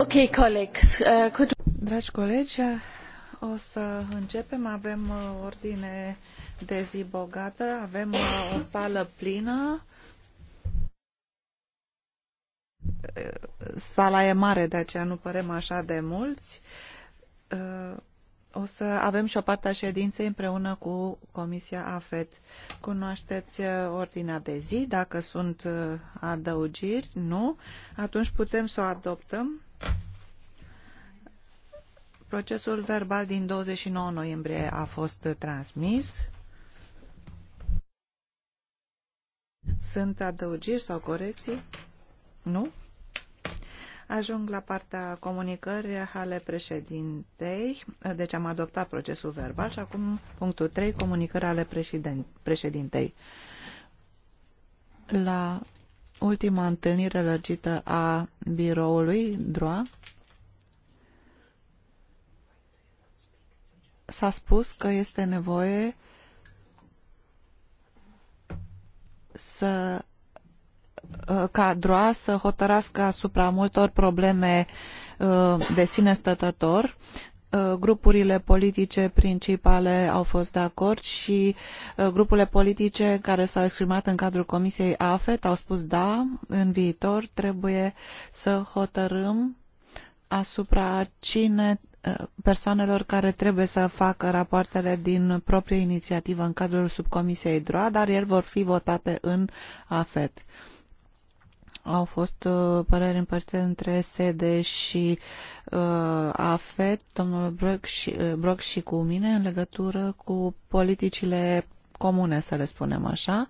Uh, Dragi colegi, o să începem. Avem uh, ordine de zi bogată, avem uh, o sală plină. Sala e mare, de aceea nu părem așa de mulți. O să avem și o parte a ședinței împreună cu Comisia AFET. Cunoașteți uh, ordinea de zi, dacă sunt uh, adăugiri, nu? Atunci putem să o adoptăm. Procesul verbal din 29 noiembrie a fost transmis. Sunt adăugiri sau corecții? Nu? Ajung la partea comunicării ale președintei, deci am adoptat procesul verbal și acum punctul 3, comunicări ale președintei. La ultima întâlnire lărgită a biroului DROA, s-a spus că este nevoie să Uh, ca să hotărască asupra multor probleme uh, de sine stătător. Uh, grupurile politice principale au fost de acord și grupurile politice care s-au exprimat în cadrul Comisiei AFET au spus da, în viitor trebuie să hotărâm asupra cine persoanelor care trebuie să facă rapoartele din proprie inițiativă în cadrul subcomisiei DROA, dar ele vor fi votate în AFET. Au fost uh, păreri împărțite între SEDE și uh, AFET, domnul Brock și, uh, Brock și cu mine, în legătură cu politicile comune, să le spunem așa.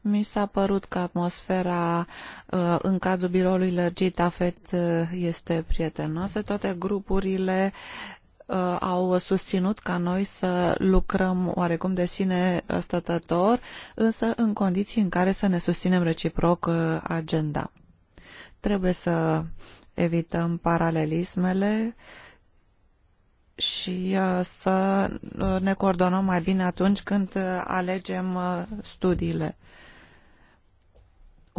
Mi s-a părut că atmosfera uh, în cadrul biroului lărgit AFET uh, este prietenoasă. Toate grupurile Uh, au susținut ca noi să lucrăm oarecum de sine uh, stătător, însă în condiții în care să ne susținem reciproc uh, agenda. Trebuie să evităm paralelismele și să ne coordonăm mai bine atunci când alegem studiile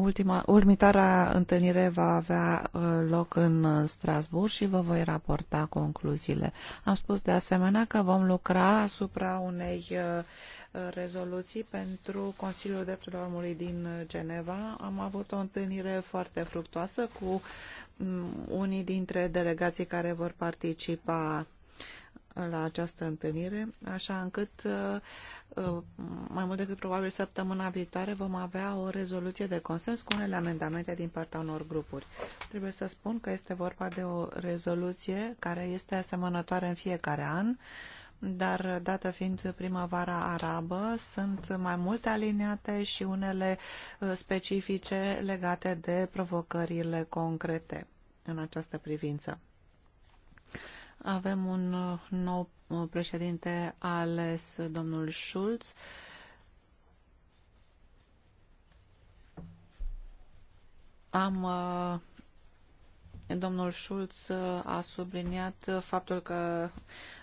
Ultima, următoarea întâlnire va avea uh, loc în uh, Strasbourg și vă voi raporta concluziile. Am spus de asemenea că vom lucra asupra unei uh, rezoluții pentru Consiliul Drepturilor Omului din Geneva. Am avut o întâlnire foarte fructoasă cu mm, unii dintre delegații care vor participa la această întâlnire, așa încât uh, uh, mai mult decât probabil săptămâna viitoare vom avea o rezoluție de consens cu unele amendamente din partea unor grupuri. Trebuie să spun că este vorba de o rezoluție care este asemănătoare în fiecare an, dar dată fiind primăvara arabă, sunt mai multe alineate și unele uh, specifice legate de provocările concrete în această privință. Avem un uh, nou uh, președinte ales, uh, domnul Schulz. Am Domnul Schulz a subliniat faptul că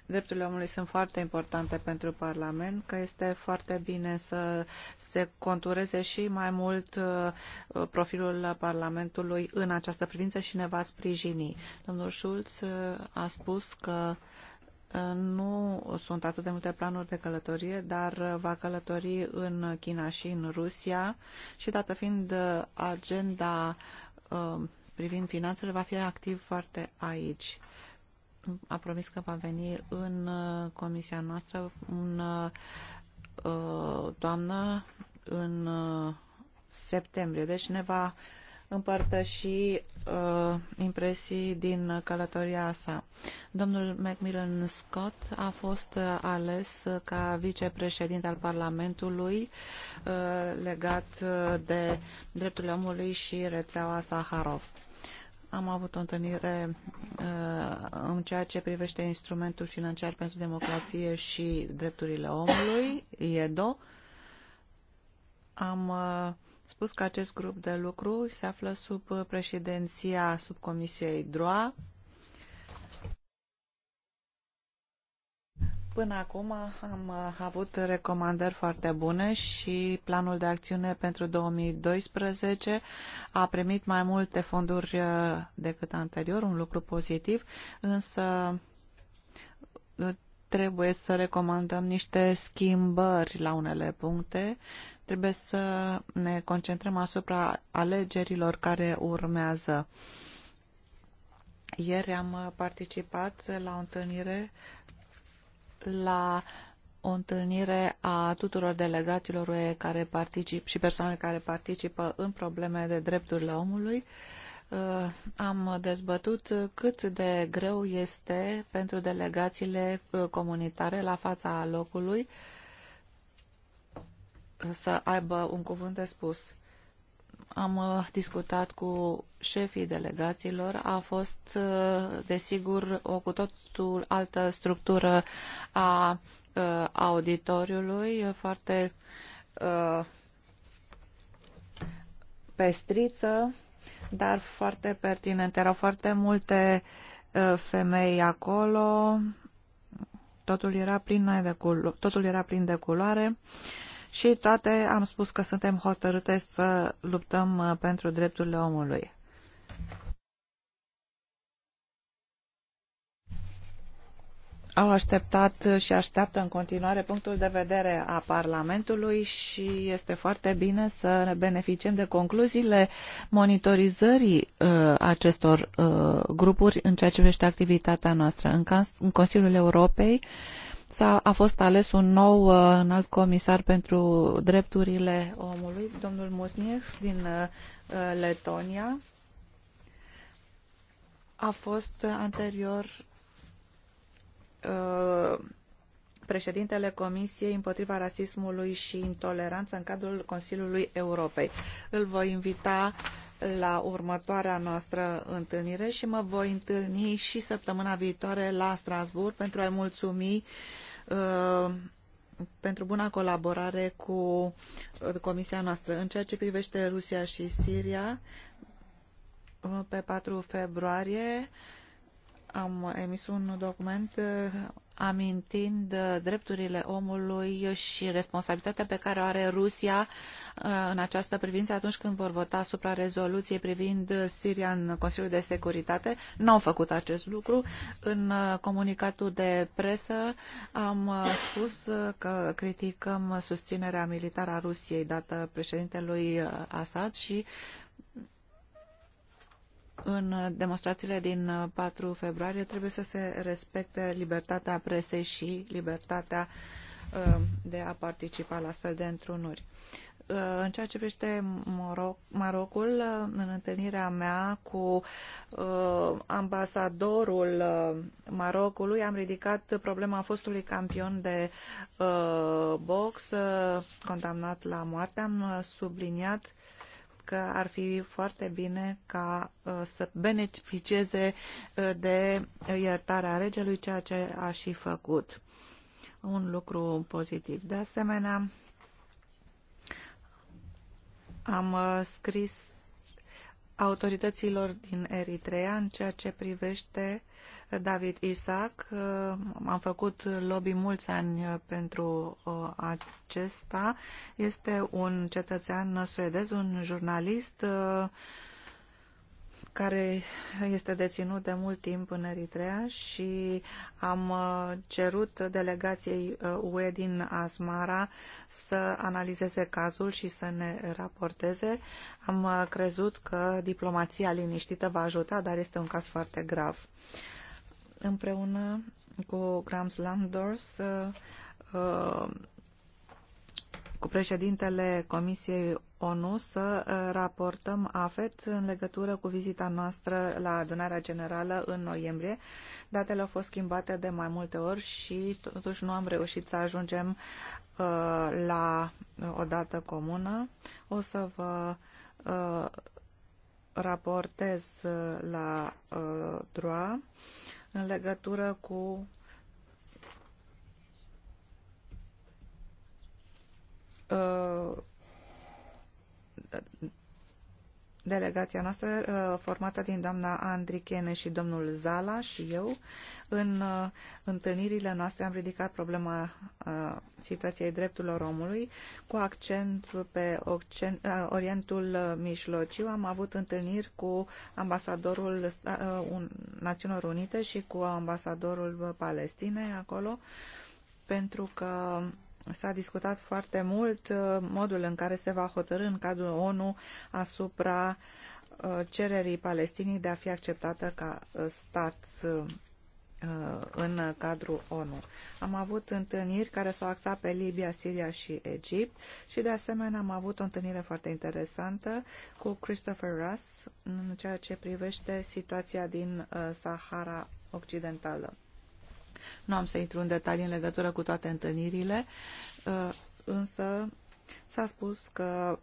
drepturile omului sunt foarte importante pentru Parlament, că este foarte bine să se contureze și mai mult uh, profilul Parlamentului în această privință și ne va sprijini. Domnul Schulz uh, a spus că uh, nu sunt atât de multe planuri de călătorie, dar va călători în China și în Rusia și dată fiind agenda privind finanțele va fi activ foarte aici. A promis că va veni în uh, comisia noastră un doamnă uh, uh, în septembrie, deci ne va împărtăși uh, impresii din călătoria sa. Domnul Macmillan Scott a fost ales ca vicepreședinte al Parlamentului uh, legat de drepturile omului și rețeaua Saharov. Am avut o întâlnire uh, în ceea ce privește instrumentul financiar pentru democrație și drepturile omului, IEDO. Am uh, spus că acest grup de lucru se află sub președinția subcomisiei DROA Până acum am uh, avut recomandări foarte bune și planul de acțiune pentru 2012 a primit mai multe fonduri uh, decât anterior, un lucru pozitiv, însă uh, trebuie să recomandăm niște schimbări la unele puncte. Trebuie să ne concentrăm asupra alegerilor care urmează. Ieri am participat la o întâlnire la o întâlnire a tuturor delegaților UE care particip și persoane care participă în probleme de drepturile omului. Uh, am dezbătut cât de greu este pentru delegațiile uh, comunitare la fața locului să aibă un cuvânt de spus am uh, discutat cu șefii delegațiilor. A fost, uh, desigur, o cu totul altă structură a uh, auditoriului, foarte pestriță, dar foarte pertinente. Erau foarte multe femei acolo, totul era plin de, totul era plin de culoare și toate am spus că suntem hotărâte să luptăm uh, pentru drepturile omului. au așteptat și așteaptă în continuare punctul de vedere a Parlamentului și este foarte bine să ne beneficiem de concluziile monitorizării uh, acestor uh, grupuri în ceea ce privește activitatea noastră. În, în Consiliul Europei uh, S-a, a fost ales un nou uh, înalt comisar pentru drepturile omului, domnul Musniex din uh, Letonia. A fost anterior uh, președintele Comisiei împotriva rasismului și intoleranță în cadrul Consiliului Europei. Îl voi invita la următoarea noastră întâlnire și mă voi întâlni și săptămâna viitoare la Strasbourg pentru a-i mulțumi uh, pentru buna colaborare cu uh, comisia noastră. În ceea ce privește Rusia și Siria, uh, pe 4 februarie am emis un document amintind uh, drepturile omului și responsabilitatea pe care o are Rusia uh, în această privință atunci când vor vota asupra rezoluției privind uh, Siria în Consiliul de Securitate. Nu au făcut acest lucru. În comunicatul de presă am spus că criticăm susținerea militară a Rusiei dată președintelui Assad și în demonstrațiile din 4 uh, februarie trebuie să se respecte libertatea presei și libertatea uh, de a participa la astfel de întrunuri. Uh, în ceea ce privește Marocul, în întâlnirea mea cu ambasadorul Marocului, am ridicat problema fostului campion de box condamnat la moarte. Am subliniat că ar fi foarte bine ca uh, să beneficieze uh, de iertarea regelui, ceea ce a și făcut. Un lucru pozitiv. De asemenea, am uh, scris autorităților din Eritrea în ceea ce privește David Isaac. Uh, am făcut lobby mulți ani uh, pentru uh, acesta. Este un cetățean suedez, un jurnalist care este deținut de mult timp în Eritrea și am uh, cerut delegației UE uh, din Asmara să analizeze cazul și să ne raporteze. Am uh, crezut că diplomația liniștită va ajuta, dar este un caz foarte grav. Împreună cu Grams Landors, cu președintele Comisiei ONU să uh, raportăm AFET în legătură cu vizita noastră la adunarea generală în noiembrie. Datele au fost schimbate de mai multe ori și totuși nu am reușit să ajungem uh, la o dată comună. O să vă uh, raportez la DROA în legătură cu delegația noastră uh, formată din doamna Andrichene și domnul Zala și eu. În uh, întâlnirile noastre am ridicat problema uh, situației drepturilor omului cu accent pe Orientul Mijlociu. Am avut întâlniri cu ambasadorul Națiunilor Unite și cu ambasadorul Palestinei acolo pentru că S-a discutat foarte mult uh, modul în care se va hotărâ în cadrul ONU asupra uh, cererii Palestinii de a fi acceptată ca uh, stat în cadrul ONU. Am avut întâlniri care s-au axat pe Libia, Siria și Egipt și de asemenea am avut o întâlnire foarte interesantă cu Christopher Russ în ceea ce privește situația din Sahara Occidentală. Nu am să intru în detalii în legătură cu toate întâlnirile, uh, însă s-a spus că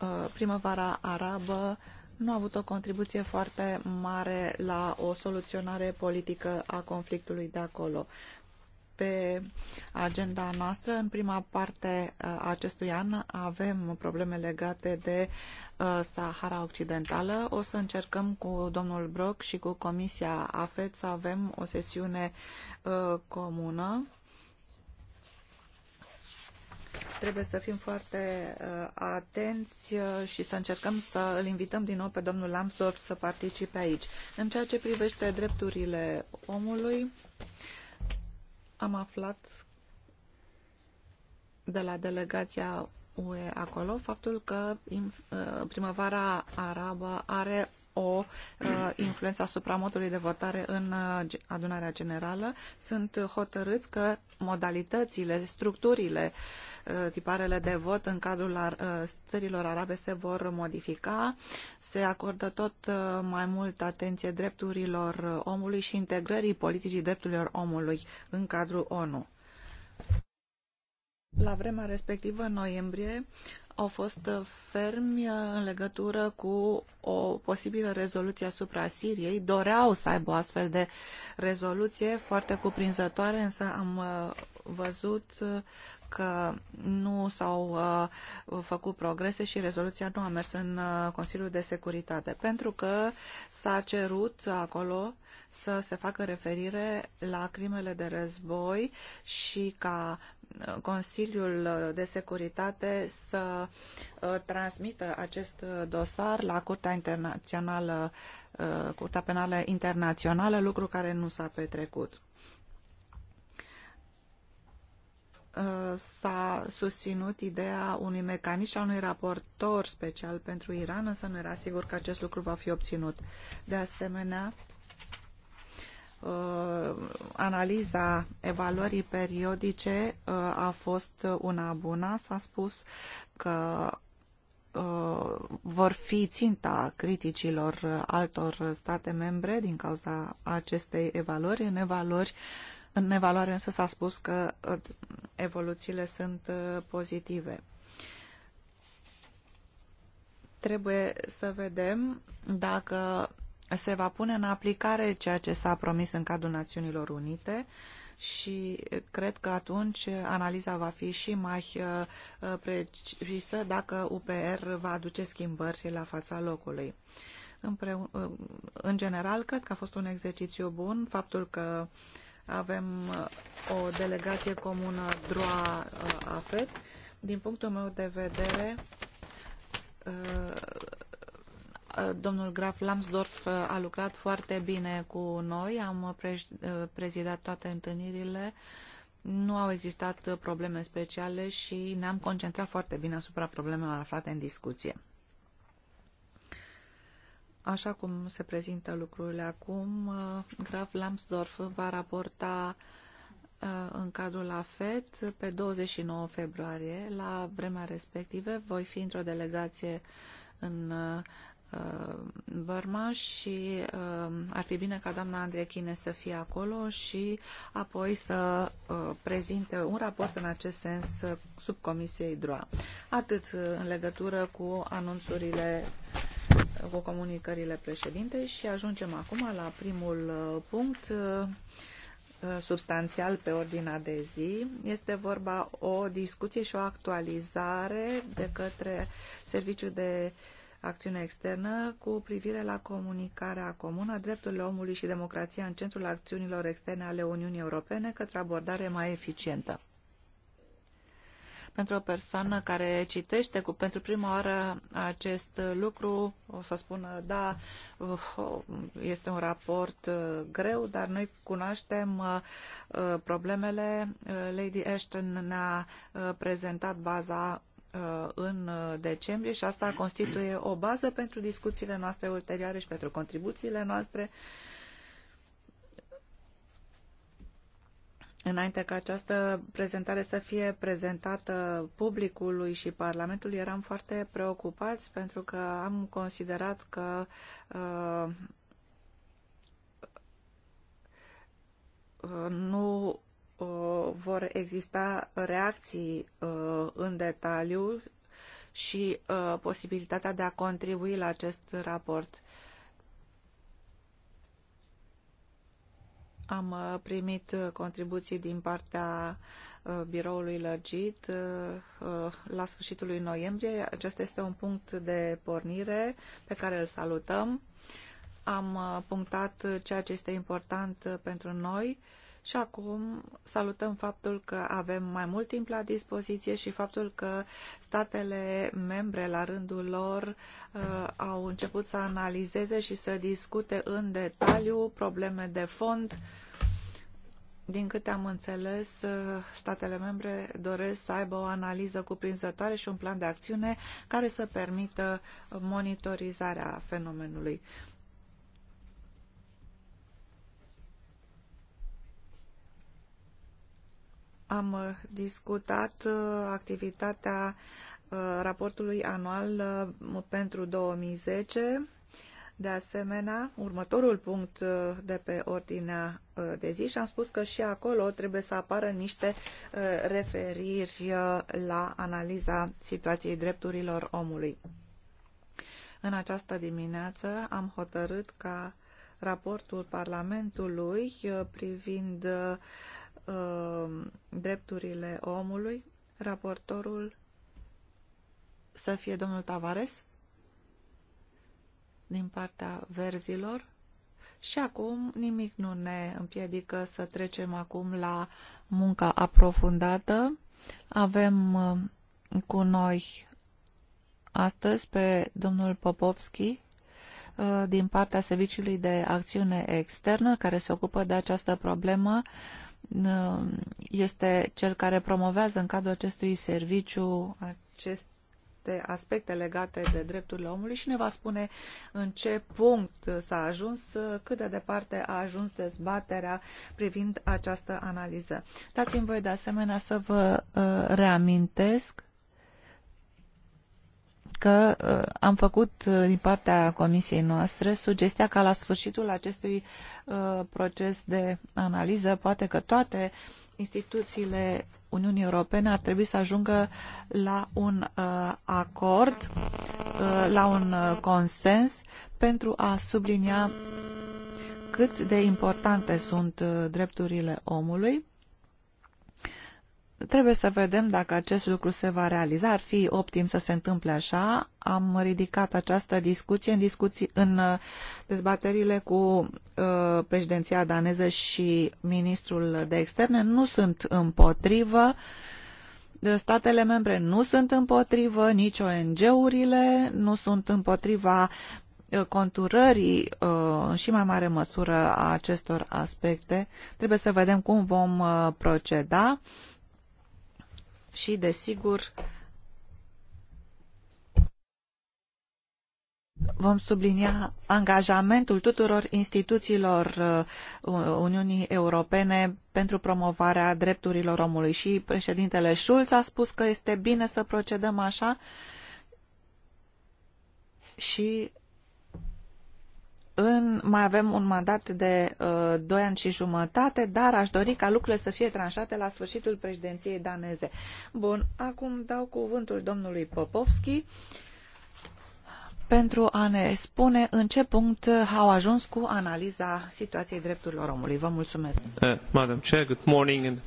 uh, primăvara arabă nu a avut o contribuție foarte mare la o soluționare politică a conflictului de acolo pe agenda noastră. În prima parte uh, a acestui an avem probleme legate de uh, Sahara Occidentală. O să încercăm cu domnul Brock și cu Comisia AFET să avem o sesiune uh, comună trebuie să fim foarte uh, atenți uh, și să încercăm să îl invităm din nou pe domnul Lambsdorff să participe aici. În ceea ce privește drepturile omului, am aflat de la delegația UE acolo faptul că uh, primăvara arabă are o uh, influență asupra modului de votare în uh, adunarea generală. Sunt hotărâți că modalitățile, structurile, uh, tiparele de vot în cadrul ar, țărilor arabe se vor modifica. Se acordă tot mai mult atenție drepturilor omului și integrării politicii drepturilor omului în cadrul ONU. La vremea respectivă, în noiembrie, au fost fermi în legătură cu o posibilă rezoluție asupra Siriei. Doreau să aibă o astfel de rezoluție foarte cuprinzătoare, însă am uh, văzut uh, că nu s-au uh, făcut progrese și rezoluția nu a mers în Consiliul de Securitate, pentru că s-a cerut acolo să se facă referire la crimele de război și ca Consiliul de Securitate să uh, transmită acest dosar la Curtea Internațională, uh, Curtea Penală Internațională, lucru care nu s-a petrecut uh, s-a susținut ideea unui mecanism și a unui raportor special pentru Iran, însă nu era sigur că acest lucru va fi obținut. De asemenea, Uh, analiza evaluării periodice uh, a fost una bună. S-a spus că uh, vor fi ținta criticilor altor state membre din cauza acestei evaluări. În, evaluări, în evaluare însă s-a spus că evoluțiile sunt pozitive. Trebuie să vedem dacă se va pune în aplicare ceea ce s-a promis în cadrul Națiunilor Unite și cred că atunci analiza va fi și mai uh, uh, precisă dacă UPR va aduce schimbări la fața locului. Uh, în general, cred că a fost un exercițiu bun faptul că avem o delegație comună DROA-AFET. Din punctul meu de vedere, Domnul Graf Lambsdorff a lucrat foarte bine cu noi, am uh, uh, prezidat toate întâlnirile, nu au existat uh, probleme speciale și ne-am concentrat foarte bine asupra problemelor aflate în discuție. Așa cum se prezintă lucrurile acum, Graf Lambsdorff va raporta în cadrul AFET pe 29 februarie. La vremea respectivă, voi fi într-o delegație în Uh, Bărma și uh, ar fi bine ca doamna Chine să fie acolo și apoi să uh, prezinte un raport în acest sens sub Comisiei DROA. Atât în legătură cu anunțurile cu comunicările președintei și ajungem acum la primul punct substanțial pe ordinea de zi. Este vorba o discuție și o actualizare de către Serviciul de uh, acțiune externă cu privire la comunicarea comună, drepturilor omului și democrația în centrul acțiunilor externe ale Uniunii Europene către abordare mai eficientă. Pentru o persoană care citește cu pentru prima oară acest lucru, o să spună, da, uh, este un raport uh, greu, dar noi cunoaștem uh, problemele. Lady Ashton ne-a prezentat baza Uh, în uh, decembrie și asta constituie o bază pentru discuțiile noastre ulterioare și pentru contribuțiile noastre Înainte ca această prezentare să fie prezentată publicului și Parlamentului, eram foarte preocupați pentru că am considerat că uh, nu Uh, vor exista reacții uh, în detaliu și uh, posibilitatea de a contribui la acest raport. Am primit contribuții din partea biroului lăgit la sfârșitul lui noiembrie. Acesta este un punct de pornire pe care îl salutăm. Am punctat ceea ce este important pentru noi și acum salutăm faptul că avem mai mult timp la dispoziție și faptul că statele membre la rândul lor uh, au început să analizeze și să discute în detaliu probleme de fond. Din câte am înțeles, uh, statele membre doresc să aibă o analiză cuprinzătoare și un plan de acțiune care să permită monitorizarea fenomenului. Am uh, discutat uh, activitatea uh, raportului anual pentru 2010. De asemenea, următorul punct de pe ordinea de zi și am spus că și acolo trebuie să apară niște referiri la analiza situației drepturilor omului. În această dimineață am hotărât ca raportul Parlamentului privind Um, drepturile omului, raportorul să fie domnul Tavares din partea verzilor. Și acum nimic nu ne împiedică să trecem acum la munca aprofundată. Avem um, cu noi astăzi pe domnul Popovski, uh, din partea Serviciului de Acțiune Externă care se ocupă de această problemă este cel care promovează în cadrul acestui serviciu aceste aspecte legate de drepturile omului și ne va spune în ce punct s-a ajuns, cât de departe a ajuns dezbaterea privind această analiză. Dați-mi voi de asemenea să vă uh, reamintesc că uh, am făcut uh, din partea comisiei noastre sugestia ca la sfârșitul acestui uh, proces de analiză, poate că toate instituțiile Uniunii Europene ar trebui să ajungă la un acord, la un consens pentru a sublinia cât de importante sunt drepturile omului Trebuie să vedem dacă acest lucru se va realiza. Ar fi optim să se întâmple așa. Am ridicat această discuție în, discuții, în uh, dezbaterile cu uh, președinția daneză și ministrul de externe. Nu sunt împotrivă. Statele membre nu sunt împotrivă, nici ONG-urile nu sunt împotriva uh, conturării uh, în și mai mare măsură a acestor aspecte. Trebuie să vedem cum vom proceda și, desigur, vom sublinia angajamentul tuturor instituțiilor uh, Uniunii Europene pentru promovarea drepturilor omului și președintele Schulz a spus că este bine să procedăm așa și în, mai avem un mandat de uh, 2 ani și jumătate, dar aș dori ca lucrurile să fie tranșate la sfârșitul președinției daneze. Bun, acum dau cuvântul domnului Popovski pentru a ne spune în ce punct au ajuns cu analiza situației drepturilor omului. Vă mulțumesc. Uh, Madam Chair, good morning. And...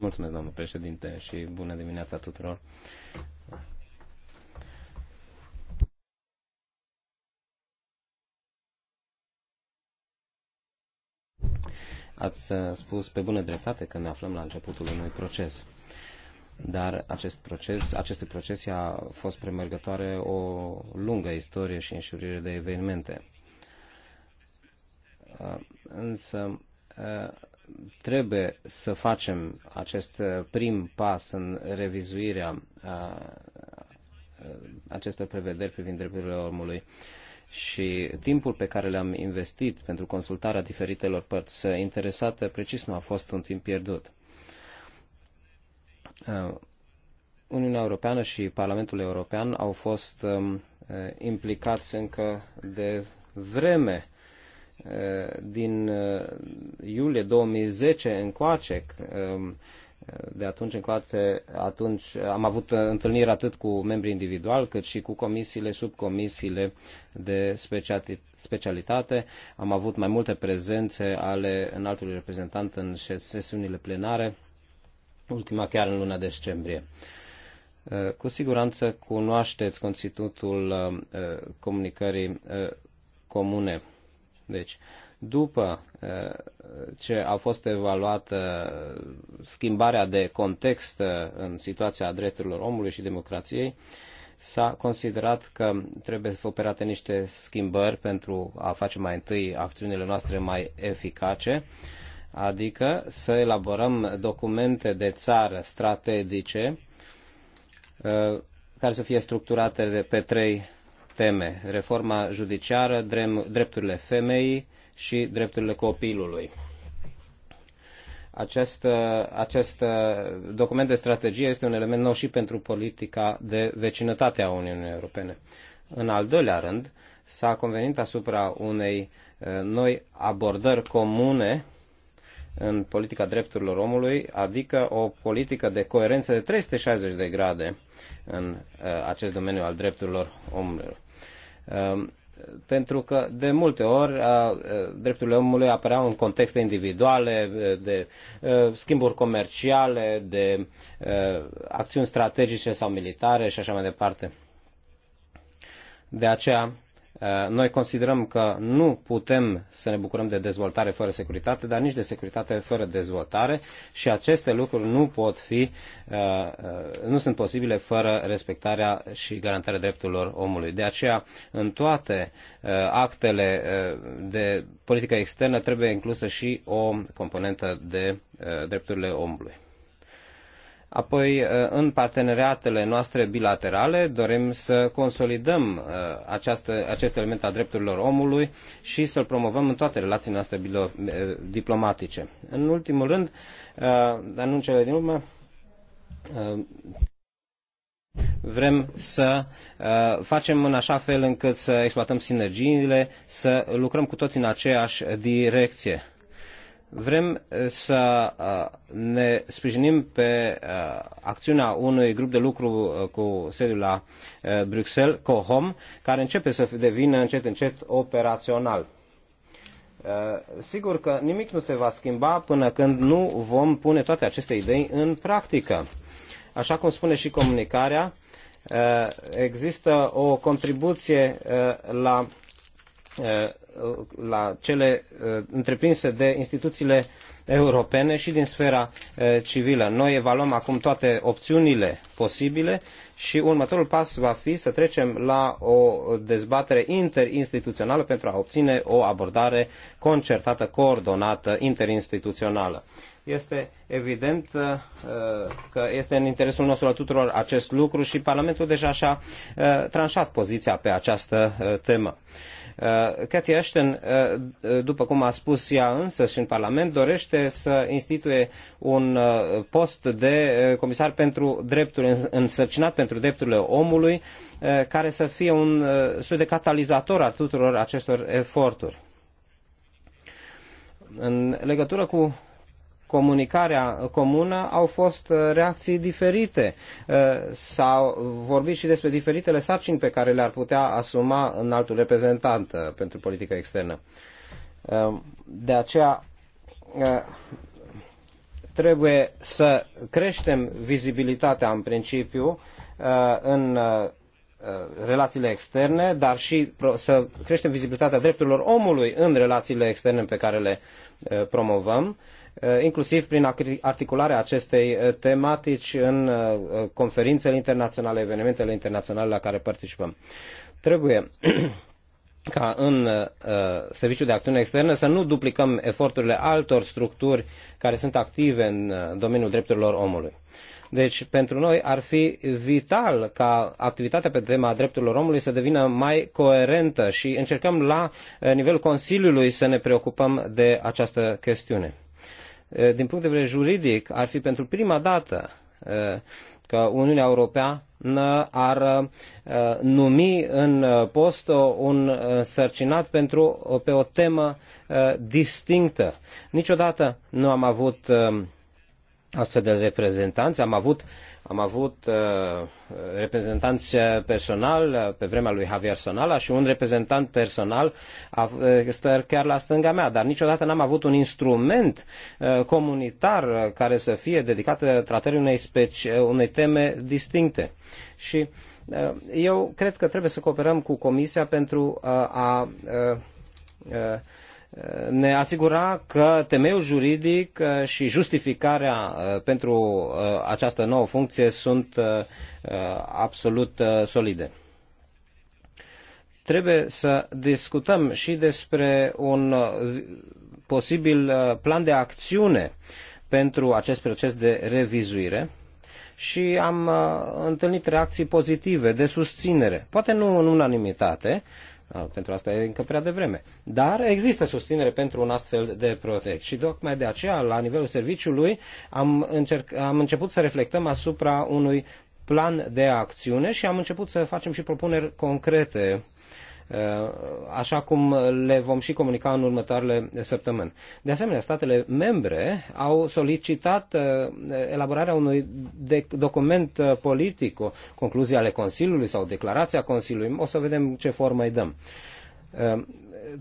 Mulțumesc, domnul președinte, și bună dimineața tuturor. Ați uh, spus pe bună dreptate că ne aflăm la începutul unui proces. Dar acest proces, acestui proces a fost premergătoare o lungă istorie și înșurire de evenimente. Uh, însă uh, trebuie să facem acest prim pas în revizuirea acestor prevederi privind drepturile omului și timpul pe care le-am investit pentru consultarea diferitelor părți uh, interesate precis nu a fost un timp pierdut. Uh, Uniunea Europeană și Parlamentul European au fost um, uh, implicați încă de vreme din iulie 2010 încoace um, de atunci încoace, atunci am avut întâlniri atât cu membrii individual, cât și cu comisiile, subcomisiile de specialitate. Am avut mai multe prezențe ale înaltului reprezentant în sesiunile plenare, ultima chiar în luna decembrie. Eh, cu siguranță cunoașteți constitutul eh, comunicării eh, comune. Deci, după eh, ce a fost evaluată eh, schimbarea de context eh, în situația drepturilor omului și democrației, s-a considerat că trebuie operate niște schimbări pentru a face mai întâi acțiunile noastre mai eficace, adică să elaborăm documente de țară strategice care să fie structurate pe trei teme. Reforma judiciară, drepturile femeii, și drepturile copilului. Acest, acest document de strategie este un element nou și pentru politica de vecinătate a Uniunii Europene. În al doilea rând, s-a convenit asupra unei eh, noi abordări comune în politica drepturilor omului, adică o politică de coerență de 360 de grade în eh, acest domeniu al drepturilor omului. Eh, pentru că de multe ori drepturile omului apăreau în contexte individuale, de schimburi comerciale, de acțiuni strategice sau militare și așa mai departe. De aceea Uh, noi considerăm că nu putem să ne bucurăm de dezvoltare fără securitate, dar nici de securitate fără dezvoltare și aceste lucruri nu pot fi, uh, uh, nu sunt posibile fără respectarea și garantarea drepturilor omului. De aceea, în toate actele de politică externă trebuie inclusă și o componentă de drepturile omului. Apoi, uh, în parteneriatele noastre bilaterale, dorim să consolidăm uh, această, acest element al drepturilor omului și să-l promovăm în toate relațiile noastre bilo, uh, diplomatice. În ultimul rând, dar nu în cele din urmă, Vrem să facem în așa fel încât să exploatăm sinergiile, să lucrăm cu toți în aceeași direcție vrem eh, să eh, ne sprijinim pe eh, acțiunea unui grup de lucru cu sediul la Bruxelles, COHOM, care începe să devină încet încet operațional. Sigur că nimic nu se va schimba până când nu vom pune toate aceste idei în practică. Așa cum spune și comunicarea, există o contribuție la Uh, la cele uh, întreprinse de instituțiile europene și din sfera uh, civilă. Noi evaluăm acum toate opțiunile posibile și următorul pas va fi să trecem la o dezbatere interinstituțională pentru a obține o abordare concertată, coordonată, interinstituțională. Este evident că este în interesul nostru al tuturor acest lucru și Parlamentul deja și-a tranșat poziția pe această temă. Uh, Cathy Ashton, uh, uh, după cum a spus ea însă și în Parlament, dorește să instituie un post de comisar pentru drepturile, însărcinat pentru drepturile omului, care să fie un soi de catalizator al tuturor acestor eforturi. În legătură cu comunicarea comună au fost uh, reacții diferite. Uh, s-au vorbit și despre diferitele sarcini pe care le-ar putea asuma în altul reprezentant uh, pentru politică externă. De aceea trebuie să creștem vizibilitatea în principiu în relațiile externe, dar și să creștem vizibilitatea drepturilor omului în relațiile externe pe care le promovăm Uh, inclusiv prin articularea acestei uh, tematici în uh, conferințele internaționale, evenimentele internaționale la care participăm. Trebuie ca în uh, Serviciul de Acțiune Externă să nu duplicăm eforturile altor structuri care sunt active în uh, domeniul drepturilor omului. Deci, pentru noi ar fi vital ca activitatea pe tema drepturilor omului să devină mai coerentă și încercăm la uh, nivelul Consiliului să ne preocupăm de această chestiune. Eh, din punct de vedere juridic, ar fi pentru prima dată eh, că Uniunea Europeană ar eh, numi în post un sărcinat pentru, pe o temă distinctă. Niciodată nu am avut astfel de reprezentanți, am avut uh, am avut uh, reprezentanți uh, personal uh, pe vremea lui Javier Sonala și un reprezentant personal a, uh, stă chiar la stânga mea, dar niciodată n-am avut un instrument uh, comunitar care să fie dedicat tratării unei, speci- unei teme distincte. Și uh, eu cred că trebuie să cooperăm cu Comisia pentru uh, a. Uh, uh, ne asigura că temeiul juridic uh, și justificarea uh, pentru uh, această nouă funcție sunt absolut solide. Trebuie să discutăm și despre un posibil plan de acțiune pentru acest proces de revizuire și am întâlnit reacții pozitive, de susținere, poate nu în unanimitate, pentru asta e încă prea devreme. Dar există susținere pentru un astfel de proiect și tocmai de aceea, la nivelul serviciului, am, încerc, am început să reflectăm asupra unui plan de acțiune și am început să facem și propuneri concrete uh, Uh, așa cum le vom și comunica în următoarele săptămâni. De asemenea, statele membre au solicitat uh, elaborarea unui document uh, politic, o concluzie ale Consiliului sau declarația Consiliului. O să vedem ce formă îi dăm.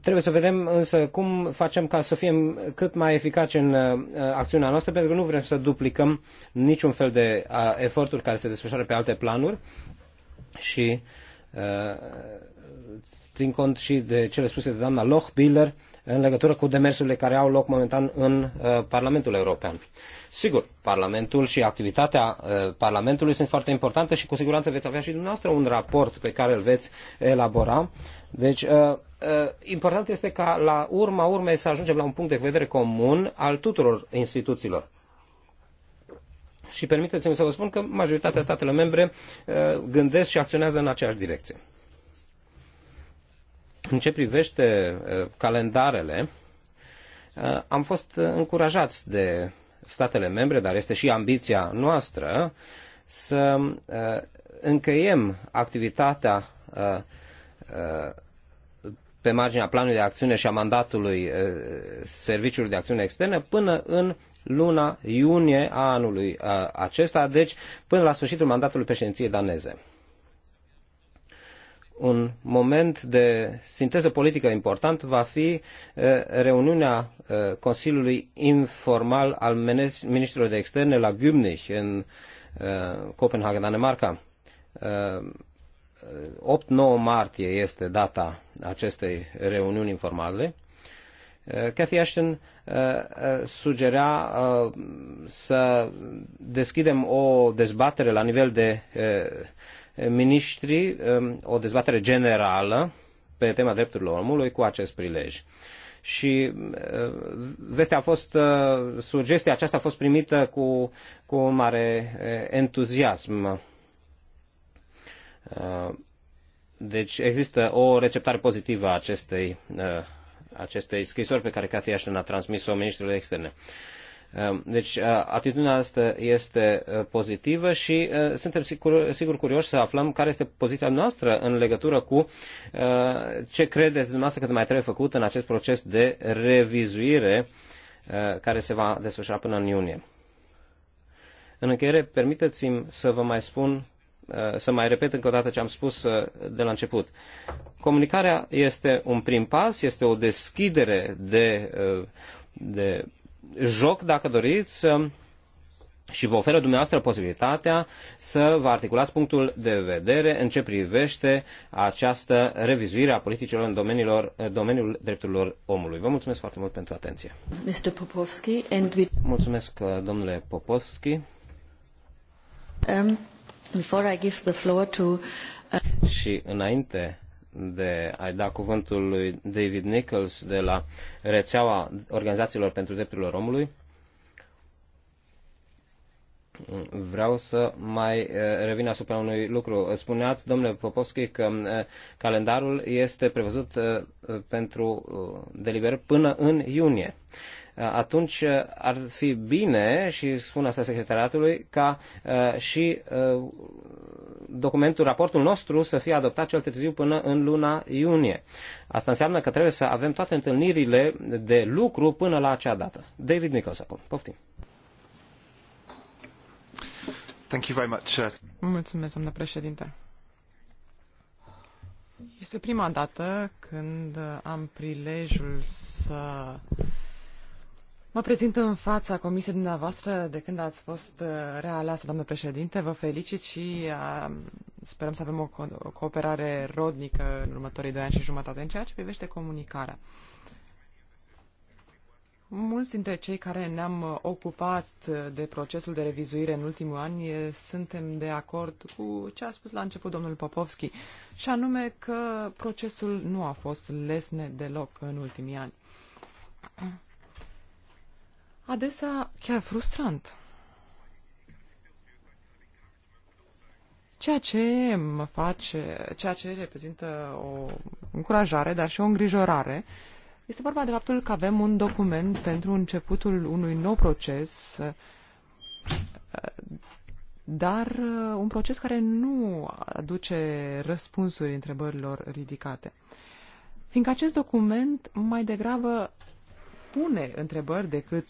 Trebuie să vedem însă cum facem ca să fim cât mai eficaci în acțiunea noastră, pentru că nu vrem să duplicăm niciun fel de eforturi care se desfășoară pe alte planuri și țin cont și de cele spuse de doamna Lochbiller în legătură cu demersurile care au loc momentan în uh, Parlamentul European. Sigur, Parlamentul și activitatea uh, Parlamentului sunt foarte importante și cu siguranță veți avea și dumneavoastră un raport pe care îl veți elabora. Deci, uh, important este ca la urma urmei să ajungem la un punct de vedere comun al tuturor instituțiilor. Și permiteți-mi să vă spun că majoritatea statelor membre gândesc și acționează în aceeași direcție. În ce privește calendarele, am fost încurajați de statele membre, dar este și ambiția noastră să încăiem activitatea pe marginea planului de acțiune și a mandatului Serviciului de Acțiune Externă până în luna iunie a anului acesta, deci până la sfârșitul mandatului președinției daneze un moment de sinteză politică important va fi eh, reuniunea eh, Consiliului Informal al Ministrilor de Externe la Gümnich, în eh, Copenhagen, Danemarca. 8-9 martie este data acestei reuniuni informale. Cathy Ashton sugerea să deschidem o dezbatere la nivel de miniștri um, o dezbatere generală pe tema drepturilor omului cu acest prilej. Și uh, vestea a fost, uh, sugestia aceasta a fost primită cu, cu mare uh, entuziasm. Deci există o receptare pozitivă a acestei, acestei scrisori pe care Cathy Ashton a transmis-o ministrului externe. Ehm, deci atitudinea asta este pozitivă și suntem sigur, sigur curioși să aflăm care este poziția noastră în legătură cu ce credeți dumneavoastră că mai trebuie făcut în acest proces de revizuire care se va desfășura până în iunie. În încheiere, permiteți-mi să vă mai spun, să mai repet încă o dată ce am spus de la început. Comunicarea este un prim pas, este o deschidere de, de joc, dacă doriți, um, și vă oferă dumneavoastră posibilitatea să vă articulați punctul de vedere în ce privește această revizuire a politicilor în domeniilor, domeniul drepturilor omului. Vă mulțumesc foarte mult pentru atenție. Mr. Popovski and we... Mulțumesc, uh, domnule Popovski. Um, before I give the floor to... Uh... Și înainte de a da cuvântul lui David Nichols de la rețeaua organizațiilor pentru drepturile omului. Vreau să mai eh, revin asupra unui lucru. Spuneați, domnule Popovski, că eh, calendarul este prevăzut eh, pentru deliberări până în iunie atunci ar fi bine, și spun asta secretariatului, ca și documentul, raportul nostru să fie adoptat cel târziu până în luna iunie. Asta înseamnă că trebuie să avem toate întâlnirile de lucru până la acea dată. David Nichols acum. Poftim. Thank you very much. Uh, Mulțumesc, domnule președinte. Este prima dată când am prilejul să Mă prezint în fața comisiei dumneavoastră de când ați fost uh, realeasă, doamnă președinte. Vă felicit și uh, sperăm să avem o, o cooperare rodnică în următorii doi ani și jumătate în ceea ce privește comunicarea. Mulți dintre cei care ne-am uh, ocupat de procesul de revizuire în ultimul an suntem de acord cu ce a spus la început domnul Popovski, și anume că procesul nu a fost lesne deloc în ultimii ani adesea chiar frustrant. Ceea ce mă face, ceea ce reprezintă o încurajare, dar și o îngrijorare, este vorba de faptul că avem un document pentru începutul unui nou proces, dar un proces care nu aduce răspunsuri întrebărilor ridicate. Fiindcă acest document mai degrabă pune întrebări decât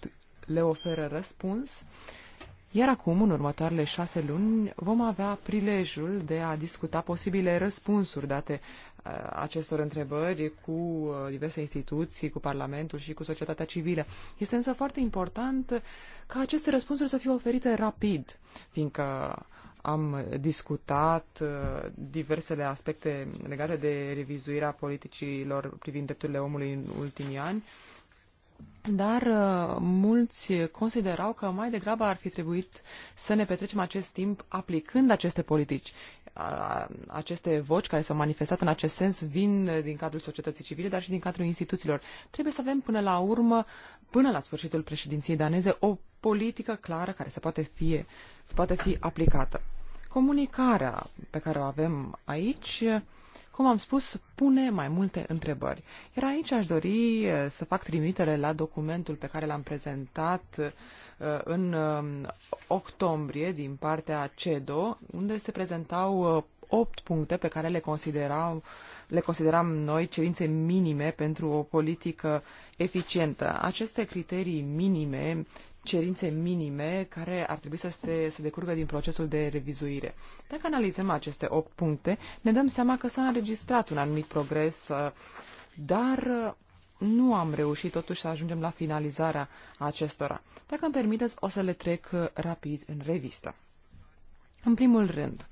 le oferă răspuns. Iar acum, în următoarele șase luni, vom avea prilejul de a discuta posibile răspunsuri date uh, acestor întrebări cu uh, diverse instituții, cu Parlamentul și cu societatea civilă. Este însă foarte important ca aceste răspunsuri să fie oferite rapid, fiindcă am discutat uh, diversele aspecte legate de revizuirea politicilor privind drepturile omului în ultimii ani dar uh, mulți considerau că mai degrabă ar fi trebuit să ne petrecem acest timp aplicând aceste politici. Aceste voci care s-au manifestat în acest sens vin din cadrul societății civile, dar și din cadrul instituțiilor. Trebuie să avem până la urmă, până la sfârșitul președinției daneze, o politică clară care să poate fi, să poate fi aplicată. Comunicarea pe care o avem aici cum am spus, pune mai multe întrebări. Iar aici aș dori eh, să fac trimitere la documentul pe care l-am prezentat eh, în eh, octombrie din partea CEDO, unde se prezentau opt puncte pe care le, considerau, le consideram noi cerințe minime pentru o politică eficientă. Aceste criterii minime cerințe minime care ar trebui să se să decurgă din procesul de revizuire. Dacă analizăm aceste 8 puncte, ne dăm seama că s-a înregistrat un anumit progres, uh, dar uh, nu am reușit totuși să ajungem la finalizarea acestora. Dacă îmi permiteți, o să le trec uh, rapid în revistă. În primul rând,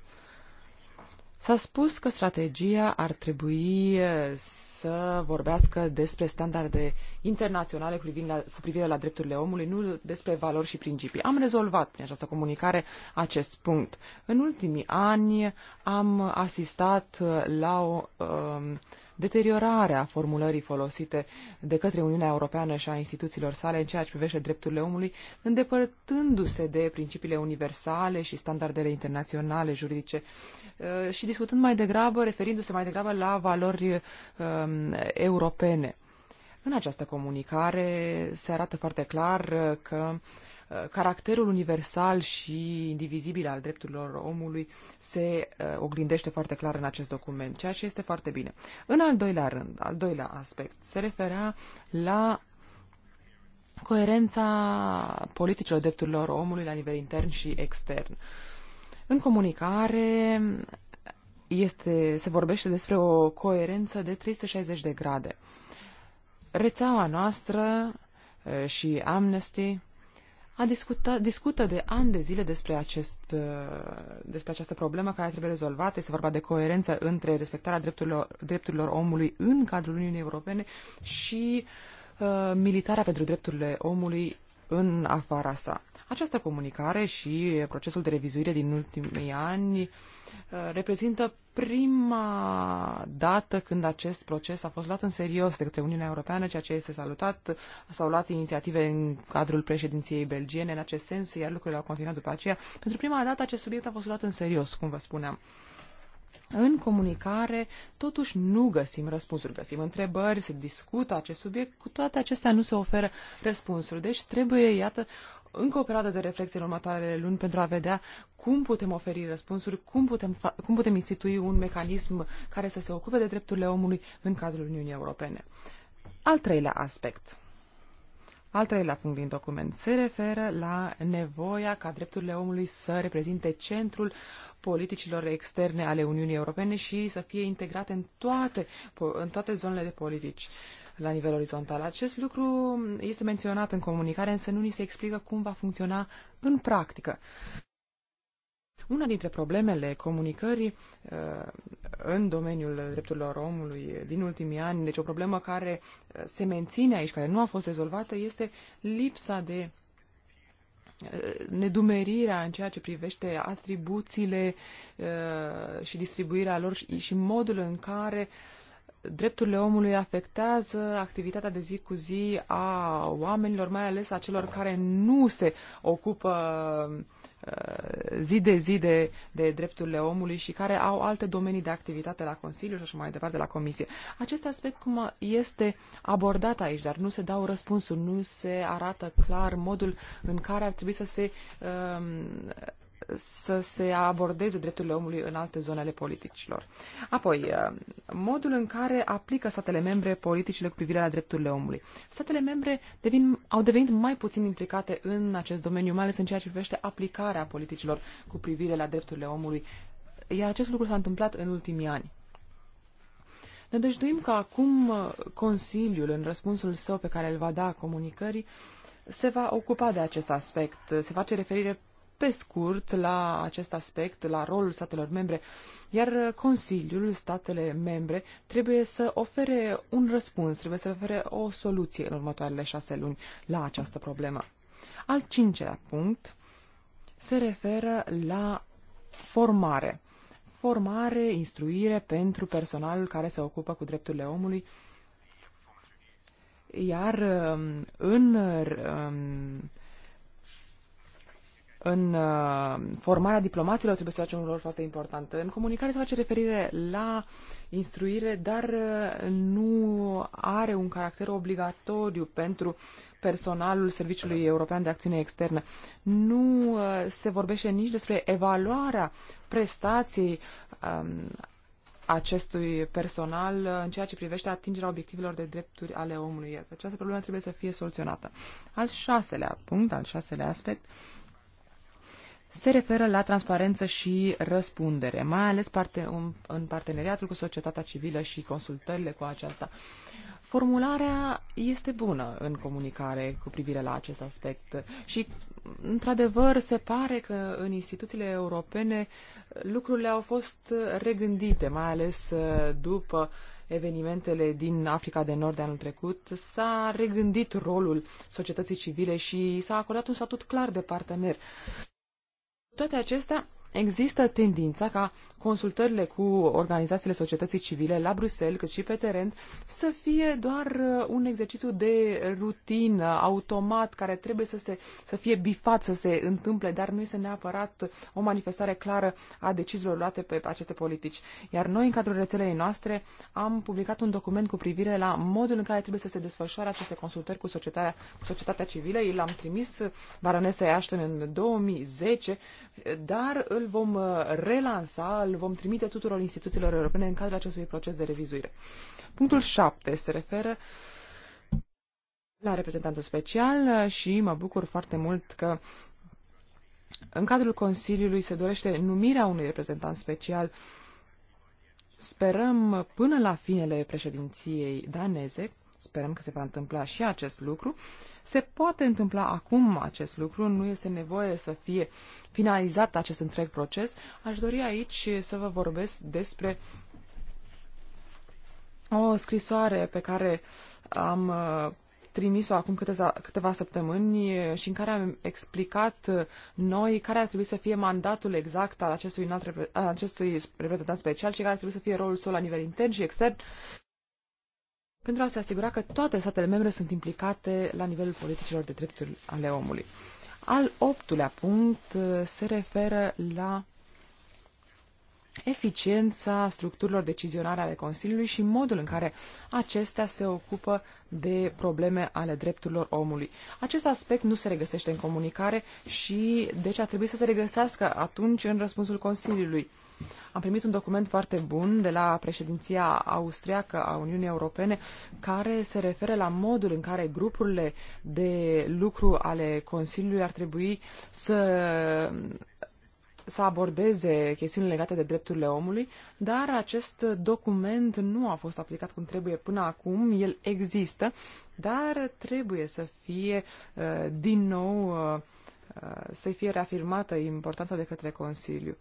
S-a spus că strategia ar trebui eh, să vorbească despre standarde internaționale cu privire, la, cu privire la drepturile omului, nu despre valori și principii. Am rezolvat prin această comunicare acest punct. În ultimii ani am asistat eh, la o. Uh, Deteriorarea formulării folosite de către Uniunea Europeană și a instituțiilor sale în ceea ce privește drepturile omului, îndepărtându-se de principiile universale și standardele internaționale juridice uh, și discutând mai degrabă, referindu-se mai degrabă la valori um, europene. În această comunicare se arată foarte clar uh, că Uh, caracterul universal și indivizibil al drepturilor omului se uh, oglindește foarte clar în acest document, ceea ce este foarte bine. În al doilea rând, al doilea aspect, se referea la coerența politicilor drepturilor omului la nivel intern și extern. În comunicare este, se vorbește despre o coerență de 360 de grade. Rețeaua noastră uh, și Amnesty a discuta, discută de ani de zile despre, acest, uh, despre această problemă care trebuie rezolvată. Este vorba de coerență între respectarea drepturilor, drepturilor omului în cadrul Uniunii Europene și uh, militarea pentru drepturile omului în afara sa. Această comunicare și procesul de revizuire din ultimii ani uh, Eh, reprezintă prima dată când acest proces a fost luat în serios de către Uniunea Europeană, ceea ce este salutat. S-au luat inițiative în cadrul președinției belgiene în acest sens, iar lucrurile au continuat după aceea. Pentru prima dată acest subiect a fost luat în serios, cum vă spuneam. În comunicare, totuși nu găsim răspunsuri, găsim întrebări, se discută acest subiect, cu toate acestea nu se oferă răspunsuri. Deci trebuie, iată, încă o perioadă de reflexie în următoarele luni pentru a vedea cum putem oferi răspunsuri, cum putem, cum putem institui un mecanism care să se ocupe de drepturile omului în cadrul Uniunii Europene. Al treilea aspect. Al treilea punct din document se referă la nevoia ca drepturile omului să reprezinte centrul politicilor externe ale Uniunii Europene și să fie integrate în toate, în toate zonele de politici. Uh, la nivel orizontal. Acest lucru este menționat în comunicare, însă nu ni se explică cum va funcționa în practică. Una dintre problemele comunicării uh, în domeniul drepturilor omului din ultimii ani, deci o problemă care uh, se menține aici, care nu a fost rezolvată, este lipsa de uh, nedumerirea în ceea ce privește atribuțiile și distribuirea lor și modul în care drepturile omului afectează activitatea de zi cu zi a oamenilor, mai ales a celor care nu se ocupă uh, zi de zi de, de drepturile omului și care au alte domenii de activitate la Consiliu și așa mai departe la Comisie. Acest aspect cum este abordat aici, dar nu se dau răspunsuri, nu se arată clar modul în care ar trebui să se um, să se abordeze drepturile omului în alte zone ale politicilor. Apoi, eh, modul în care aplică statele membre politicile cu privire la drepturile omului. Statele membre devin, au devenit mai puțin implicate în acest domeniu, mai ales în ceea ce privește aplicarea politicilor cu privire la drepturile omului, iar acest lucru s-a întâmplat în ultimii ani. Ne dăjduim că acum eh, Consiliul, în răspunsul său pe care îl va da comunicării, se va ocupa de acest aspect. Se face referire pe scurt la acest aspect, la rolul statelor membre, iar Consiliul, statele membre, trebuie să ofere un răspuns, trebuie să ofere o soluție în următoarele șase luni la această problemă. Al cincelea punct se referă la formare. Formare, instruire pentru personalul care se ocupă cu drepturile omului, iar um, în um, în uh, formarea diplomaților trebuie să facem un rol foarte important. În comunicare se face referire la instruire, dar uh, nu are un caracter obligatoriu pentru personalul Serviciului European de Acțiune Externă. Nu uh, se vorbește nici despre evaluarea prestației um, acestui personal în ceea ce privește atingerea obiectivelor de drepturi ale omului. Această problemă trebuie să fie soluționată. Al șaselea punct, al șaselea aspect, uh, se referă la transparență și răspundere, mai ales parte, în parteneriatul cu societatea civilă și consultările cu aceasta. Formularea este bună în comunicare cu privire la acest aspect și, într-adevăr, se pare că în instituțiile europene lucrurile au fost regândite, mai ales uh, după evenimentele din Africa de Nord de anul trecut, s-a regândit rolul societății civile și s-a acordat un statut clar de partener toate acestea, există tendința ca consultările cu organizațiile societății civile la Bruxelles, cât și pe teren, să fie doar uh, un exercițiu de rutină, automat, care trebuie să, se, să fie bifat, să se întâmple, dar nu este neapărat o manifestare clară a deciziilor luate pe aceste politici. Iar noi, în cadrul rețelei noastre, am publicat un document cu privire la modul în care trebuie să se desfășoare aceste consultări cu societatea, cu societatea civilă. l-am trimis uh, baronesei Ashton în 2010 dar îl vom uh, relansa, îl vom trimite tuturor instituțiilor europene în cadrul acestui proces de revizuire. Punctul 7 se referă la reprezentantul special și mă bucur foarte mult că în cadrul Consiliului se dorește numirea unui reprezentant special. Sperăm până la finele președinției daneze sperăm că se va întâmpla și acest lucru. Se poate întâmpla acum acest lucru, nu este nevoie să fie finalizat acest întreg proces. Aș dori aici să vă vorbesc despre o scrisoare pe care am uh, trimis-o acum câteva, câteva săptămâni și în care am explicat uh, noi care ar trebui să fie mandatul exact al acestui, înalt, acestui reprezentant special și care ar trebui să fie rolul său la nivel intern și extern pentru a se asigura că toate statele membre sunt implicate la nivelul politicilor de drepturi ale omului. Al optulea punct uh, se referă la eficiența structurilor decizionale ale Consiliului și modul în care acestea se ocupă de probleme ale drepturilor omului. Acest aspect nu se regăsește în comunicare și deci ar trebui să se regăsească atunci în răspunsul Consiliului. Am primit un document foarte bun de la președinția austriacă a Uniunii Europene care se referă la modul în care grupurile de lucru ale Consiliului ar trebui să să abordeze chestiuni legate de drepturile omului, dar acest document nu a fost aplicat cum trebuie până acum. El există, dar trebuie să fie uh, din nou uh, uh, să fie reafirmată importanța de către Consiliu.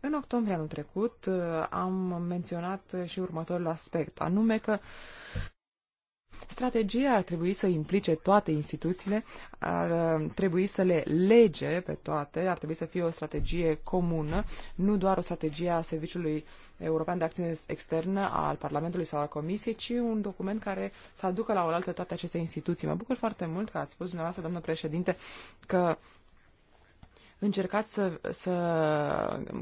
În octombrie anul trecut am menționat și următorul aspect, anume că Strategia ar trebui să implice toate instituțiile, ar uh, trebui să le lege pe toate, ar trebui să fie o strategie comună, nu doar o strategie a Serviciului European de Acțiune Externă, al Parlamentului sau al Comisiei, ci un document care să aducă la oaltă toate aceste instituții. Mă bucur foarte mult că ați spus dumneavoastră, doamnă președinte, că încercați să, să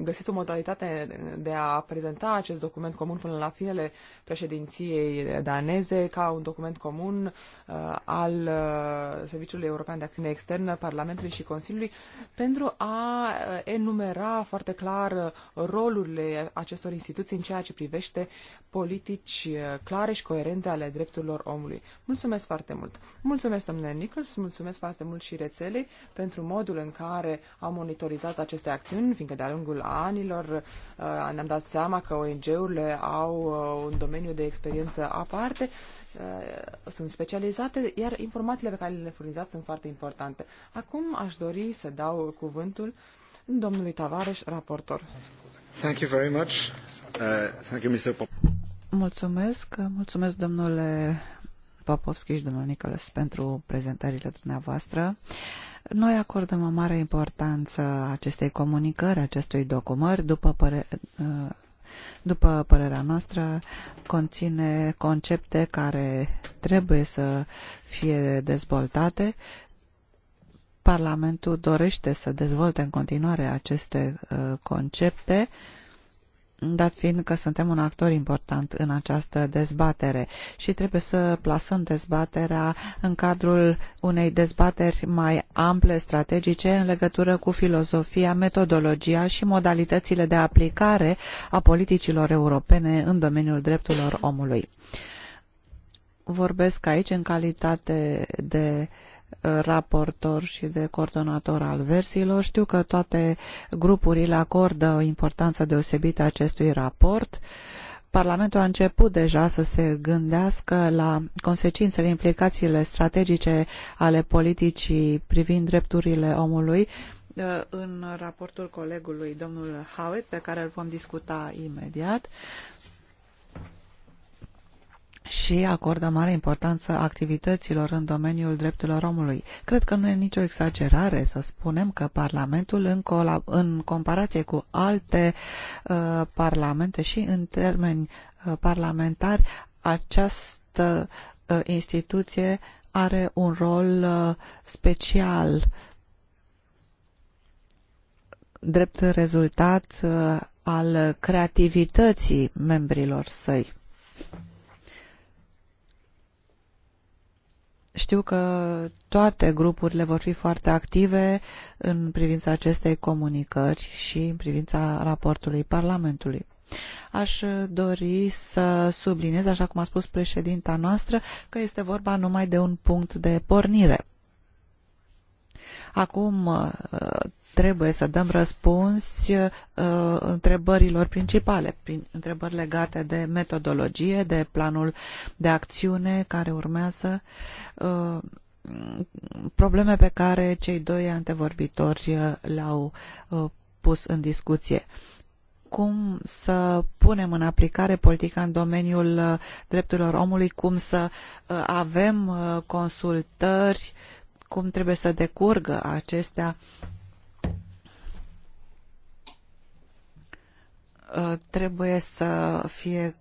găsiți o modalitate de a prezenta acest document comun până la finele președinției daneze ca un document comun uh, al uh, Serviciului European de Acțiune Externă, Parlamentului și Consiliului pentru a uh, enumera foarte clar uh, rolurile acestor instituții în ceea ce privește politici clare și coerente ale drepturilor omului. Mulțumesc foarte mult! Mulțumesc, domnule Nichols, mulțumesc foarte mult și rețelei pentru modul în care a au monitorizat aceste acțiuni, fiindcă de-a lungul anilor uh, ne-am dat seama că ONG-urile au uh, un domeniu de experiență aparte, uh, sunt specializate, iar informațiile pe care le furnizați sunt foarte importante. Acum aș dori să dau cuvântul domnului Tavares, raportor. Thank you very much. Uh, thank you, Mr. Pop mulțumesc, mulțumesc domnule Popovski și domnul Nicolas pentru prezentările dumneavoastră. Uh, noi acordăm o mare importanță acestei comunicări, acestui document, după, păre, uh, după părerea noastră, conține concepte care trebuie să fie dezvoltate. Parlamentul dorește să dezvolte în continuare aceste uh, concepte dat fiind că suntem un actor important în această dezbatere și trebuie să plasăm dezbaterea în cadrul unei dezbateri mai ample, strategice, în legătură cu filozofia, metodologia și modalitățile de aplicare a politicilor europene în domeniul drepturilor omului. Vorbesc aici în calitate de uh, raportor și de coordonator al versiilor. Știu că toate grupurile acordă o importanță deosebită acestui raport. Parlamentul a început deja să se gândească la consecințele, implicațiile strategice ale politicii privind drepturile omului uh, în raportul colegului domnul Howitt, pe care îl vom discuta imediat și acordă mare importanță activităților în domeniul drepturilor omului. Cred că nu e nicio exagerare să spunem că Parlamentul, în, în comparație cu alte uh, parlamente și în termeni uh, parlamentari, această uh, instituție are un rol uh, special drept rezultat uh, al creativității membrilor săi. Știu că toate grupurile vor fi foarte active în privința acestei comunicări și în privința raportului Parlamentului. Aș dori să subliniez, așa cum a spus președinta noastră, că este vorba numai de un punct de pornire Acum uh, trebuie să dăm răspuns uh, întrebărilor principale, întrebări legate de metodologie, de planul de acțiune care urmează, uh, probleme pe care cei doi antevorbitori le-au pus în discuție cum să punem în aplicare politica în domeniul drepturilor omului, cum să avem consultări cum trebuie să decurgă acestea uh, trebuie să fie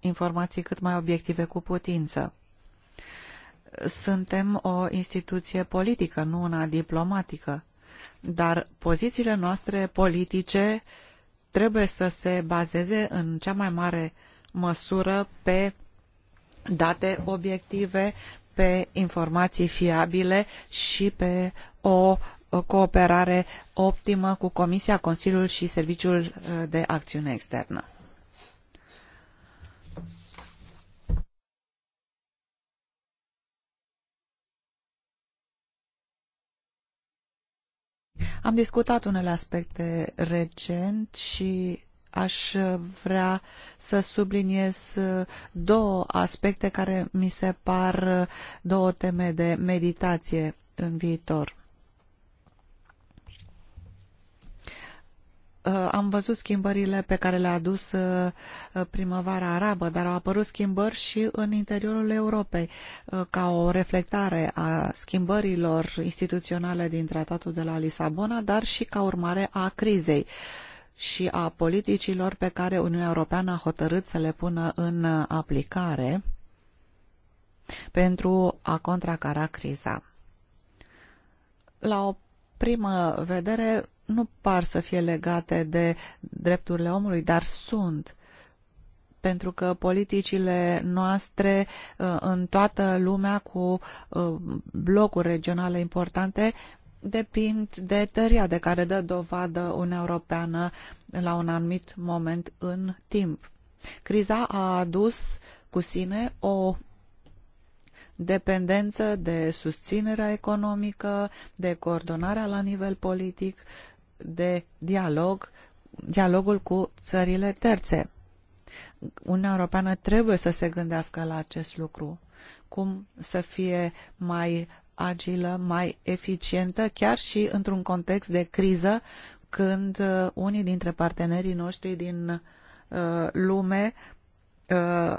informații cât mai obiective cu putință. Suntem o instituție politică, nu una diplomatică, dar pozițiile noastre politice trebuie să se bazeze în cea mai mare măsură pe date obiective, pe informații fiabile și pe o cooperare optimă cu Comisia, Consiliul și Serviciul uh, de Acțiune Externă. Am discutat unele aspecte recent și aș vrea să subliniez uh, două aspecte care mi se par uh, două teme de meditație în viitor. Uh, am văzut schimbările pe care le-a adus primăvara arabă, dar au apărut schimbări și în interiorul Europei, ca o reflectare a schimbărilor instituționale din tratatul de la Lisabona, dar și ca urmare a crizei și a politicilor pe care Uniunea Europeană a hotărât să le pună în aplicare pentru a contracara criza. La o primă vedere, nu par să fie legate de drepturile omului, dar sunt pentru că politicile noastre uh, în toată lumea cu uh, blocuri regionale importante depind de tăria de care dă dovadă Uniunea Europeană la un anumit moment în timp. Criza a adus cu sine o dependență de susținerea economică, de coordonarea la nivel politic, de dialog, dialogul cu țările terțe. Uniunea Europeană trebuie să se gândească la acest lucru, cum să fie mai agilă, mai eficientă, chiar și într-un context de criză, când uh, unii dintre partenerii noștri din uh, lume uh,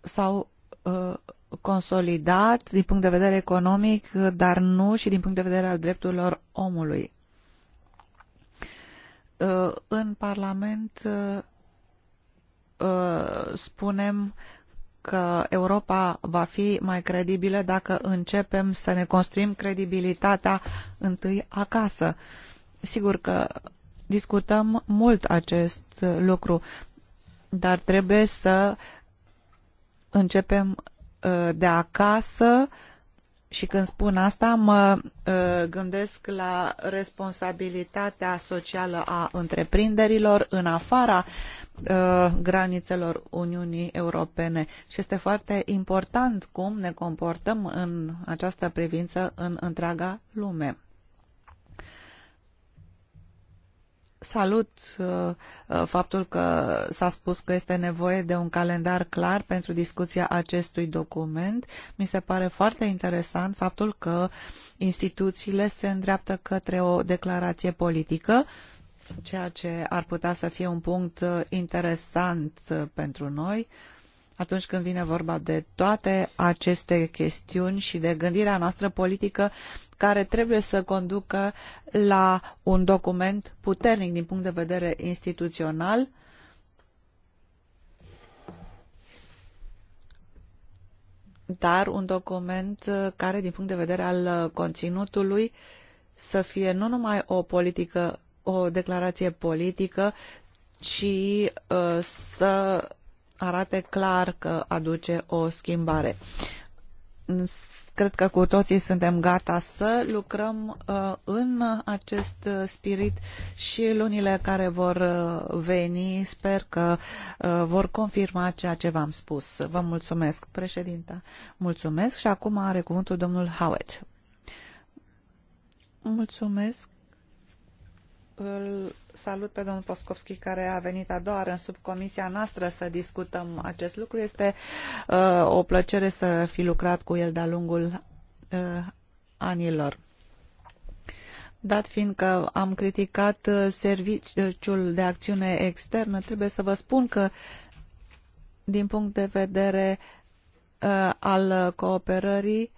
s-au uh, consolidat din punct de vedere economic, dar nu și din punct de vedere al drepturilor omului. Uh, în Parlament uh, spunem că Europa va fi mai credibilă dacă începem să ne construim credibilitatea întâi acasă. Sigur că discutăm mult acest lucru, dar trebuie să începem uh, de acasă uh, și când spun asta, mă ă, gândesc la responsabilitatea socială a întreprinderilor în afara ă, granițelor Uniunii Europene. Și este foarte important cum ne comportăm în această privință în întreaga lume. Salut uh, uh, faptul că s-a spus că este nevoie de un calendar clar pentru discuția acestui document. Mi se pare foarte interesant faptul că instituțiile se îndreaptă către o declarație politică, ceea ce ar putea să fie un punct uh, interesant pentru noi. Uh, atunci când vine vorba de toate aceste chestiuni și de gândirea noastră politică care trebuie să conducă la un document puternic din punct de vedere instituțional dar un document care, din punct de vedere al conținutului, să fie nu numai o politică, o declarație politică, ci uh, să arate clar că aduce o schimbare. Cred că cu toții suntem gata să lucrăm uh, în acest uh, spirit și lunile care vor uh, veni sper că vor confirma ceea ce v-am spus. Vă mulțumesc, președinta. Mulțumesc și acum are cuvântul domnul Howitt. Mulțumesc. Îl salut pe domnul Poscovski care a venit a doua oară în subcomisia noastră să discutăm acest lucru. Este uh, o plăcere să fi lucrat cu el de-a lungul uh, anilor. Dat fiind că am criticat uh, serviciul de acțiune externă, trebuie să vă spun că din punct de vedere uh, al cooperării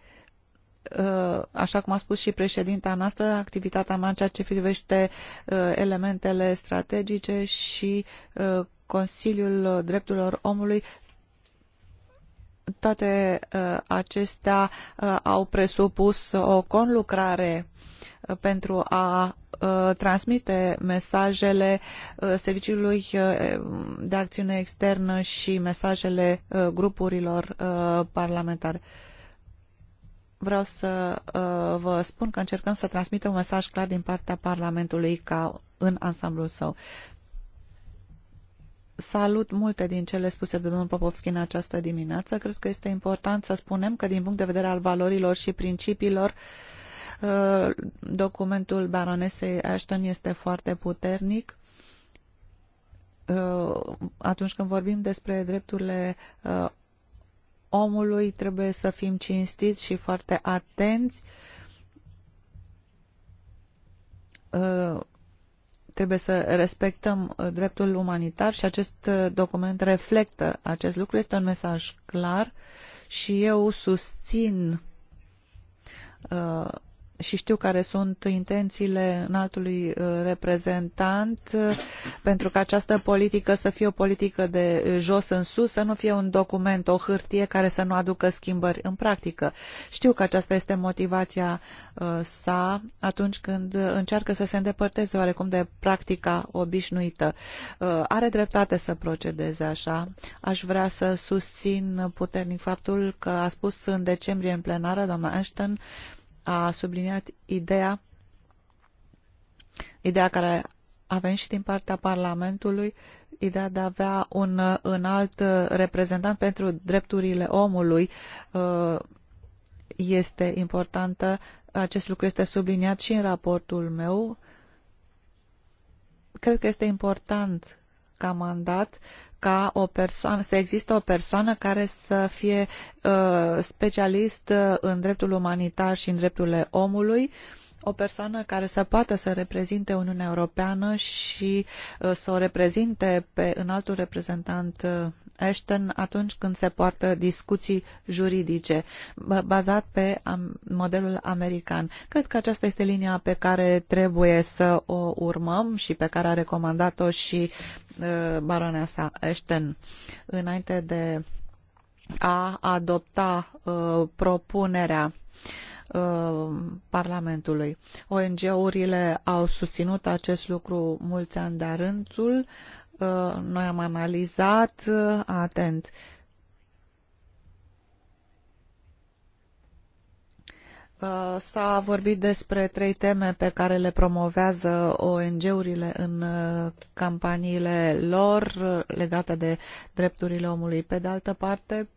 Uh, așa cum a spus și președinta noastră, activitatea mea în ceea ce privește uh, elementele strategice și uh, Consiliul Drepturilor Omului toate acestea au presupus o conlucrare pentru a transmite mesajele Serviciului de Acțiune Externă și mesajele grupurilor parlamentare vreau să uh, vă spun că încercăm să transmitem un mesaj clar din partea Parlamentului ca în ansamblul său. Salut multe din cele spuse de domnul Popovski în această dimineață. Cred că este important să spunem că din punct de vedere al valorilor și principiilor uh, documentul baronesei Ashton este foarte puternic uh, atunci când vorbim despre drepturile omului, trebuie să fim cinstiți și foarte atenți. Uh, trebuie să respectăm uh, dreptul umanitar și acest uh, document reflectă acest lucru. Este un mesaj clar și eu susțin și știu care sunt intențiile înaltului uh, reprezentant uh, pentru ca această politică să fie o politică de jos în sus, să nu fie un document, o hârtie care să nu aducă schimbări în practică. Știu că aceasta este motivația uh, sa atunci când încearcă să se îndepărteze oarecum de practica obișnuită. Are dreptate să procedeze așa. Aș vrea să susțin puternic faptul că a spus în decembrie în plenară doamna Ashton a subliniat ideea, ideea care a venit și din partea Parlamentului, ideea de a avea un înalt uh, uh, reprezentant pentru drepturile omului uh, este importantă. Acest lucru este subliniat și în raportul meu. Cred că este important ca mandat ca o persoană, să există o persoană care să fie uh, specialist uh, în dreptul umanitar și în drepturile omului, o persoană care să poată să reprezinte Uniunea Europeană și uh, să o reprezinte pe înaltul reprezentant uh, Ashton atunci când se poartă discuții juridice bazat pe modelul american. Cred că aceasta este linia pe care trebuie să o urmăm și pe care a recomandat-o și uh, baroneasa Ashton înainte de a adopta uh, propunerea uh, Parlamentului. ONG-urile au susținut acest lucru mulți ani de-a rândul noi am analizat uh, atent. Uh, s-a vorbit despre trei teme pe care le promovează ONG-urile în uh, campaniile lor legate de drepturile omului. Pe de altă parte,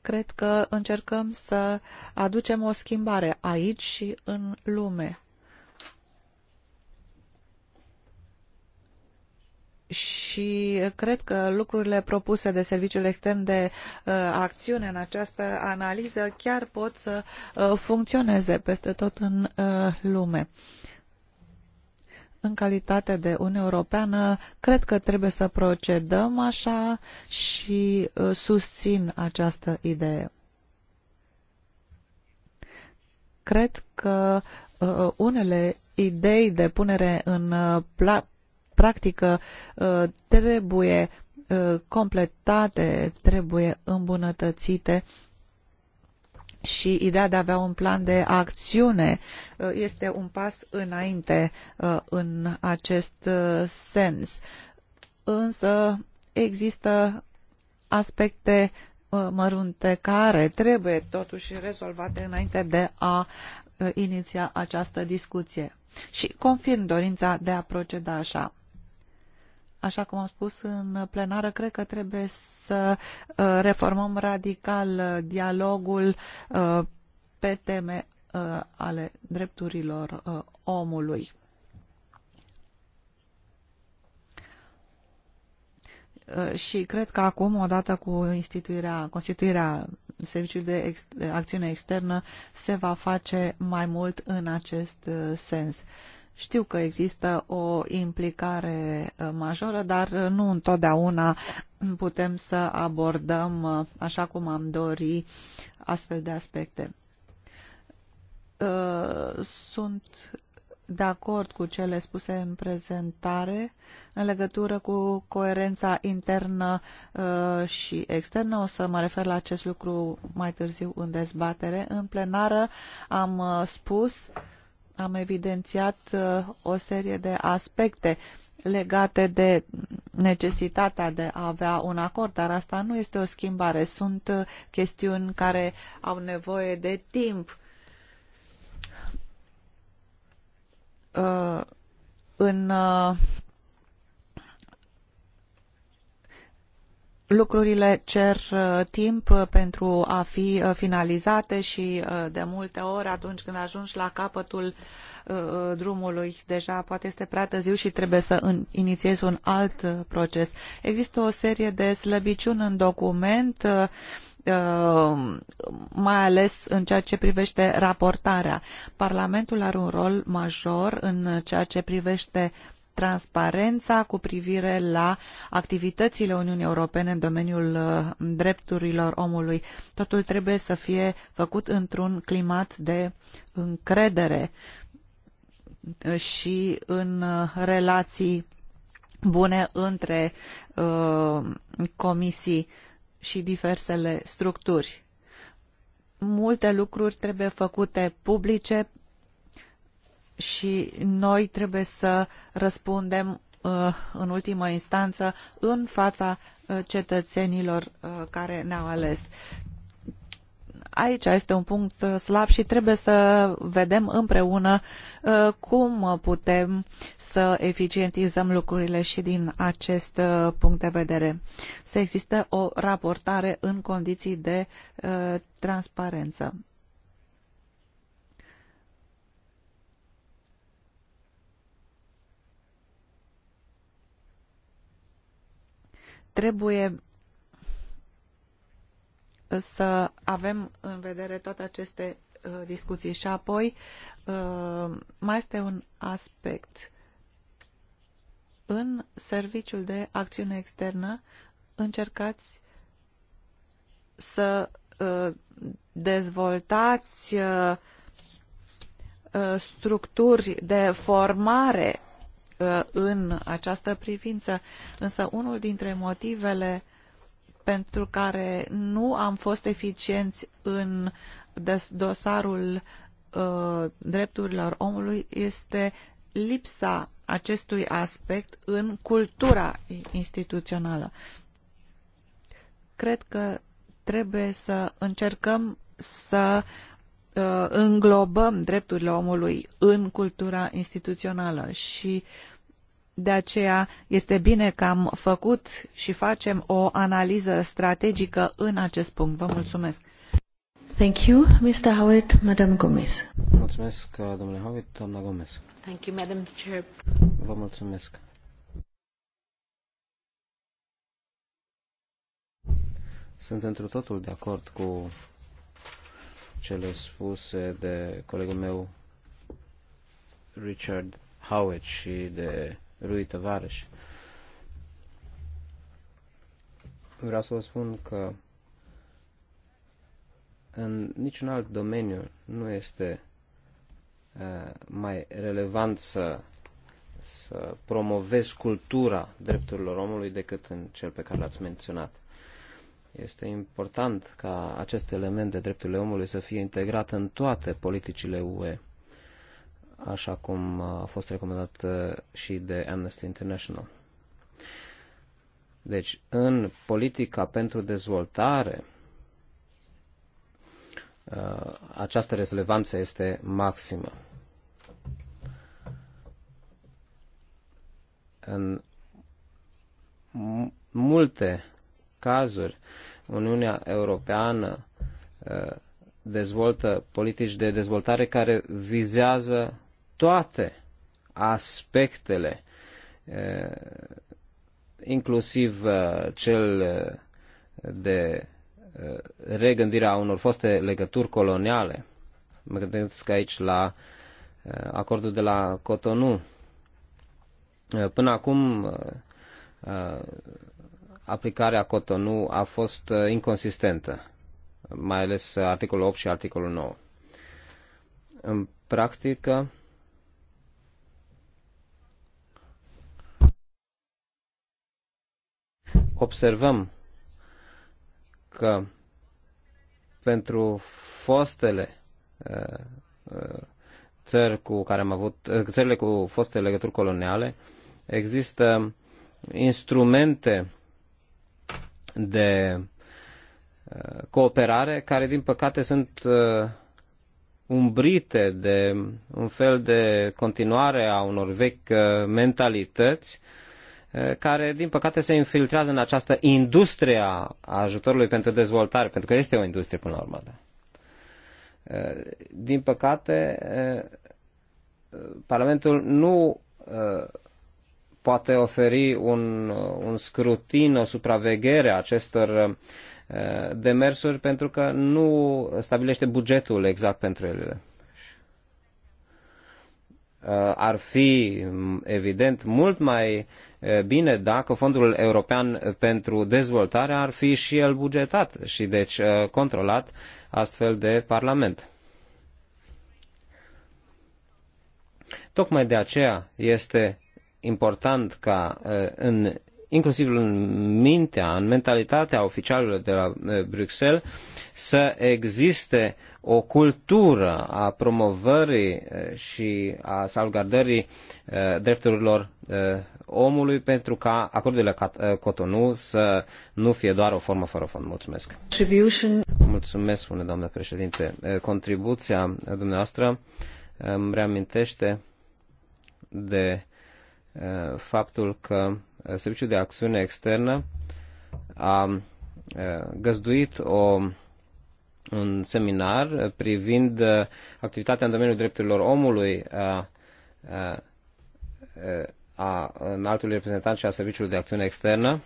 cred că încercăm să aducem o schimbare aici și în lume. și cred că lucrurile propuse de Serviciul Extern de uh, Acțiune în această analiză chiar pot să uh, funcționeze peste tot în uh, lume. În calitate de Uniune Europeană, cred că trebuie să procedăm așa și uh, susțin această idee. Cred că uh, unele idei de punere în uh, practică uh, trebuie uh, completate, trebuie îmbunătățite și ideea de a avea un plan de acțiune uh, este un pas înainte în acest sens. Însă există aspecte mărunte care trebuie totuși rezolvate înainte de a iniția această discuție. Și confirm dorința de a proceda așa. Așa cum am spus în plenară, cred că trebuie să uh, reformăm radical uh, dialogul uh, pe teme ale drepturilor omului. și cred că acum, odată cu instituirea, constituirea Serviciului de ex, Acțiune Externă, se va face mai mult în acest sens. Știu că există o implicare uh, majoră, dar uh, nu întotdeauna putem să abordăm uh, așa cum am dori astfel de aspecte. Sunt de acord cu cele spuse în prezentare în legătură cu coerența internă și externă. O să mă refer la acest lucru mai târziu în dezbatere. În plenară am spus am evidențiat uh, o serie de aspecte legate de necesitatea de a avea un acord, dar asta nu este o schimbare. Sunt uh, chestiuni care au nevoie de timp. Uh, în lucrurile cer uh, timp uh, pentru a fi uh, finalizate și de multe ori atunci când ajungi la capătul drumului deja poate este prea târziu și trebuie să inițiezi un alt proces. Există o serie de slăbiciuni în document mai ales în ceea ce privește raportarea. Parlamentul are un rol major în ceea ce privește transparența cu privire la activitățile Uniunii Europene în domeniul uh, drepturilor omului. Totul trebuie să fie făcut într-un climat de încredere uh, și în uh, relații bune între comisii și diversele structuri. Multe lucruri trebuie făcute publice și noi trebuie să răspundem uh, în ultimă instanță în fața uh, cetățenilor uh, care ne-au ales. Aici este un punct slab și trebuie să vedem împreună cum putem să eficientizăm lucrurile și din acest punct de vedere. Să există o raportare în condiții de transparență. Trebuie să avem în vedere toate aceste uh, discuții și apoi uh, mai este un aspect. În serviciul de acțiune externă încercați să uh, dezvoltați structuri de formare Uh, în această privință, însă unul dintre motivele pentru care nu am fost eficienți în dosarul uh, drepturilor omului este lipsa acestui aspect în cultura instituțională. Cred că trebuie să încercăm să Uh, înglobăm drepturile omului în cultura instituțională și de aceea este bine că am făcut și facem o analiză strategică în acest punct. Vă mulțumesc. Thank you, Mr. Howitt, Madam Gomez. Mulțumesc, uh, domnule Howitt, doamna Gomez. Thank you, Madam Chair. Vă mulțumesc. Sunt întru totul de acord cu cele spuse de colegul meu Richard Howitt și de Rui Tavares. Vreau să vă spun că în niciun alt domeniu nu este uh, mai relevant să, să promovezi cultura drepturilor omului decât în cel pe care l-ați menționat. Este important ca acest element de drepturile omului să fie integrat în toate politicile UE, așa cum a fost recomandat uh, și de Amnesty International. Deci, în politica pentru dezvoltare, uh, această relevanță este maximă. În multe cazuri Uniunea Europeană uh, dezvoltă politici de dezvoltare care vizează toate aspectele, uh, inclusiv uh, cel de regândirea unor foste legături coloniale. Mă gândesc aici la acordul de la Cotonou. Până acum aplicarea Cotonou a fost uh, inconsistentă, mai ales uh, articolul 8 și articolul 9. În practică, observăm că pentru fostele uh, țări cu care am avut, țările cu foste legături coloniale, există instrumente de uh, cooperare care, din păcate, sunt uh, umbrite de un fel de continuare a unor vechi uh, mentalități care, din păcate, se infiltrează în această industrie a ajutorului pentru dezvoltare, pentru că este o industrie până la urmă. Da. Din păcate, Parlamentul nu poate oferi un, un scrutin, o supraveghere a acestor uh, demersuri pentru că nu stabilește bugetul exact pentru ele. Uh, ar fi, mm, evident, mult mai uh, bine dacă Fondul European pentru Dezvoltare ar fi și el bugetat și deci controlat astfel de Parlament. Tocmai de aceea este important ca în, inclusiv în mintea, în mentalitatea oficialilor de la Bruxelles, să existe o cultură a promovării și a salvgardării drepturilor omului pentru ca acordurile Cotonou să nu fie doar o formă fără fond. Mulțumesc. Mulțumesc, spune doamnă președinte. Contribuția dumneavoastră îmi reamintește de Uh, faptul că uh, Serviciul de Acțiune Externă a uh, găzduit o, un seminar privind activitatea în domeniul drepturilor omului a, a, a înaltului reprezentant și a Serviciului de Acțiune Externă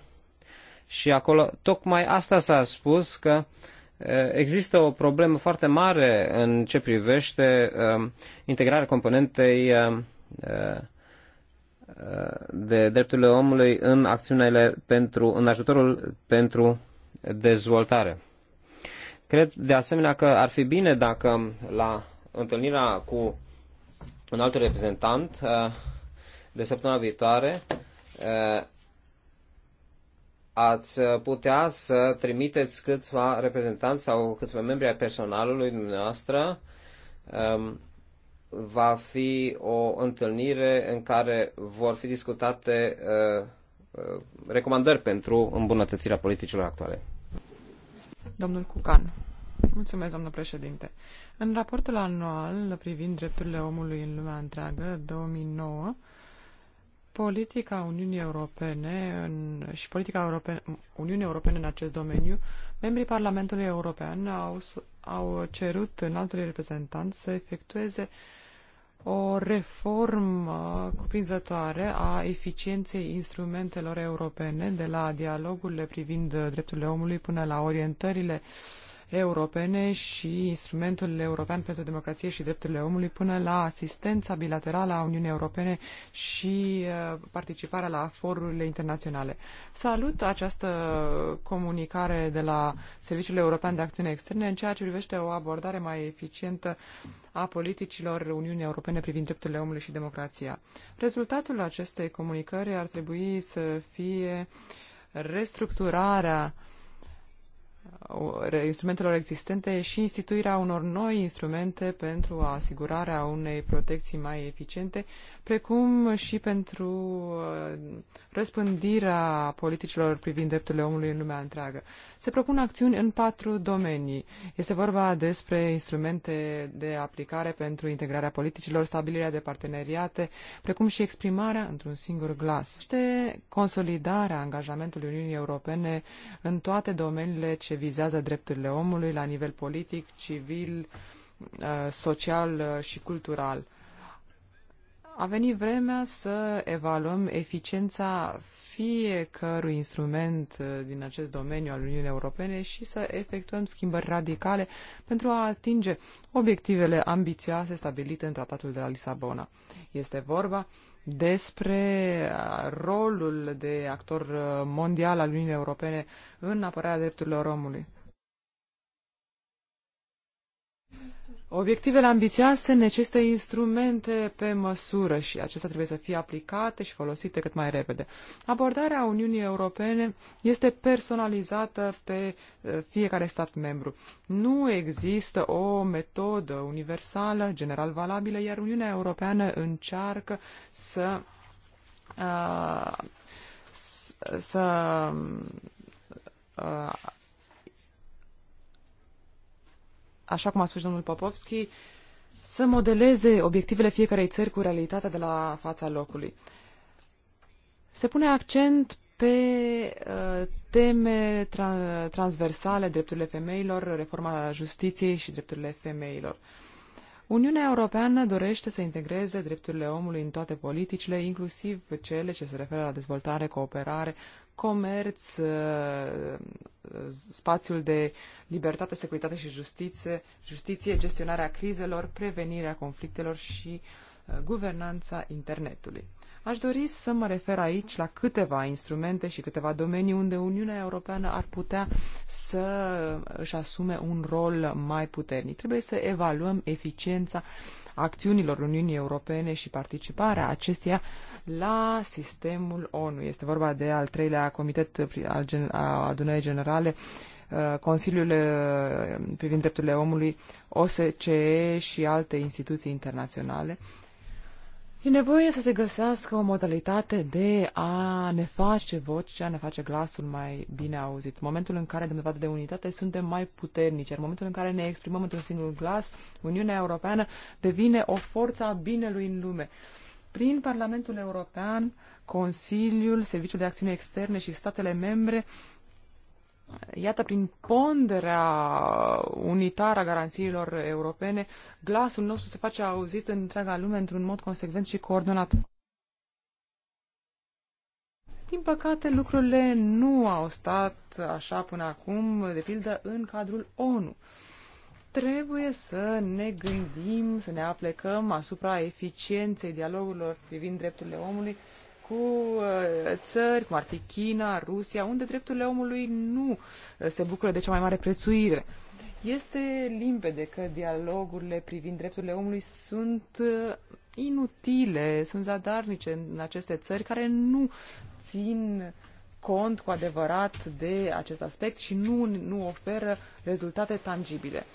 și acolo tocmai asta s-a spus că Există o problemă foarte mare în ce privește integrarea componentei de drepturile omului în acțiunile pentru, în ajutorul pentru dezvoltare. Cred de asemenea că ar fi bine dacă la întâlnirea cu un alt reprezentant uh, de săptămâna viitoare uh, ați putea să trimiteți câțiva reprezentanți sau câțiva membri ai personalului dumneavoastră um, va fi o întâlnire în care vor fi discutate uh, uh, recomandări pentru îmbunătățirea politicilor actuale. Domnul Cucan. Mulțumesc, domnul președinte. În raportul anual privind drepturile omului în lumea întreagă, 2009, politica Uniunii Europene în, și politica Europene, Uniunii Europene în acest domeniu, membrii Parlamentului European au, au cerut înaltului reprezentant să efectueze uh, o reformă cuprinzătoare a eficienței instrumentelor europene, de la dialogurile privind drepturile omului până la orientările uh, europene și instrumentul european pentru democrație și drepturile omului până la asistența bilaterală a Uniunii Europene și uh, participarea la forurile internaționale. Salut această comunicare de la Serviciul European de Acțiune Externe în ceea ce privește o abordare mai eficientă a politicilor Uniunii Europene privind drepturile omului și democrația. Rezultatul acestei comunicări ar trebui să fie restructurarea uh, instrumentelor existente și instituirea unor noi instrumente pentru asigurarea unei protecții mai eficiente precum și pentru uh, răspândirea politicilor privind drepturile omului în lumea întreagă. Se propun acțiuni în patru domenii. Este vorba despre instrumente de aplicare pentru integrarea politicilor, stabilirea de parteneriate, precum și exprimarea într-un singur glas. Este consolidarea angajamentului Uniunii Europene în toate domeniile ce vizează drepturile omului la nivel politic, civil, uh, social uh, și cultural a venit vremea să evaluăm eficiența fiecărui instrument uh, din acest domeniu al Uniunii Europene și să efectuăm schimbări radicale pentru a atinge obiectivele ambițioase stabilite în Tratatul de la Lisabona. Este vorba despre uh, rolul de actor uh, mondial al Uniunii Europene în apărarea drepturilor omului. Obiectivele ambițioase necesită instrumente pe măsură și acestea trebuie să fie aplicate și folosite cât mai repede. Abordarea Uniunii Europene este personalizată pe eh, fiecare stat membru. Nu există o metodă universală, general valabilă, iar Uniunea Europeană încearcă să, eh, să, să mm, eh, așa cum a spus domnul Popovski, să modeleze obiectivele fiecarei țări cu realitatea de la fața locului. Se pune accent pe uh, teme tra- transversale, drepturile femeilor, reforma justiției și drepturile femeilor. Uniunea Europeană dorește să integreze drepturile omului în toate politicile, inclusiv cele ce se referă la dezvoltare, cooperare, comerț, uh, spațiul de libertate, securitate și justiție, justiție, gestionarea crizelor, prevenirea conflictelor și uh, guvernanța internetului. Aș dori să mă refer aici la câteva instrumente și câteva domenii unde Uniunea Europeană ar putea să își asume un rol mai puternic. Trebuie să evaluăm eficiența uh, acțiunilor Uniunii Europene și participarea acesteia la sistemul ONU. Este vorba de al treilea comitet al adunării generale uh, Consiliul uh, privind drepturile omului, OSCE și alte instituții internaționale, E nevoie să se găsească o modalitate de a ne face vocea, a ne face glasul mai bine auzit. momentul în care de de unitate, suntem mai puternici. În momentul în care ne exprimăm într-un singur glas, Uniunea Europeană devine o forță a binelui în lume. Prin Parlamentul European, Consiliul, Serviciul de Acțiune Externe și statele membre Iată, prin ponderea unitară a garanțiilor europene, glasul nostru se face auzit în întreaga lume într-un mod consecvent și coordonat. Din păcate, lucrurile nu au stat așa până acum, de pildă, în cadrul ONU. Trebuie să ne gândim, să ne aplecăm asupra eficienței dialogurilor privind drepturile omului cu uh, țări, cum ar fi China, Rusia, unde drepturile omului nu uh, se bucură de cea mai mare prețuire. Este limpede că dialogurile privind drepturile omului sunt uh, inutile, sunt zadarnice în aceste țări care nu țin cont cu adevărat de acest aspect și nu, nu oferă rezultate tangibile.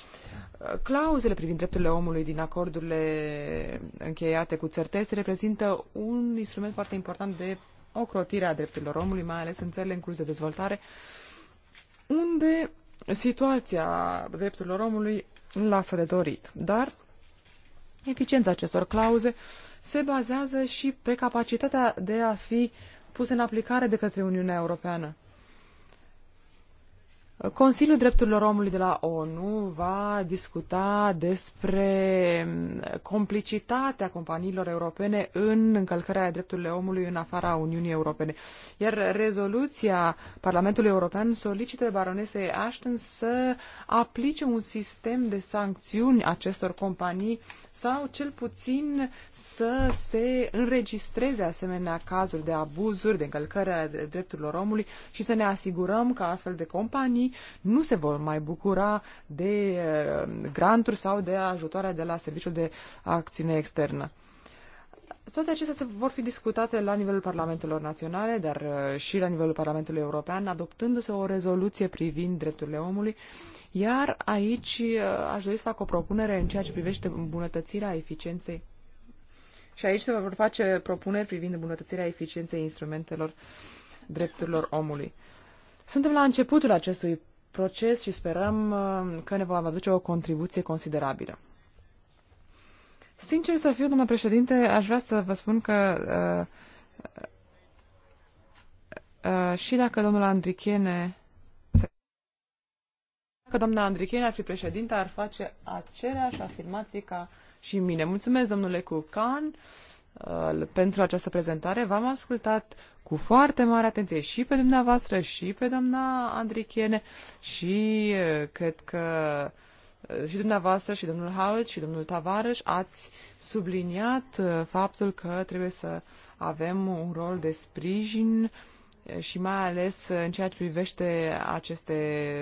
Clauzele privind drepturile omului din acordurile încheiate cu țărtezi reprezintă un instrument foarte important de ocrotire a drepturilor omului, mai ales în țările în curs de dezvoltare, unde situația drepturilor omului lasă de dorit. Dar eficiența acestor clauze se bazează și pe capacitatea de a fi uh, puse în aplicare de către Uniunea Europeană. Consiliul Drepturilor Omului de la ONU va discuta despre complicitatea companiilor europene în încălcarea drepturilor omului în afara Uniunii Europene. Iar rezoluția Parlamentului European solicită baronesei Ashton să aplice un sistem de sancțiuni acestor companii sau cel puțin să se înregistreze asemenea cazuri de abuzuri, de încălcări a drepturilor omului și să ne asigurăm că astfel de companii nu se vor mai bucura de uh, granturi sau de ajutoare de la Serviciul de Acțiune Externă. Toate acestea se vor fi discutate la nivelul parlamentelor naționale, dar uh, și la nivelul Parlamentului European, adoptându-se o rezoluție privind drepturile omului iar aici uh, aș dori să fac o propunere în ceea ce privește îmbunătățirea eficienței. Și aici se vor face propuneri privind îmbunătățirea eficienței instrumentelor drepturilor omului. Suntem la începutul acestui proces și sperăm uh, că ne vom aduce o contribuție considerabilă. Sincer să fiu, doamna președinte, aș vrea să vă spun că uh, uh, și dacă domnul Andrichene dacă doamna Andrichen ar fi președinte, ar face aceleași afirmații ca și mine. Mulțumesc, domnule Cucan, uh, pentru această prezentare. V-am ascultat cu foarte mare atenție și pe dumneavoastră și pe doamna Andrichiene și uh, cred că uh, și dumneavoastră și domnul Haut și domnul Tavares ați subliniat faptul că trebuie să avem un rol de sprijin uh, și mai ales în ceea ce privește aceste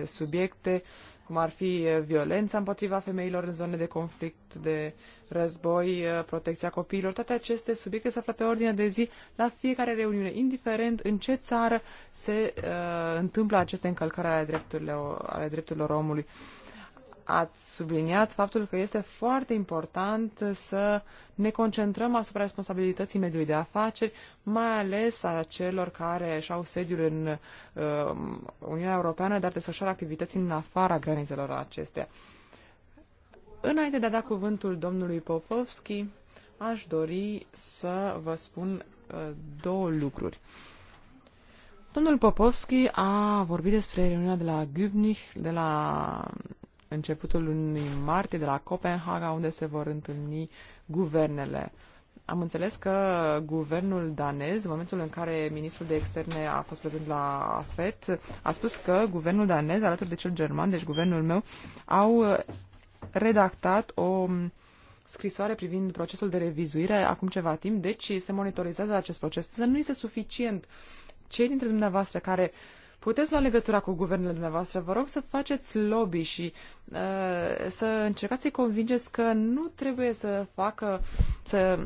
subiecte, cum ar fi violența împotriva femeilor în zone de conflict, de război, protecția copiilor, toate aceste subiecte se află pe ordinea de zi la fiecare reuniune, indiferent în ce țară se uh, întâmplă aceste încălcări ale drepturilor, ale drepturilor omului. Uh, ați subliniat faptul că este foarte important să ne concentrăm asupra responsabilității mediului de afaceri, mai ales a celor care și-au sediul în uh, Uniunea Europeană, dar desfășoară activități în afara granițelor acestea. Înainte de a da cuvântul domnului Popovski, aș dori să vă spun uh, două lucruri. Domnul Popovski a vorbit despre reuniunea de la Gubnich, de la începutul lunii martie de la Copenhaga, unde se vor întâlni guvernele. Am înțeles că guvernul danez, în momentul în care ministrul de externe a fost prezent la FET, a spus că guvernul danez, alături de cel german, deci guvernul meu, au redactat o scrisoare privind procesul de revizuire acum ceva timp, deci se monitorizează acest proces. Să nu este suficient. Cei dintre dumneavoastră care uh, puteți lua legătura cu guvernele dumneavoastră, vă rog să faceți lobby și uh, să încercați să-i convingeți că nu trebuie să facă, să,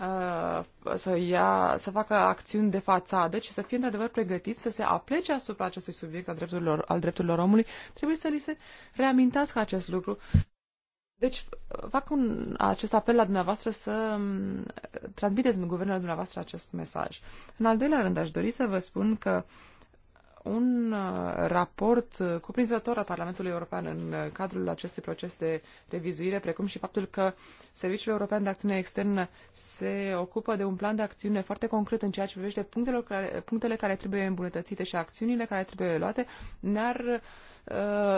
uh, să, ia, să facă acțiuni de fațadă, ci să fie într-adevăr pregătit să se aplece asupra acestui subiect al drepturilor, al drepturilor omului. Trebuie să li se reamintească acest lucru. Deci fac un, acest apel la dumneavoastră să um, transmiteți în guvernul dumneavoastră acest mesaj. În al doilea rând, aș dori să vă spun că uh, un uh, raport uh, cuprinzător al Parlamentului European în uh, cadrul acestui proces de revizuire, precum și faptul că Serviciul European de Acțiune Externă se ocupă de un plan de acțiune foarte concret în ceea ce privește punctele care, punctele care trebuie îmbunătățite și acțiunile care trebuie luate, ne-ar uh,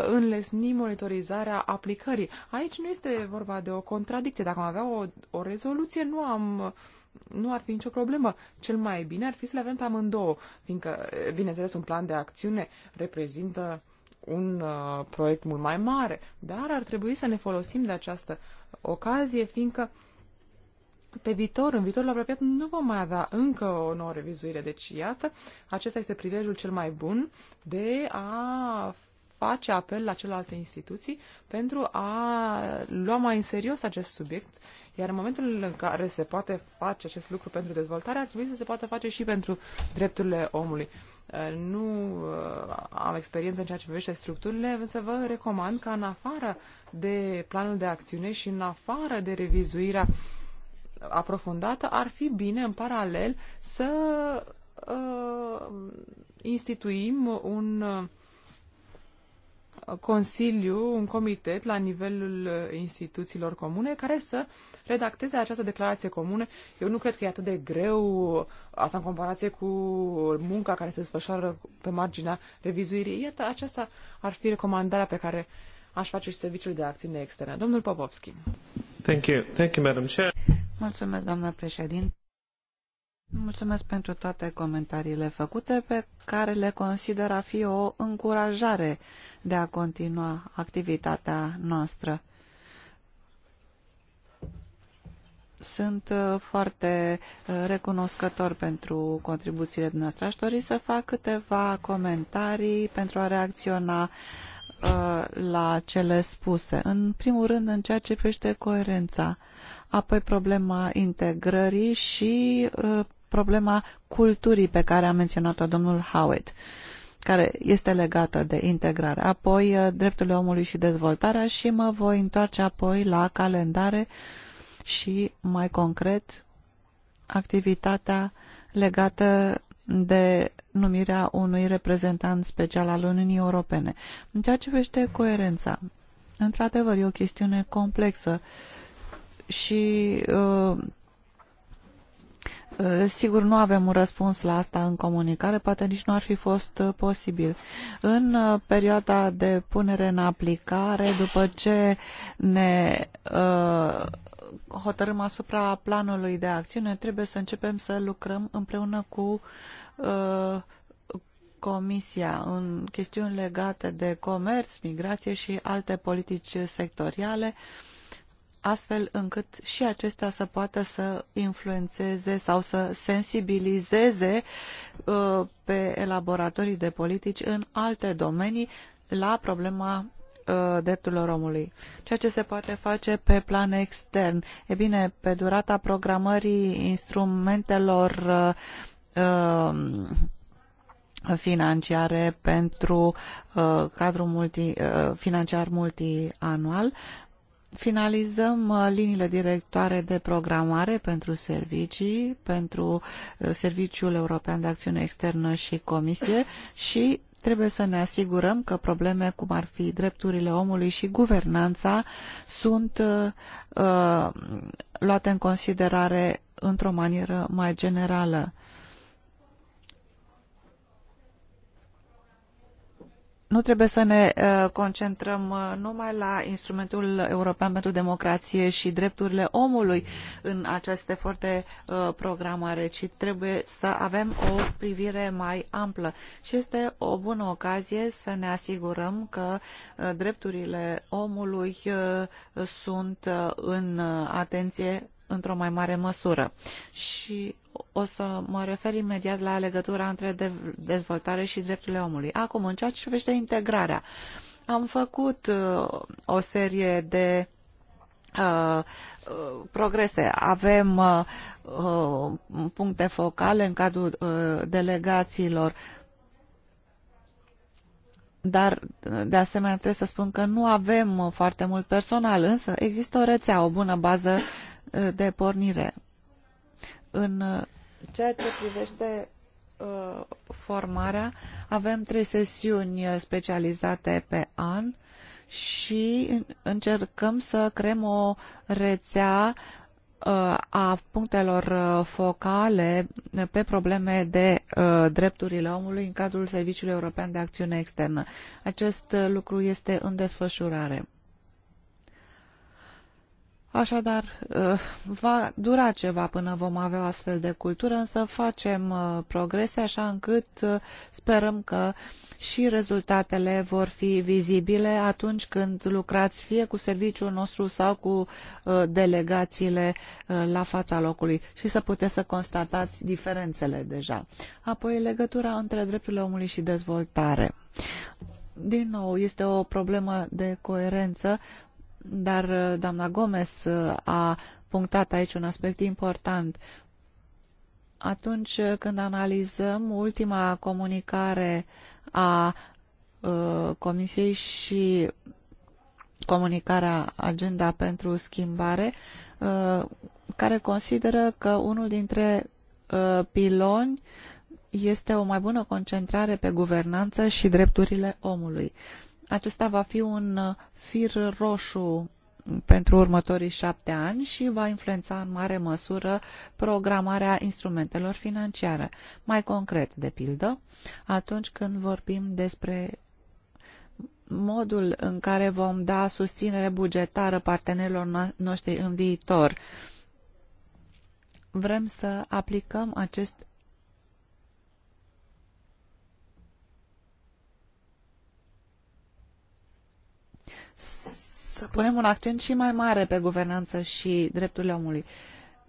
înlesni monitorizarea aplicării. Aici nu este vorba de o contradicție. Dacă am avea o, o rezoluție, nu am uh, nu ar fi nicio problemă. Cel mai bine ar fi să le avem pe amândouă, fiindcă, bineînțeles, un plan de acțiune reprezintă un uh, proiect mult mai mare, dar ar trebui să ne folosim de această ocazie, fiindcă pe viitor, în viitorul apropiat, nu vom mai avea încă o nouă revizuire. Deci, iată, acesta este prilejul cel mai bun de a face apel la celelalte instituții pentru a lua mai în serios acest subiect iar în momentul în care se poate face acest lucru pentru dezvoltare, ar trebui să se poată face și pentru drepturile omului. Uh, nu uh, am experiență în ceea ce privește structurile, însă vă recomand ca în afară de planul de acțiune și în afară de revizuirea aprofundată, ar fi bine în paralel să uh, instituim un uh, Consiliu, un comitet la nivelul uh, instituțiilor comune care să redacteze această declarație comună. Eu nu cred că e atât de greu, uh, asta în comparație cu munca care se desfășoară pe marginea revizuirii. Iată, aceasta ar fi recomandarea pe care aș face și Serviciul de Acțiune Externă. Domnul Popovski. Thank you. Thank you, Madam Chair. Mulțumesc, doamna președinte. Mulțumesc pentru toate comentariile făcute, pe care le consider a fi o încurajare de a continua activitatea noastră. Sunt uh, foarte uh, recunoscător pentru contribuțiile noastre. Aș dori să fac câteva comentarii pentru a reacționa uh, la cele spuse. În primul rând, în ceea ce privește coerența, apoi problema integrării și problema culturii pe care a menționat-o domnul Howitt care este legată de integrare, apoi eh, drepturile omului și dezvoltarea și mă voi întoarce apoi la calendare și mai concret activitatea legată de numirea unui reprezentant special al Uniunii Europene. În ceea ce vește coerența, într-adevăr, e o chestiune complexă și uh, Eh, sigur, nu avem un răspuns la asta în comunicare, poate nici nu ar fi fost eh, posibil. În eh, perioada de punere în aplicare, după ce ne hotărâm asupra planului de acțiune, trebuie să începem să lucrăm împreună cu Comisia în chestiuni legate de comerț, migrație și alte politici sectoriale. Uh, astfel încât și acestea să poată să influențeze sau să sensibilizeze uh, pe elaboratorii de politici în alte domenii la problema uh, drepturilor omului. Ceea ce se poate face pe plan extern. E bine, pe durata programării instrumentelor uh, financiare pentru cadrul multi, financiar multianual, finalizăm uh, liniile directoare de programare pentru servicii, pentru uh, Serviciul European de Acțiune Externă și Comisie și trebuie să ne asigurăm că probleme cum ar fi drepturile omului și guvernanța sunt uh, uh luate în considerare într-o manieră mai generală. Uh, nu trebuie să ne uh, concentrăm uh, numai la instrumentul european pentru democrație și drepturile omului în acest efort de uh, programare, ci trebuie să avem o privire mai amplă. Și este o bună ocazie să ne asigurăm că drepturile omului sunt în atenție într-o mai mare măsură. Și o să mă refer imediat la legătura între dezvoltare și drepturile omului. Acum, în ceea ce privește integrarea, am făcut uh, o serie de uh, uh, progrese. Avem puncte focale în cadrul delegațiilor dar de asemenea trebuie să spun că nu avem foarte mult personal, însă există o rețea, o bună bază de pornire. În uh, ceea ce privește uh, formarea, avem trei sesiuni uh, specializate pe an și încercăm să creăm o rețea a punctelor focale pe probleme de drepturile omului în cadrul Serviciului European de Acțiune Externă. Acest lucru este în desfășurare. Așadar, eh, va dura ceva până vom avea o astfel de cultură, însă facem eh, progrese așa încât eh, sperăm că și rezultatele vor fi vizibile atunci când lucrați fie cu serviciul nostru sau cu delegațiile la fața locului și să puteți să constatați diferențele deja. Apoi, legătura între drepturile omului și dezvoltare din nou, este o problemă de coerență, dar uh, doamna Gomez uh, a punctat aici un aspect important. Atunci uh, când analizăm ultima comunicare a Comisiei și comunicarea Agenda pentru Schimbare, care consideră că unul dintre piloni este o mai bună concentrare pe guvernanță și drepturile omului. Acesta va fi un uh, fir roșu pentru următorii șapte ani și va influența în mare măsură programarea instrumentelor financiare. Mai concret, de pildă, atunci când vorbim despre modul în care vom da susținere bugetară partenerilor noștri în viitor, vrem să aplicăm acest să punem un accent și mai mare pe guvernanță și drepturile omului.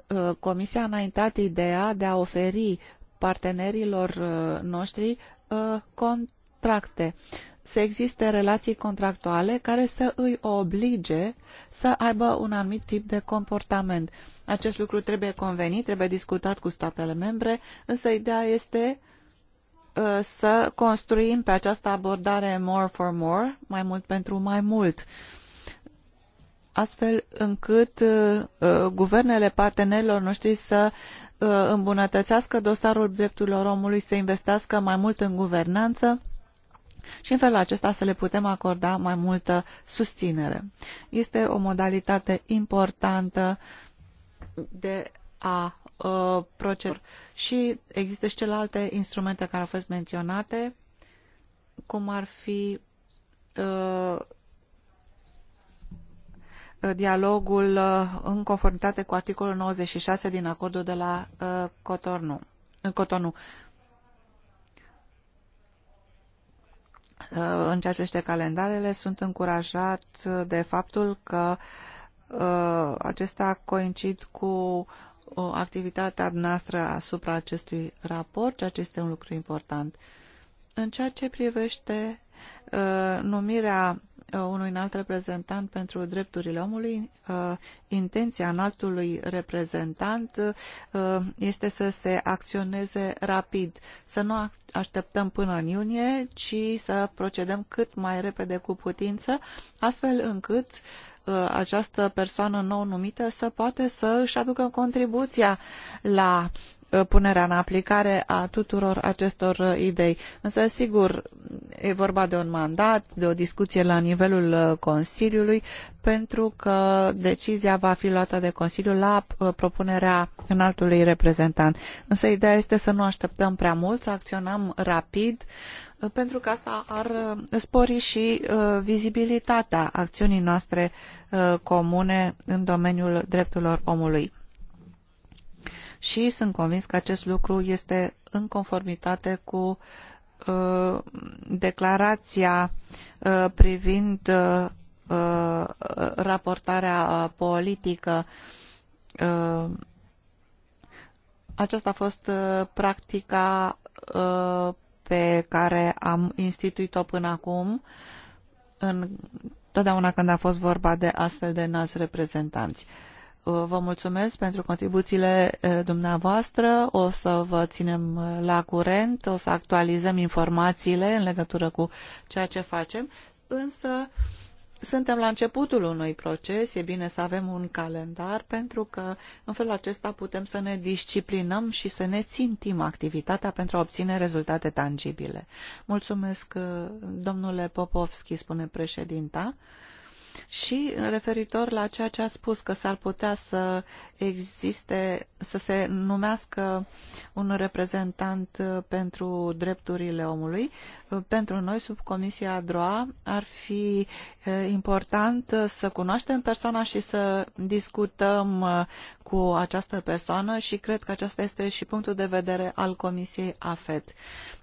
Uh, Comisia a înaintat ideea de a oferi partenerilor uh, noștri uh, contracte. Să existe relații contractuale care să îi oblige să aibă un anumit tip de comportament. Acest lucru trebuie convenit, trebuie discutat cu statele membre, însă ideea este uh, Uh, să construim pe această abordare more for more, mai mult pentru mai mult, astfel încât uh, uh, guvernele partenerilor noștri să îmbunătățească dosarul drepturilor omului, să investească mai mult în guvernanță, și în felul acesta să le putem acorda mai multă susținere. Este o modalitate importantă de a Uh, proceduri. procedur. Și există și celelalte instrumente care au fost menționate, cum ar fi uh, dialogul uh, în conformitate cu articolul 96 din acordul de la Cotonou. în Cotonou. În ceea ce privește calendarele, sunt încurajat de faptul că acesta coincid cu o activitatea noastră asupra acestui raport, ceea ce este un lucru important. În ceea ce privește uh, numirea Uh, unui înalt reprezentant pentru drepturile omului, uh, intenția înaltului reprezentant uh, este să se acționeze rapid, să nu așteptăm până în iunie, ci să procedăm cât mai repede cu putință, astfel încât această persoană nou numită să poate să își aducă contribuția la Uh, punerea în aplicare a tuturor acestor uh, idei. Însă, sigur, e vorba de un mandat, de o discuție la nivelul uh, Consiliului, pentru că decizia va fi luată de Consiliu la propunerea înaltului reprezentant. Însă, ideea este să nu așteptăm prea mult, să acționăm rapid, pentru că asta ar spori și vizibilitatea acțiunii noastre comune în domeniul drepturilor omului și sunt convins că acest lucru este în conformitate cu uh, declarația uh, privind uh, uh raportarea politică. Uh, aceasta a fost uh, practica pe care am instituit-o până acum, în, totdeauna când a fost vorba de astfel de înalți reprezentanți. Uh, Uh, vă mulțumesc pentru contribuțiile uh, dumneavoastră. O să vă ținem uh, la curent, o să actualizăm informațiile în legătură cu ceea ce facem, însă suntem la începutul unui proces, e bine să avem un calendar, pentru că în felul acesta putem să ne disciplinăm și să ne țintim activitatea pentru a obține rezultate tangibile. Mulțumesc, domnule Popovski, spune președinta. Și referitor la ceea ce ați spus că s-ar putea să existe, să se numească un reprezentant pentru drepturile omului, pentru noi, sub Comisia DROA, ar fi important să cunoaștem persoana și să discutăm cu această persoană și cred că acesta este și punctul de vedere al Comisiei AFET.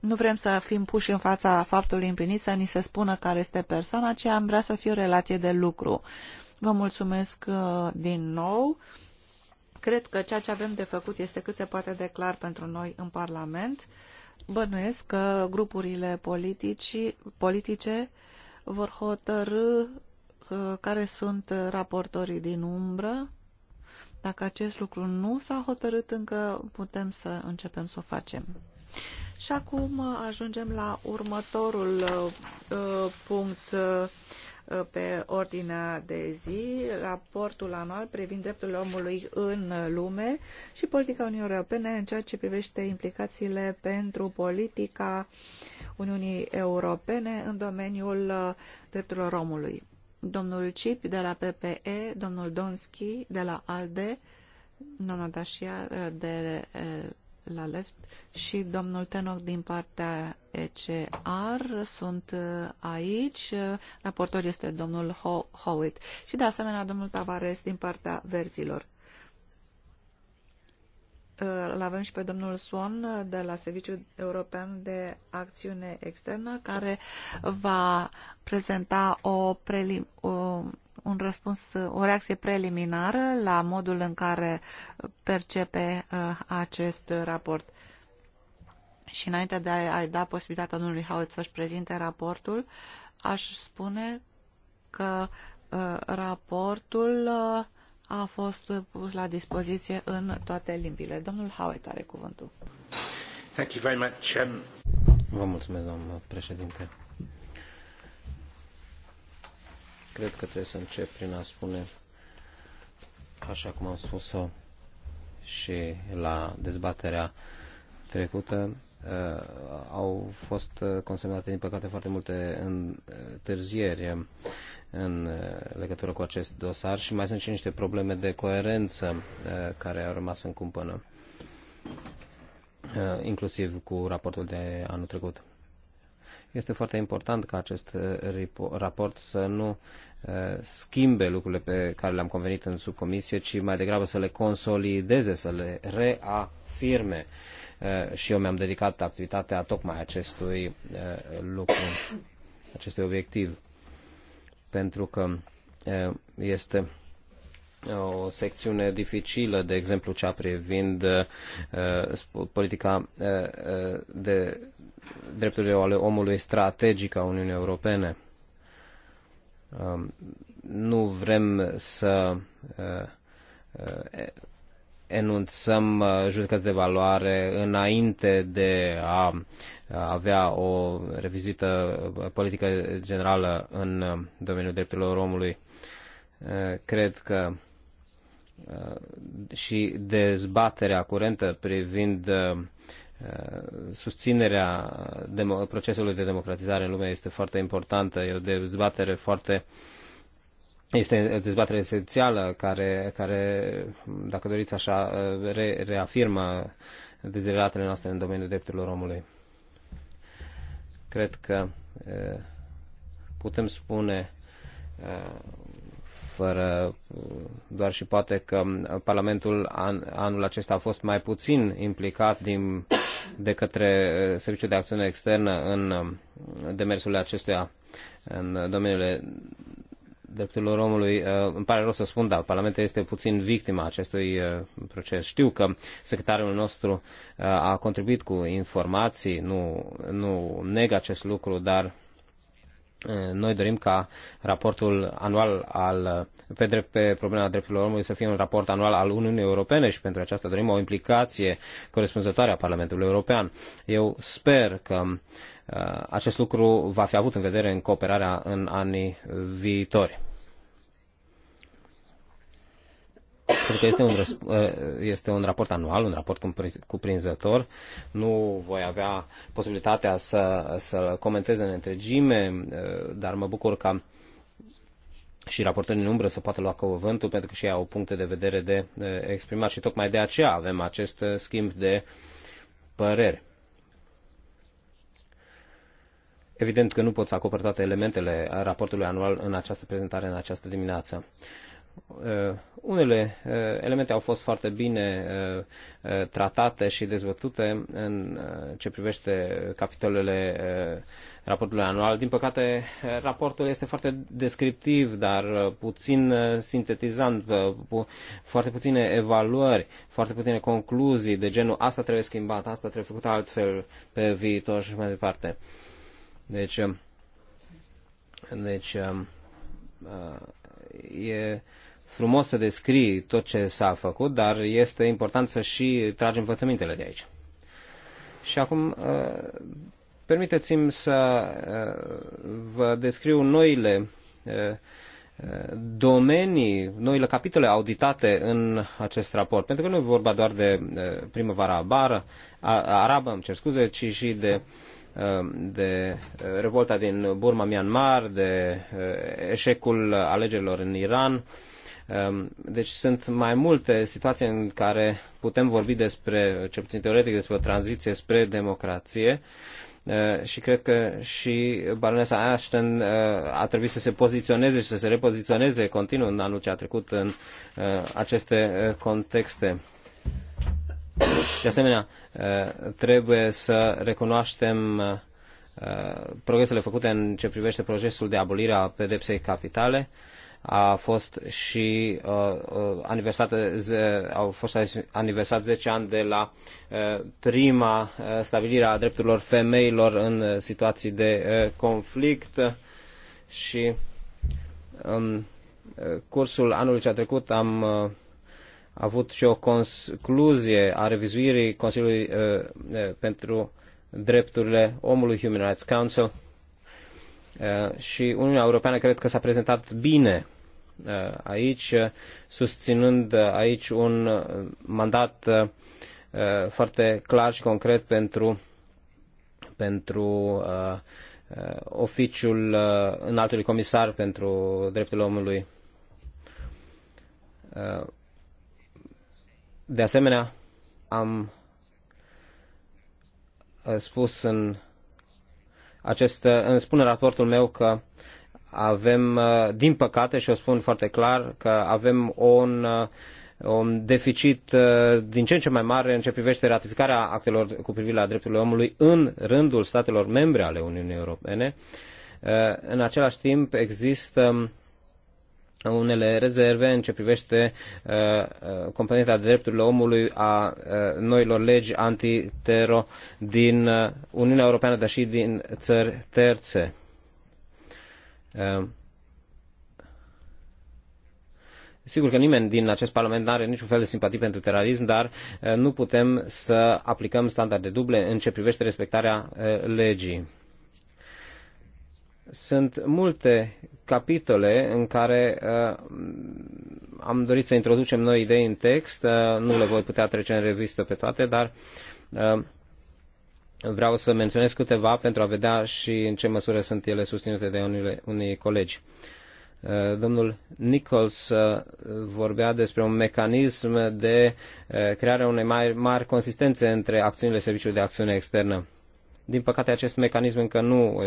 Nu vrem să fim puși în fața faptului împlinit, să ni se spună care este persoana, ci am vrea să fie o relație de lucru. Vă mulțumesc uh, din nou. Cred că ceea ce avem de făcut este cât se poate de clar pentru noi în Parlament. Bănuiesc că grupurile politici, politice vor hotărâ uh, care sunt raportorii din umbră. Dacă acest lucru nu s-a hotărât încă, putem să începem să o facem. Și acum ajungem la următorul uh, uh punct. Uh, Uh, pe ordinea de zi raportul anual privind drepturile omului în lume și politica Uniunii Europene în ceea ce privește implicațiile pentru politica Uniunii Europene în domeniul uh, drepturilor omului. Domnul Cip de la PPE, domnul Donski de la ALDE, domnul Dacia uh, de la left și domnul Tenoc din partea ECR sunt uh, aici. Raportor este domnul Howitt și de asemenea domnul Tavares din partea verzilor. Uh, L avem și pe domnul Swan uh, de la Serviciul European de Acțiune Externă care va prezenta o, prelim, o un răspuns, o reacție preliminară la modul în care percepe uh, acest raport. Și înainte de a-i da posibilitatea domnului Howard să-și prezinte raportul, aș spune că uh, raportul uh, a fost pus la dispoziție în toate limbile. Domnul Howard are cuvântul. Thank you very much. Um, Vă mulțumesc, domnul președinte. Cred că trebuie să încep prin a spune, așa cum am spus-o și la dezbaterea trecută, uh, au fost consemnate, din păcate, foarte multe întârzieri în uh, legătură cu acest dosar și mai sunt și niște probleme de coerență uh, care au rămas în cumpănă, uh, inclusiv cu raportul de anul trecut. Este foarte important ca acest uh, raport să nu uh, schimbe lucrurile pe care le-am convenit în subcomisie, ci mai degrabă să le consolideze, să le reafirme. Uh, și eu mi-am dedicat activitatea tocmai acestui lucru, acestui obiectiv. Pentru că este o secțiune dificilă, de exemplu cea privind uh, politica uh, de drepturile ale omului strategică a Uniunii Europene. Um, nu vrem să uh, uh, enunțăm uh, judecăți de valoare înainte de a avea o revizuită politică generală în domeniul drepturilor omului. Cred că și dezbaterea curentă privind Eh, susținerea procesului de democratizare în lume este foarte importantă, e o dezbatere foarte este o dezbatere esențială care, care, dacă doriți așa, eh, re, reafirmă dezirelatele noastre în domeniul drepturilor omului. Cred că eh, putem spune fără doar și poate că Parlamentul an, anul acesta a fost mai puțin implicat din, de către eh, Serviciul de Acțiune Externă în eh, demersurile acestuia în domeniul drepturilor omului. Eh, îmi pare rău să spun, dar Parlamentul este puțin victima acestui proces. Știu că secretarul nostru a contribuit cu informații, nu, nu neg acest lucru, dar noi dorim ca raportul anual al, pe, drept, pe problema drepturilor omului să fie un raport anual al Uniunii Europene și pentru aceasta dorim o implicație corespunzătoare a Parlamentului European. Eu sper că acest lucru va fi avut în vedere în cooperarea în anii viitori. pentru că este un, ă, este un raport anual, un raport cuprinzător. Nu voi avea posibilitatea să, să comentez în întregime, ă, dar mă bucur că și raportării în umbră să poată lua cuvântul, pentru că și ei au puncte de vedere de ă, exprimat și tocmai de aceea avem acest schimb de păreri. Evident că nu pot să acopăr toate elementele raportului anual în această prezentare, în această dimineață. Uh, unele uh, elemente au fost foarte bine uh, tratate și dezbătute în ce privește capitolele raportului anual. Din păcate, raportul este foarte descriptiv, dar puțin sintetizant, foarte puține evaluări, foarte puține concluzii de genul asta trebuie schimbat, asta trebuie făcut altfel pe viitor și mai departe. Deci, um, deci um, e frumos să descrii tot ce s-a făcut, dar este important să și tragi învățămintele de aici. Și acum, uh, permiteți-mi să uh, vă descriu noile uh, domenii, noile capitole auditate în acest raport. Pentru că nu e vorba doar de primăvara abară, arabă, îmi cer scuze, ci și de, de revolta din Burma, Myanmar, de eșecul alegerilor în Iran, Ehm, deci sunt mai multe situații în care putem vorbi despre, ce puțin teoretic, despre o tranziție spre democrație ehm, și cred că și baronesa Ashton ehm, a trebuit să se poziționeze și să se repoziționeze continuu în anul ce a trecut în aceste contexte. De asemenea, trebuie să recunoaștem progresele făcute în ce privește procesul de abolire a pedepsei capitale, a fost și uh, uh aniversat, au fost aniversat 10 ani de la uh, prima uh, stabilire a drepturilor femeilor în situații de uh, conflict și în um, uh, cursul anului ce a trecut am uh, avut și o concluzie a revizuirii Consiliului uh, pentru drepturile omului Human Rights Council Uh, și Uniunea Europeană cred că s-a prezentat bine uh, aici, uh, susținând aici un mandat foarte clar și concret pentru, pentru oficiul înaltului comisar pentru drepturile omului. De asemenea, am spus în acest, uh, îmi spune raportul meu că avem, uh, din păcate, și o spun foarte clar, că avem un, uh, un deficit din ce în ce mai mare în ce privește ratificarea actelor cu privire la drepturile omului în rândul statelor membre ale Uniunii Europene. În același timp, există unele rezerve în ce privește uh, uh, componenta drepturilor omului a uh, noilor legi antitero din Uniunea Europeană, dar și din țări terțe. Sigur că nimeni din acest parlament nu are niciun fel de simpatie pentru terorism, dar nu putem să aplicăm standarde duble în ce privește respectarea legii. Sunt multe capitole în care uh, am dorit să introducem noi idei în text, uh, nu le voi putea trece în revistă pe toate, dar uh, vreau să menționez câteva pentru a vedea și în ce măsură sunt ele susținute de unii, unii colegi. Uh, domnul Nichols uh, vorbea despre un mecanism de uh, creare unei mai mari consistențe între acțiunile Serviciului de Acțiune Externă din păcate, acest mecanism încă nu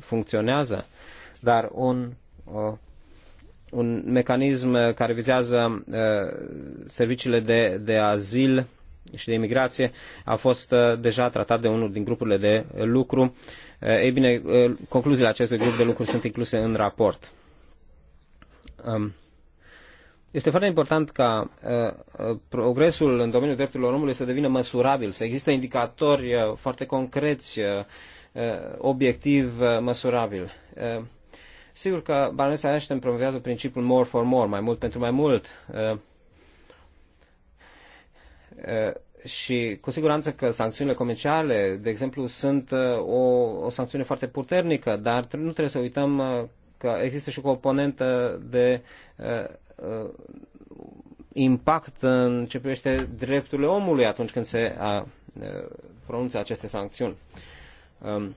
funcționează, dar un, un mecanism care vizează serviciile de, de azil și de imigrație a fost deja tratat de unul din grupurile de lucru. Ei bine, concluziile acestui grup de lucru sunt incluse în raport. Este foarte important ca uh, uh, progresul în domeniul drepturilor omului să devină măsurabil, să există indicatori uh, foarte concreți, uh, uh, obiectiv uh, măsurabil. Uh, sigur că baronesa Ashton promovează principiul more for more, mai mult pentru mai mult. Uh, uh și cu siguranță că sancțiunile comerciale, de exemplu, sunt o, o sancțiune foarte puternică, dar nu trebuie să uităm că există și o componentă de Uh, impact în ce privește drepturile omului atunci când se uh, pronunță aceste sancțiuni. Um,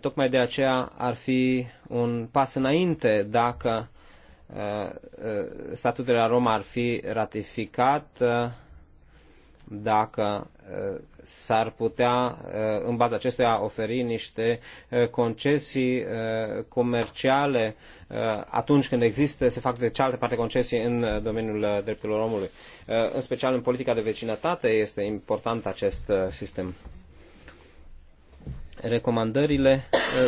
tocmai de aceea ar fi un pas înainte dacă uh, uh, statutul de la Roma ar fi ratificat, dacă s-ar putea, uh, în baza acestuia, oferi niște uh, concesii uh, comerciale atunci când există, se fac de cealaltă parte concesii în domeniul drepturilor omului. În special în politica de vecinătate este important acest sistem. Recomandările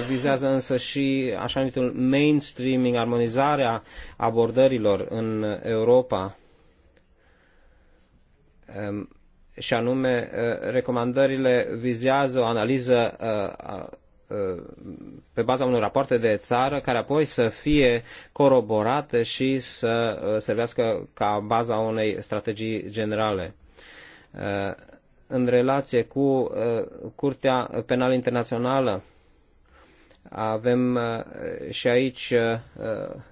vizează însă și așa numitul mainstreaming, armonizarea abordărilor în Europa um, și anume uh, recomandările vizează o analiză uh, uh, pe baza unor rapoarte de țară care apoi să fie coroborate și să servească ca baza unei strategii generale. În relație cu Curtea Penală Internațională, avem și aici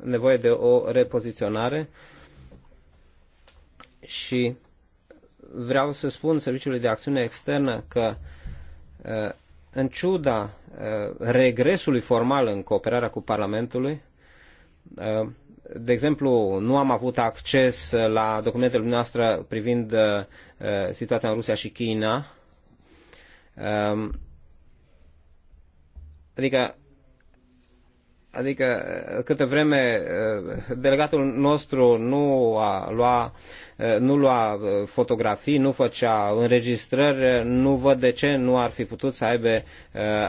nevoie de o repoziționare și vreau să spun Serviciului de Acțiune Externă că uh, în ciuda uh, regresului formal în cooperarea cu Parlamentului, uh, de exemplu, nu am avut acces la documentele noastre privind situația în Rusia și China. Um, adică Adică eh, câtă vreme eh, delegatul nostru nu a lua, eh, nu lua fotografii, nu făcea înregistrări, nu văd de ce nu ar fi putut să aibă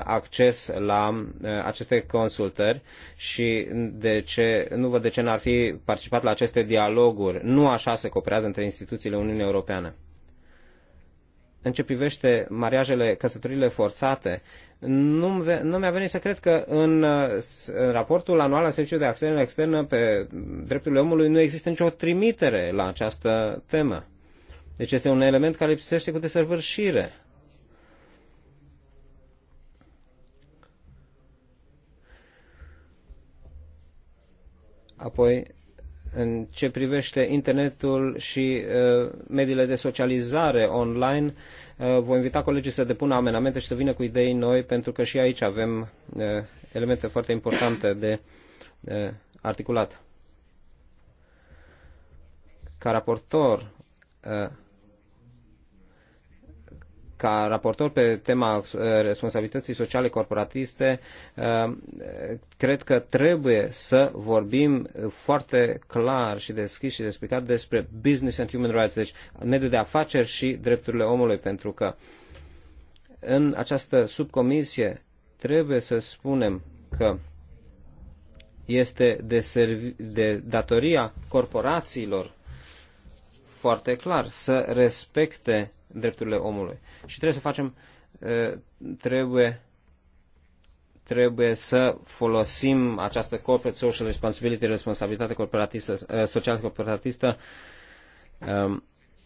acces la aceste consultări și de ce, nu văd de ce n-ar fi participat la aceste dialoguri. Nu așa se cooperează între instituțiile Uniunii Europeană în ce privește mariajele, căsătorile forțate, nu, mi-a venit să cred că în, în raportul anual al Serviciului de Acțiune Externă pe drepturile omului nu există nicio trimitere la această temă. Deci este un element care lipsește cu desăvârșire. Apoi, în ce privește internetul și uh, mediile de socializare online, uh, vă invita colegii să depună amenamente și să vină cu idei noi, pentru că și aici avem uh, elemente foarte importante de articulat. Ca raportor, ca raportor pe tema uh, responsabilității sociale corporatiste, uh, cred că trebuie să vorbim foarte clar și deschis și explicat despre business and human rights, deci mediul de afaceri și drepturile omului, pentru că în această subcomisie trebuie să spunem că este de, servi- de datoria corporațiilor foarte clar să respecte drepturile omului. Și trebuie să facem, trebuie, trebuie să folosim această corporate social responsibility, responsabilitate corporatistă, socială corporatistă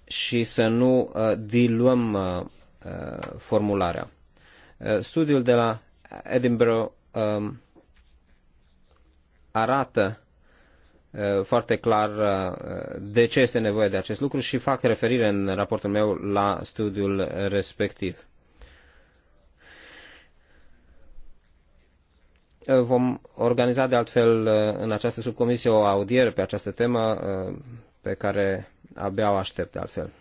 și să nu diluăm formularea. Studiul de la Edinburgh arată Uh, foarte clar uh, de ce este nevoie de acest lucru și fac referire în raportul meu la studiul respectiv. Uh, vom organiza de altfel în această subcomisie o audiere pe această temă pe care abia o aștept de altfel.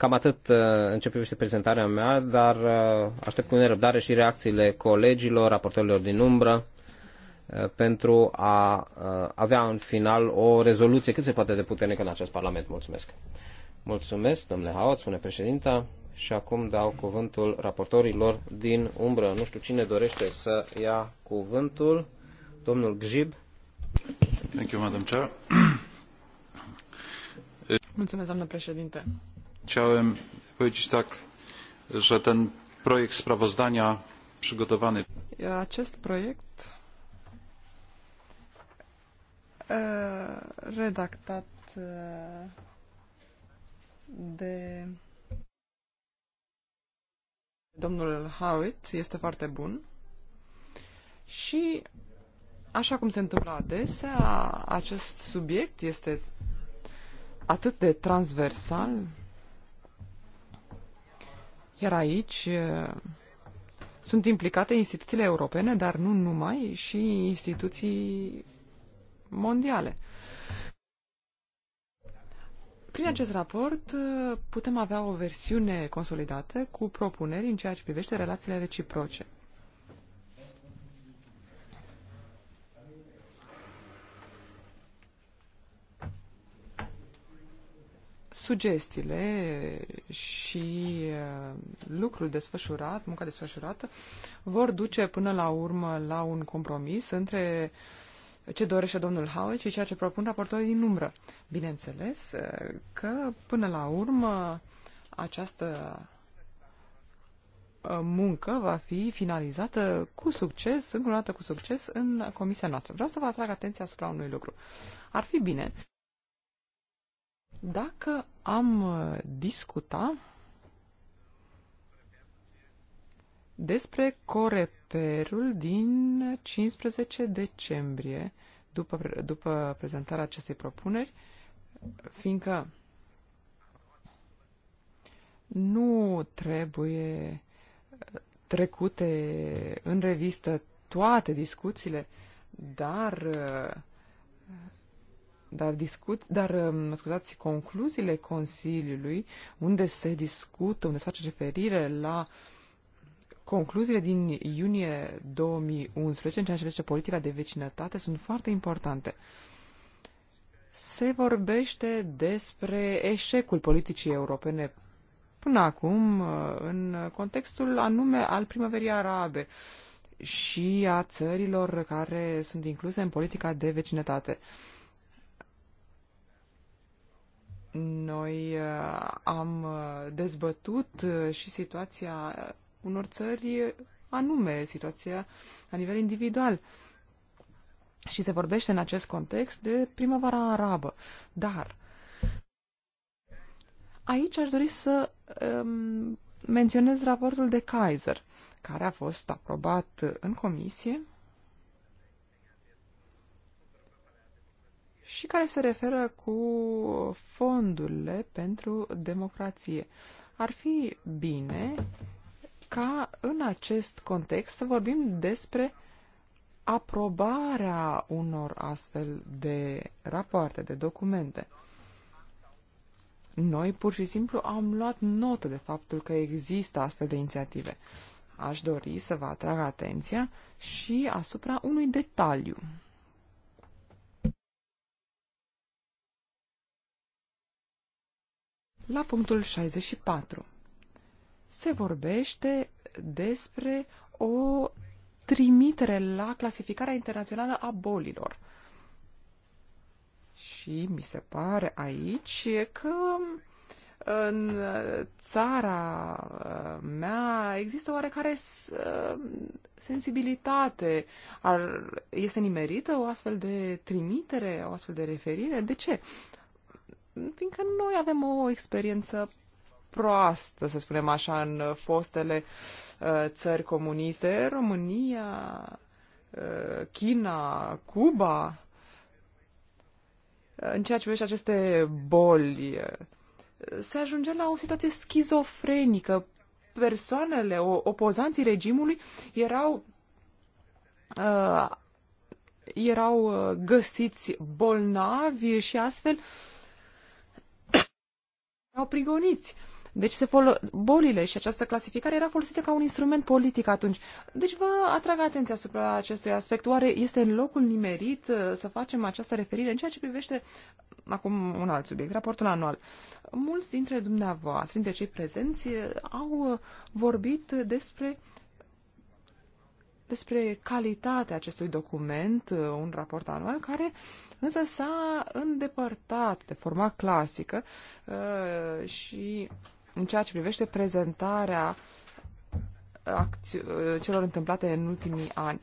Cam atât uh, în ce privește prezentarea mea, dar uh, aștept cu nerăbdare și reacțiile colegilor, raportorilor din umbră, uh, pentru a avea în final o rezoluție cât se poate de puternică în acest Parlament. Mulțumesc! Mulțumesc, domnule Haot, spune președinta, și acum dau cuvântul raportorilor din umbră. Nu știu cine dorește să ia cuvântul. Domnul Gjib. Thank you, Madam Chair. Mulțumesc, doamnă președinte. Chciałem powiedzieć tak, że ten projekt sprawozdania przygotowany. Acest proiect redactat de domnul Howitt este foarte bun și, așa cum se întâmplă adesea, acest subiect este atât de transversal iar aici sunt implicate instituțiile europene, dar nu numai, și instituții mondiale. Prin acest raport putem avea o versiune consolidată cu propuneri în ceea ce privește relațiile reciproce. sugestiile și uh, lucrul desfășurat, munca desfășurată, vor duce până la urmă la un compromis între ce dorește domnul Howe și ceea ce propun raportorii din umbră. Bineînțeles uh, că până la urmă această uh, muncă va fi finalizată cu succes, încă o dată cu succes, în comisia noastră. Vreau să vă atrag atenția asupra unui lucru. Ar fi bine dacă am uh, discuta despre coreperul din 15 decembrie, după, după prezentarea acestei propuneri, fiindcă nu trebuie uh, trecute în revistă toate discuțiile, dar uh, dar, discut, dar um, mă scuzați, concluziile Consiliului, unde se discută, unde se face referire la concluziile din iunie 2011 în ceea ce privește politica de vecinătate, sunt foarte importante. Se vorbește despre eșecul politicii europene până acum uh, în contextul anume al primăverii arabe și a țărilor care sunt incluse în politica de vecinătate. Noi uh, am uh, dezbătut uh, și situația unor țări anume, situația la nivel individual. Și se vorbește în acest context de primăvara arabă. Dar aici aș dori să um, menționez raportul de Kaiser, care a fost aprobat în comisie și care se referă cu fondurile pentru democrație. Ar fi bine ca în acest context să vorbim despre aprobarea unor astfel de rapoarte, de documente. Noi pur și simplu am luat notă de faptul că există astfel de inițiative. Aș dori să vă atrag atenția și asupra unui detaliu. La punctul 64 se vorbește despre o trimitere la clasificarea internațională a bolilor. Și mi se pare aici că în țara uh, mea există oarecare uh, sensibilitate. Ar, este nimerită o astfel de trimitere, o astfel de referire? De ce? fiindcă noi avem o experiență proastă, să spunem așa, în fostele uh, țări comuniste, România, uh, China, Cuba. Uh, în ceea ce privește aceste boli, uh, se ajunge la o situație schizofrenică. Persoanele, opozanții regimului, erau uh, erau uh, găsiți bolnavi și astfel uh, erau prigoniți. Deci se folo- bolile și această clasificare era folosită ca un instrument politic atunci. Deci vă atrag atenția asupra acestui aspect. Oare este în locul nimerit uh, să facem această referire în ceea ce privește uh, acum un alt subiect, raportul anual. Mulți dintre dumneavoastră, dintre cei prezenți, uh, au vorbit despre despre calitatea acestui document, un raport anual care uh, însă s-a îndepărtat de forma clasică uh, și în ceea ce privește prezentarea uh, celor întâmplate în ultimii ani.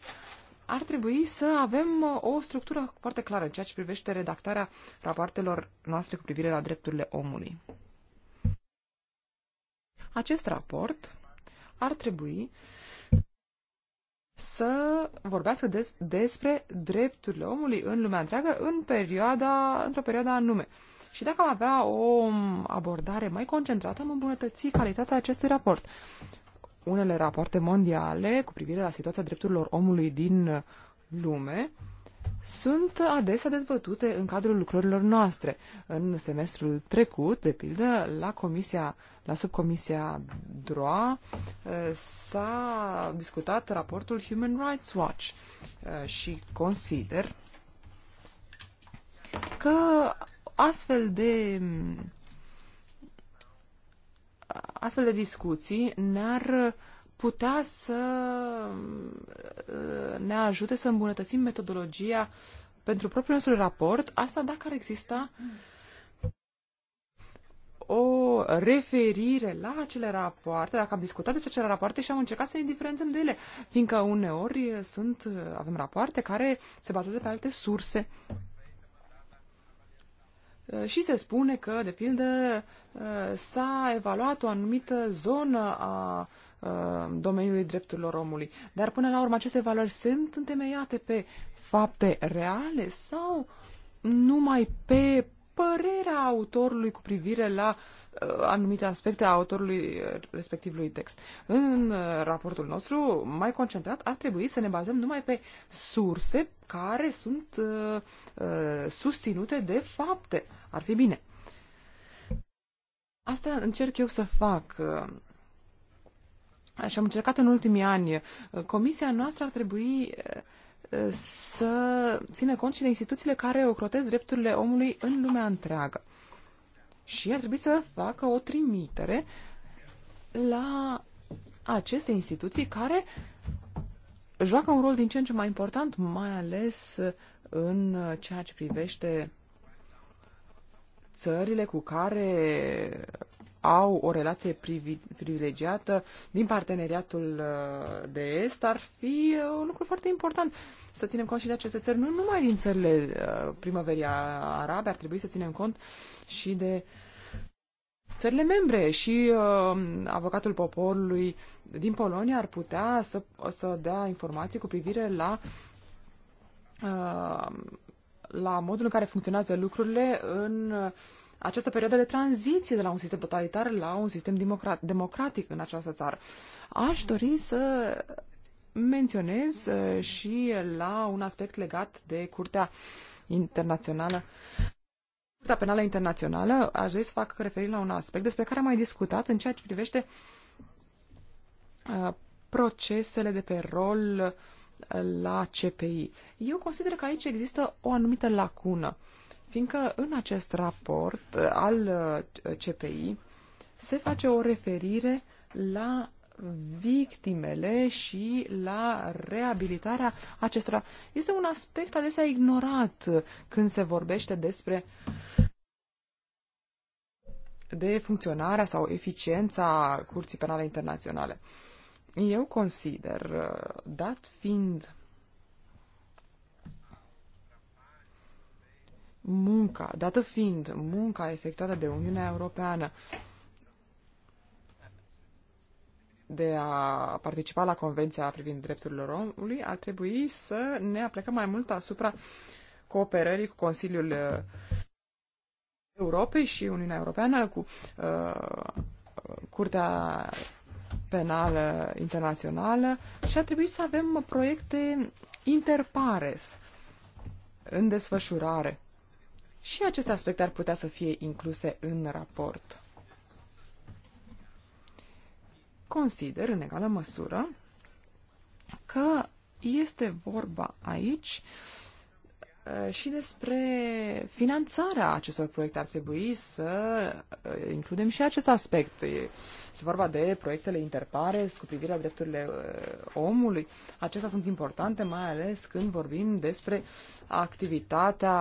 Ar trebui să avem uh, o structură foarte clară în ceea ce privește redactarea rapoartelor noastre cu privire la drepturile omului. Acest raport ar trebui uh, să vorbească des, despre drepturile omului în lumea întreagă în perioada, într-o perioadă anume. Și dacă am avea o abordare mai concentrată, am îmbunătăți calitatea acestui raport. Unele rapoarte mondiale cu privire la situația drepturilor omului din lume sunt adesea dezbătute în cadrul lucrărilor noastre. În semestrul trecut, de pildă, la Comisia la subcomisia DROA, uh, s-a discutat raportul Human Rights Watch uh, și consider că astfel de astfel de discuții ne-ar putea să uh, ne ajute să îmbunătățim metodologia pentru propriul nostru raport, asta dacă ar exista o referire la acele rapoarte, dacă am discutat despre acele rapoarte și am încercat să ne diferențăm de ele, fiindcă uneori sunt, avem rapoarte care se bazează pe alte surse. Și se spune că, de pildă, s-a evaluat o anumită zonă a domeniului drepturilor omului. Dar până la urmă aceste valori sunt întemeiate pe fapte reale sau numai pe părerea autorului cu privire la uh, anumite aspecte a autorului uh, respectivului text. În uh, raportul nostru, mai concentrat, ar trebui să ne bazăm numai pe surse care sunt uh, uh, susținute de fapte. Ar fi bine. Asta încerc eu să fac. Uh, și am încercat în ultimii ani. Comisia noastră ar trebui uh, să țină cont și de instituțiile care ocrotesc drepturile omului în lumea întreagă. Și ar trebui să facă o trimitere la aceste instituții care joacă un rol din ce în ce mai important, mai ales în ceea ce privește țările cu care au o relație privilegiată din parteneriatul uh, de est ar fi uh, un lucru foarte important. Să ținem cont și de aceste țări, nu numai din țările uh, primăverii arabe, ar trebui să ținem cont și de țările membre și uh, avocatul poporului din Polonia ar putea să, să dea informații cu privire la uh, la modul în care funcționează lucrurile în această perioadă de tranziție de la un sistem totalitar la un sistem democrat, democratic în această țară. Aș dori să menționez uh, și la un aspect legat de Curtea Internațională. Curtea Penală Internațională, aș dori să fac referire la un aspect despre care am mai discutat în ceea ce privește uh, procesele de pe rol uh, la CPI. Eu consider că aici există o anumită lacună. Uh, fiindcă în acest raport al uh, CPI se face o referire la victimele și la reabilitarea acestora. Este un aspect adesea ignorat când se vorbește despre de funcționarea sau eficiența Curții Penale Internaționale. Eu consider, uh, dat fiind munca, dată fiind munca efectuată de Uniunea Europeană de a participa la Convenția privind drepturile omului, ar trebui să ne aplecăm mai mult asupra cooperării cu Consiliul uh, Europei și Uniunea Europeană, cu uh, Curtea Penală Internațională și ar trebui să avem proiecte interpares în desfășurare și aceste aspecte ar putea să fie incluse în raport. Consider, în egală măsură, că este vorba aici uh, Uh, și despre finanțarea acestor proiecte. Ar trebui să uh, includem și acest aspect. Este vorba de proiectele interpare cu privire la drepturile uh, omului. Acestea sunt importante, mai ales când vorbim despre activitatea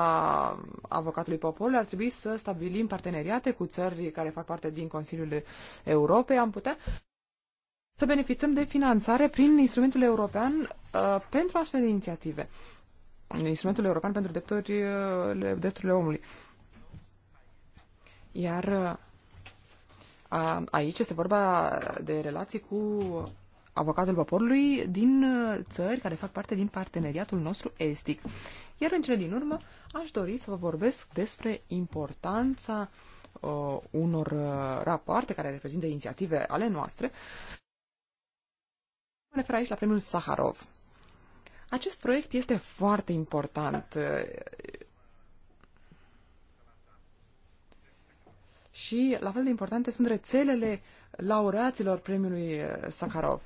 avocatului poporului. Ar trebui să stabilim parteneriate cu țări care fac parte din Consiliul Europei. Am putea să beneficiem de finanțare prin instrumentul european uh, pentru astfel de inițiative instrumentul european pentru drepturile, drepturile omului. Iar a, aici este vorba de relații cu avocatul poporului din țări care fac parte din parteneriatul nostru estic. Iar în cele din urmă aș dori să vă vorbesc despre importanța uh, unor uh, rapoarte care reprezintă inițiative ale noastre. Mă refer aici la premiul Saharov. Acest proiect este foarte important uh, și la fel de importante sunt rețelele laureaților premiului uh, Sakharov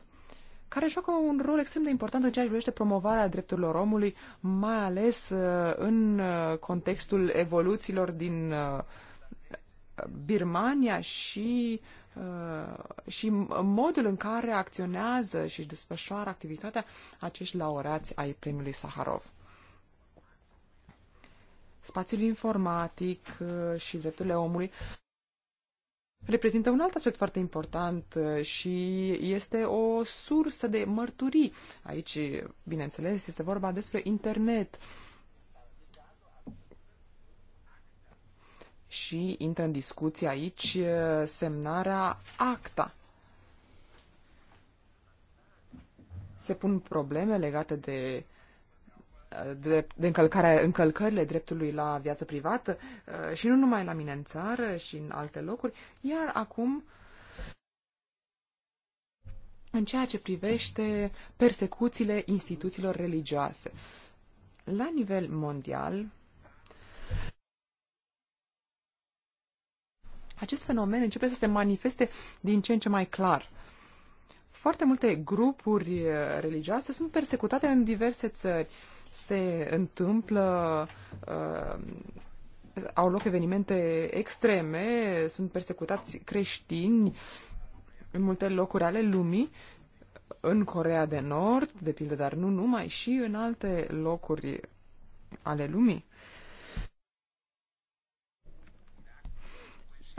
care joacă un rol extrem de important în ceea ce privește promovarea drepturilor omului, mai ales uh, în contextul evoluțiilor din Birmania și, uh, și modul în care acționează și își desfășoară activitatea acești laureați ai premiului Saharov. Spațiul informatic uh, și drepturile omului reprezintă un alt aspect foarte important uh, și este o sursă de mărturii. Aici, bineînțeles, este vorba despre internet și intră în discuție aici uh, semnarea acta. Se pun probleme legate de uh, de, de încălcarea, încălcările dreptului la viață privată uh, și nu numai la mine în țară și în alte locuri, iar acum în ceea ce privește persecuțiile instituțiilor religioase. La nivel mondial, acest fenomen începe să se manifeste din ce în ce mai clar. Foarte multe grupuri eh, religioase sunt persecutate în diverse țări. Se întâmplă, uh, au loc evenimente extreme, sunt persecutați creștini în multe locuri ale lumii în Corea de Nord, de pildă, dar nu numai, și în alte locuri ale lumii.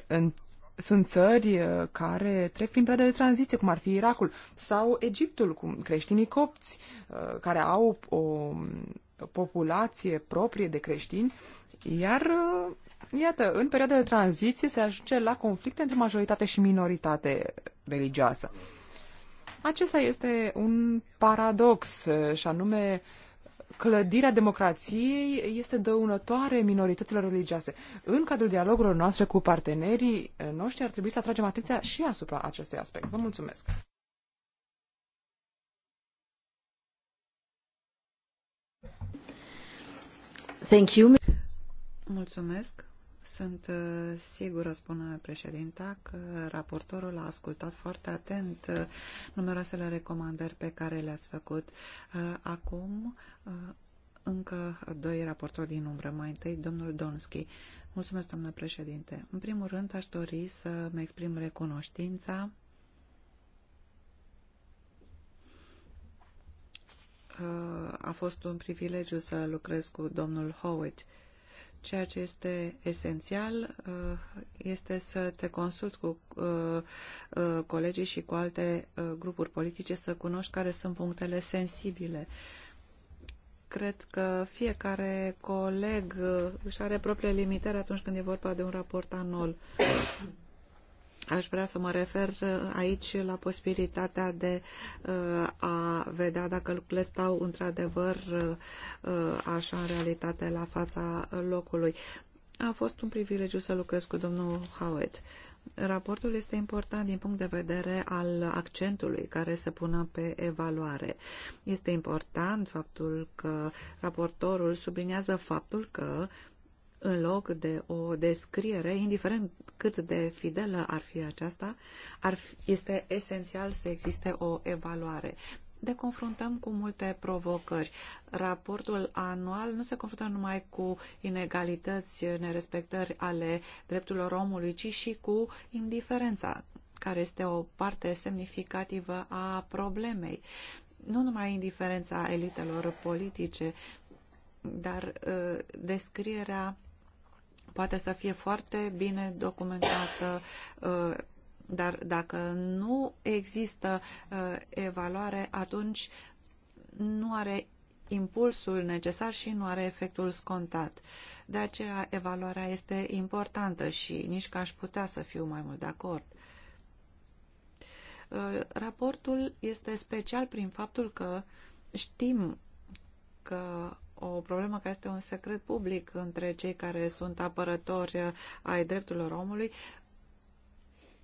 În, sunt țări uh, care trec prin perioada de tranziție, cum ar fi Irakul sau Egiptul, cum creștinii copți, uh, care au o populație proprie de creștini, iar uh, Iată, în perioada de tranziție se ajunge la conflicte între majoritate și minoritate religioasă. Acesta este un paradox, și anume clădirea democrației este dăunătoare minorităților religioase. În cadrul dialogurilor noastre cu partenerii eh, noștri ar trebui să atragem atenția și asupra acestui aspect. Vă mulțumesc! Thank you. Mulțumesc. Sunt uh, sigură, spune președinta, că raportorul a ascultat foarte atent uh, numeroasele recomandări pe care le-ați făcut. Uh, acum, încă doi raportori din umbră. Mai întâi, domnul Donski. Mulțumesc, domnule președinte. În primul rând, aș dori să-mi exprim recunoștința a fost un privilegiu să lucrez cu domnul Howitt Ceea ce este esențial uh, este să te consulți cu uh, uh, colegii și cu alte grupuri politice, să cunoști care sunt punctele sensibile cred că fiecare coleg își are propriile limitări atunci când e vorba de un raport anual. Aș vrea să mă refer uh, aici la posibilitatea de uh, a vedea dacă lucrurile stau într-adevăr uh, așa în realitate la fața locului. A fost un privilegiu să lucrez cu domnul Howard. Raportul este important din punct de vedere al accentului care se pună pe evaluare. Este important faptul că raportorul subliniază faptul că uh, în loc de o descriere, indiferent cât de fidelă ar fi aceasta, ar fi, este esențial să existe o evaluare. De confruntăm cu multe provocări. Raportul anual nu se confruntă numai cu inegalități, nerespectări ale drepturilor omului, ci și cu indiferența, care este o parte semnificativă a problemei. Nu numai indiferența elitelor politice, dar uh, descrierea poate să fie foarte bine documentată, uh, dar dacă nu există uh, evaluare, atunci nu are impulsul necesar și nu are efectul scontat. De aceea evaluarea este importantă și nici că aș putea să fiu mai mult de acord. Uh, raportul este special prin faptul că știm că o problemă care este un secret public între cei care sunt apărători ai drepturilor omului.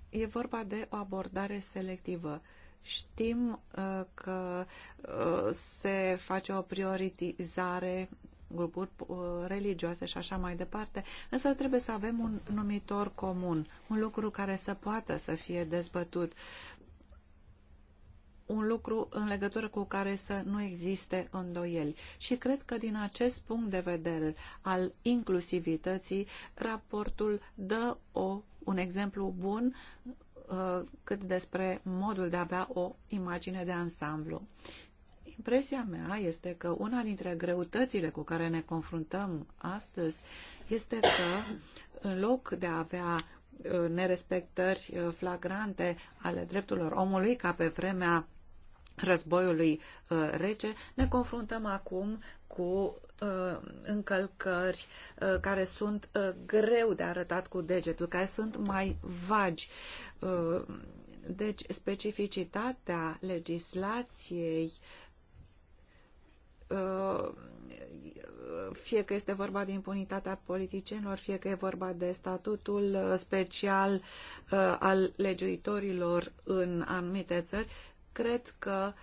E vorba de o abordare selectivă. Știm uh, că uh, se face o prioritizare grupuri uh, religioase și așa mai departe, însă trebuie să avem un numitor comun, un lucru care să poată să fie dezbătut. Uh, un lucru în legătură cu care să nu existe îndoieli. Și cred că din acest punct de vedere al inclusivității, raportul dă o, un exemplu bun uh, cât despre modul de a avea o imagine de ansamblu. Impresia mea este că una dintre greutățile cu care ne confruntăm astăzi este că în loc de a avea uh, nerespectări uh, flagrante ale drepturilor omului ca pe vremea războiului uh, rece, ne confruntăm acum cu uh, încălcări uh, care sunt greu de arătat cu degetul, care sunt mai vagi. Deci, specificitatea legislației fie că este vorba de impunitatea politicienilor, fie că e vorba de statutul special al legiuitorilor în anumite țări, Cred că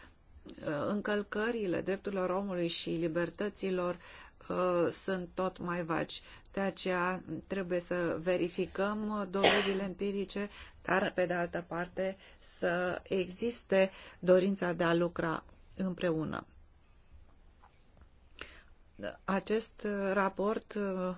uh, încălcările drepturilor omului și libertăților uh, sunt tot mai vaci. De aceea trebuie să verificăm dovezile empirice, dar pe de altă parte să existe dorința de a lucra împreună. Acest raport uh,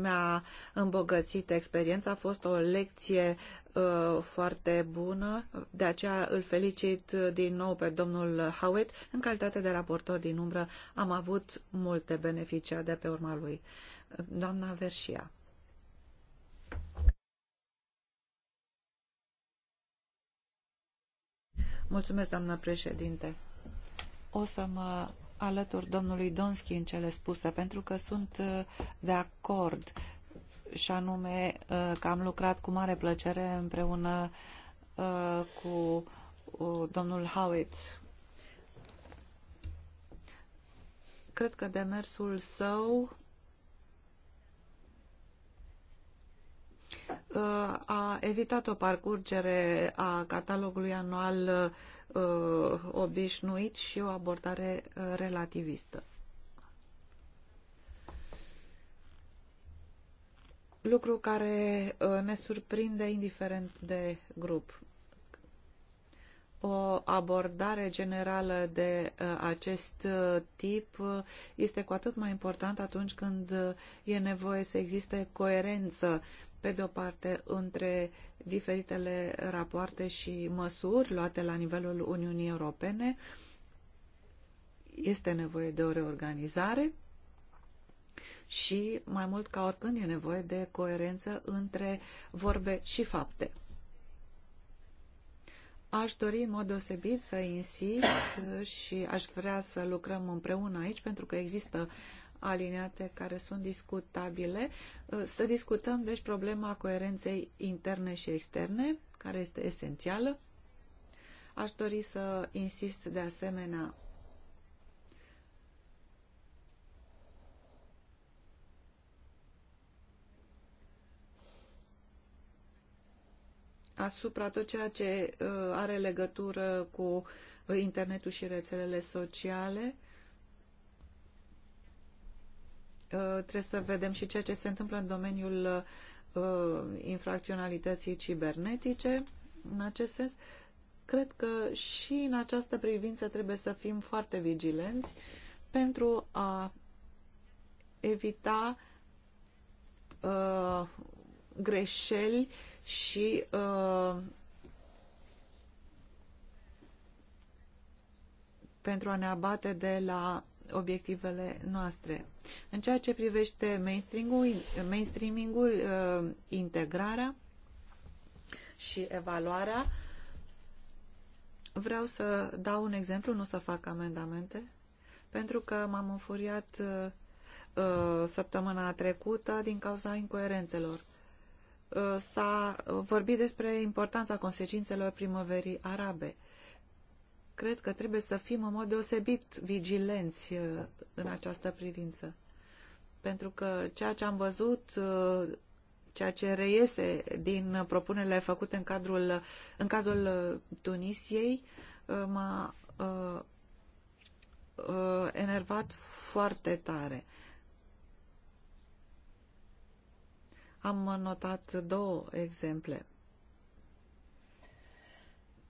mi-a îmbogățit experiența, a fost o lecție Uh, foarte bună, de aceea îl felicit din nou pe domnul Howitt. În calitate de raportor din umbră am avut multe beneficii de pe urma lui. Doamna Versia. Mulțumesc, doamnă președinte. O să mă alătur domnului Donski în cele spuse, pentru că sunt uh, de acord și anume uh, că am lucrat cu mare plăcere împreună uh, cu uh, domnul Howitt. Cred că demersul său a evitat o parcurgere a catalogului anual obișnuit și o abordare relativistă. lucru care uh, ne surprinde indiferent de grup. O abordare generală de uh, acest uh, tip este cu atât mai importantă atunci când e nevoie să existe coerență pe de o parte între diferitele rapoarte și măsuri luate la nivelul Uniunii Europene. Este nevoie de o reorganizare și mai mult ca oricând e nevoie de coerență între vorbe și fapte. Aș dori în mod deosebit să insist și aș vrea să lucrăm împreună aici pentru că există aliniate care sunt discutabile. Să discutăm deci problema coerenței interne și externe, care este esențială. Aș dori să insist de asemenea asupra tot ceea ce uh, are legătură cu uh, internetul și rețelele sociale. Uh, trebuie să vedem și ceea ce se întâmplă în domeniul infracționalității cibernetice. În acest sens, cred că și în această privință trebuie să fim foarte vigilenți pentru a evita uh, greșeli și uh, pentru a ne abate de la obiectivele noastre. În ceea ce privește mainstreamingul, ul uh, integrarea și evaluarea, vreau să dau un exemplu, nu să fac amendamente, pentru că m-am înfuriat uh, uh săptămâna trecută din cauza incoerențelor. Uh, s-a vorbit despre importanța consecințelor primăverii arabe. Cred că trebuie să fim în mod deosebit vigilenți uh, în această privință. Pentru că ceea ce am văzut, uh, ceea ce reiese din propunerile făcute în, cadrul, în cazul Tunisiei, m-a enervat foarte tare. Am notat două exemple.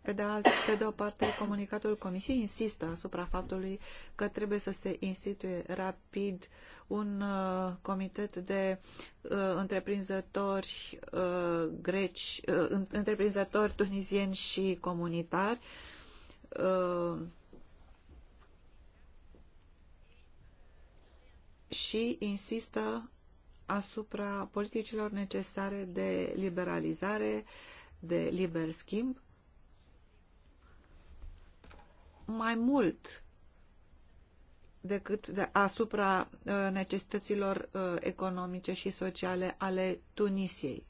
Pe de, alt, pe de o parte, comunicatul Comisiei insistă asupra faptului că trebuie să se instituie rapid un uh, comitet de uh, întreprinzători uh, greci, uh, întreprinzători tunizieni și comunitari. Uh, și insistă asupra politicilor necesare de liberalizare, de liber schimb, mai mult decât de, asupra uh, necesităților uh, economice și sociale ale Tunisiei.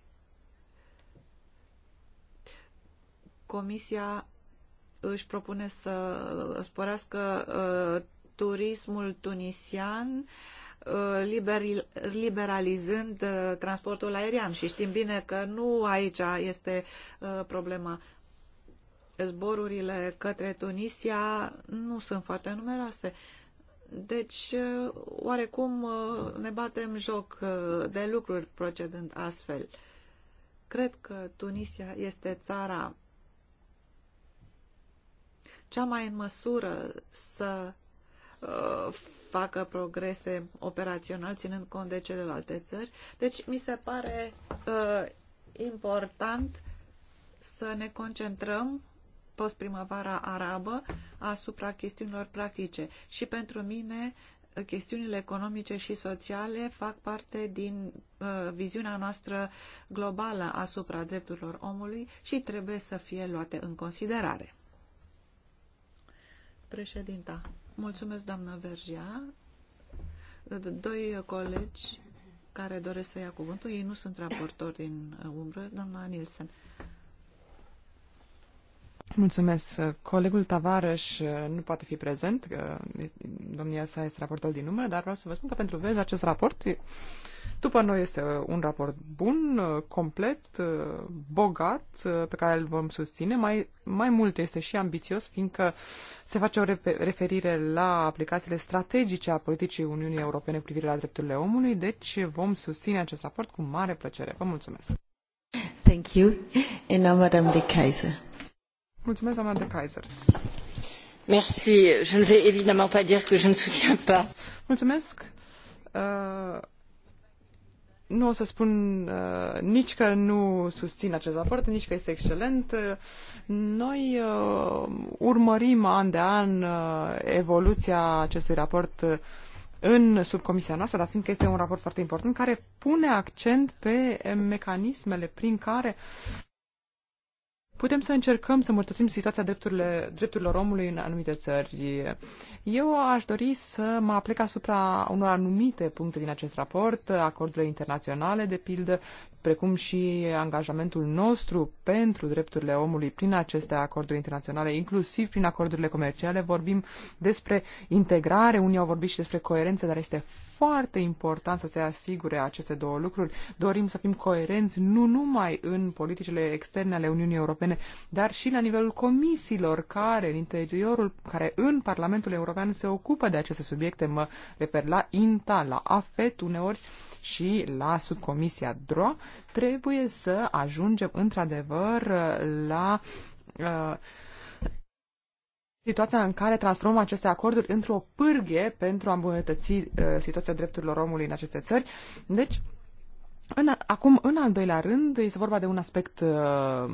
Comisia își propune să uh, sporească uh, turismul tunisian uh, Uh, liberalizând uh, transportul aerian și știm bine că nu aici este uh, problema. Zborurile către Tunisia nu sunt foarte numeroase. Deci, oarecum ne batem joc de lucruri procedând astfel. Cred că Tunisia este țara cea mai în măsură să facă progrese operațional ținând cont de celelalte țări. Deci mi se pare uh, important să ne concentrăm post-primăvara arabă asupra chestiunilor practice. Și pentru mine chestiunile economice și sociale fac parte din uh, viziunea noastră globală asupra drepturilor omului și trebuie să fie luate în considerare. Președinta, Mulțumesc, doamna Vergea. Doi colegi care doresc să ia cuvântul, ei nu sunt raportori din umbră, doamna Nielsen. Mulțumesc. Colegul Tavares nu poate fi prezent, domnia sa este raportor din număr, dar vreau să vă spun că pentru vezi acest raport după noi este uh, un raport bun, uh, complet, uh, bogat, pe care îl vom susține. Mai, mai mult este și ambițios, fiindcă se face o referire la aplicațiile strategice a politicii Uniunii Europene cu privire la drepturile omului, deci vom susține acest raport cu mare plăcere. Vă mulțumesc! Thank you. And now, Madame de Kaiser. Mulțumesc, doamna de Kaiser. Merci. Je ne vais évidemment pas dire que je ne soutiens pas. Mulțumesc. Uh nu o să spun uh, nici că nu susțin acest raport, nici că este excelent. Noi uh, urmărim an de an uh, evoluția acestui raport uh, în subcomisia noastră, dar fiindcă este un raport foarte important care pune accent pe mecanismele prin care putem să încercăm să îmbunătățim situația drepturile, drepturilor omului în anumite țări. Eu aș dori să mă aplec asupra unor anumite puncte din acest raport, acordurile internaționale, de pildă, precum și angajamentul nostru pentru drepturile omului prin aceste acorduri internaționale, inclusiv prin acordurile comerciale. Vorbim despre integrare, unii au vorbit și despre coerență, dar este foarte important să se asigure aceste două lucruri. Dorim să fim coerenți nu numai în politicile externe ale Uniunii Europene, dar și la nivelul comisiilor care în interiorul, care în Parlamentul European se ocupă de aceste subiecte. Mă refer la INTA, la AFET uneori și la subcomisia DROA trebuie să ajungem într-adevăr la uh, situația în care transformăm aceste acorduri într-o pârghie pentru a îmbunătăți uh, situația drepturilor omului în aceste țări. Deci, în, acum, în al doilea rând, este vorba de un aspect uh,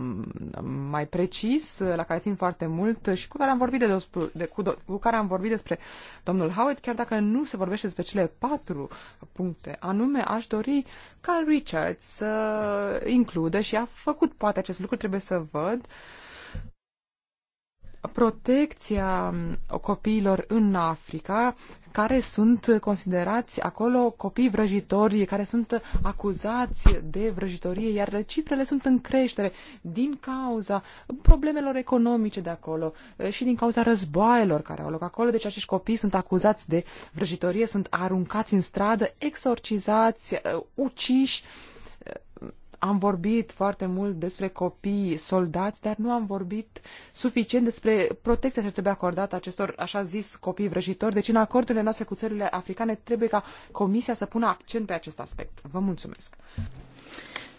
mai precis, uh, la care țin foarte mult și cu care am vorbit, de, de, de cu, do, cu care am vorbit despre domnul Howard, chiar dacă nu se vorbește despre cele patru puncte. Anume, aș dori ca Richard să includă și a făcut poate acest lucru, trebuie să văd, uh, protecția copiilor în Africa, care sunt considerați acolo copii vrăjitori, care sunt acuzați de vrăjitorie, iar cifrele sunt în creștere din cauza problemelor economice de acolo și din cauza războaielor care au loc acolo. Deci acești copii sunt acuzați de vrăjitorie, sunt aruncați în stradă, exorcizați, uh, uciși am vorbit foarte mult despre copii soldați, dar nu am vorbit suficient despre protecția ce trebuie acordată acestor, așa zis, copii vrăjitori. Deci în acordurile noastre cu țările africane trebuie ca Comisia să pună accent pe acest aspect. Vă mulțumesc!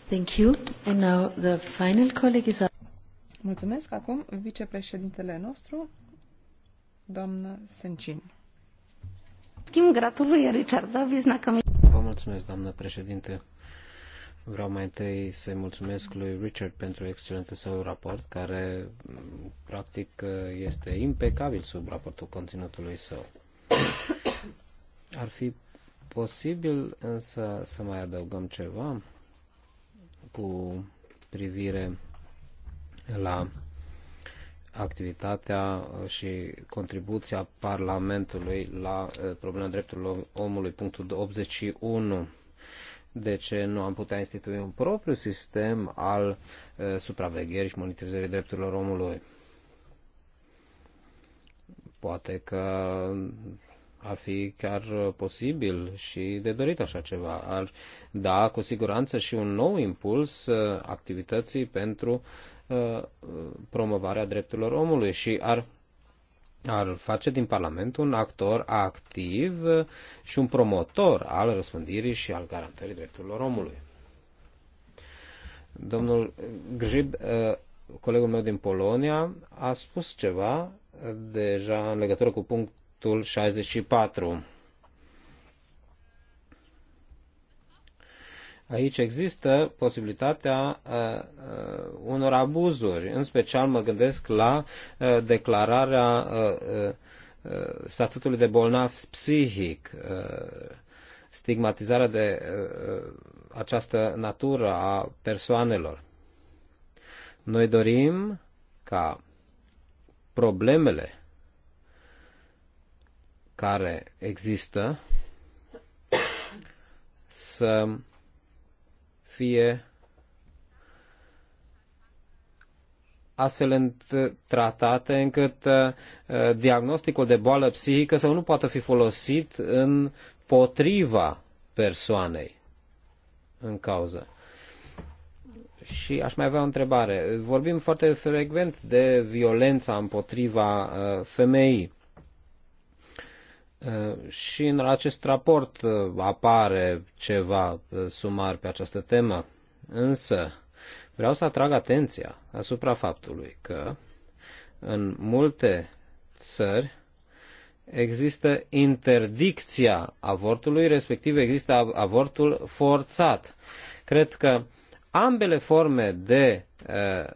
Thank you. And now the final colleague is... Mulțumesc. Acum vicepreședintele nostru, doamnă Sencin. Schimb gratului Richard Davis, Vă mulțumesc, doamnă președinte. Vreau mai întâi să-i mulțumesc lui Richard pentru excelentul său raport, care practic este impecabil sub raportul conținutului său. Ar fi posibil însă să mai adăugăm ceva cu privire la activitatea și contribuția Parlamentului la eh, problema drepturilor omului, punctul 81 de ce nu am putea institui un propriu sistem al uh, supravegherii și monitorizării drepturilor omului? Poate că ar fi chiar posibil și de dorit așa ceva. Ar da cu siguranță și un nou impuls uh, activității pentru uh, uh promovarea drepturilor omului și ar ar face din Parlament un actor activ și un promotor al răspândirii și al garantării drepturilor omului. Domnul Grzib, eh, colegul meu din Polonia, a spus ceva deja în legătură cu punctul 64 Aici există posibilitatea uh, uh, unor abuzuri, în special mă gândesc la uh, declararea uh, uh, uh statutului de bolnav psihic, uh, stigmatizarea de uh, uh, această natură a persoanelor. Noi dorim ca problemele care există să fie astfel tratate încât uh, diagnosticul de boală psihică să nu poată fi folosit în potriva persoanei în cauză. Și aș mai avea o întrebare. Vorbim foarte frecvent de violența împotriva uh, femeii. Uh, și în acest raport uh, apare ceva uh, sumar pe această temă, însă vreau să atrag atenția asupra faptului că în multe țări există interdicția avortului, respectiv există avortul forțat. Cred că ambele forme de uh,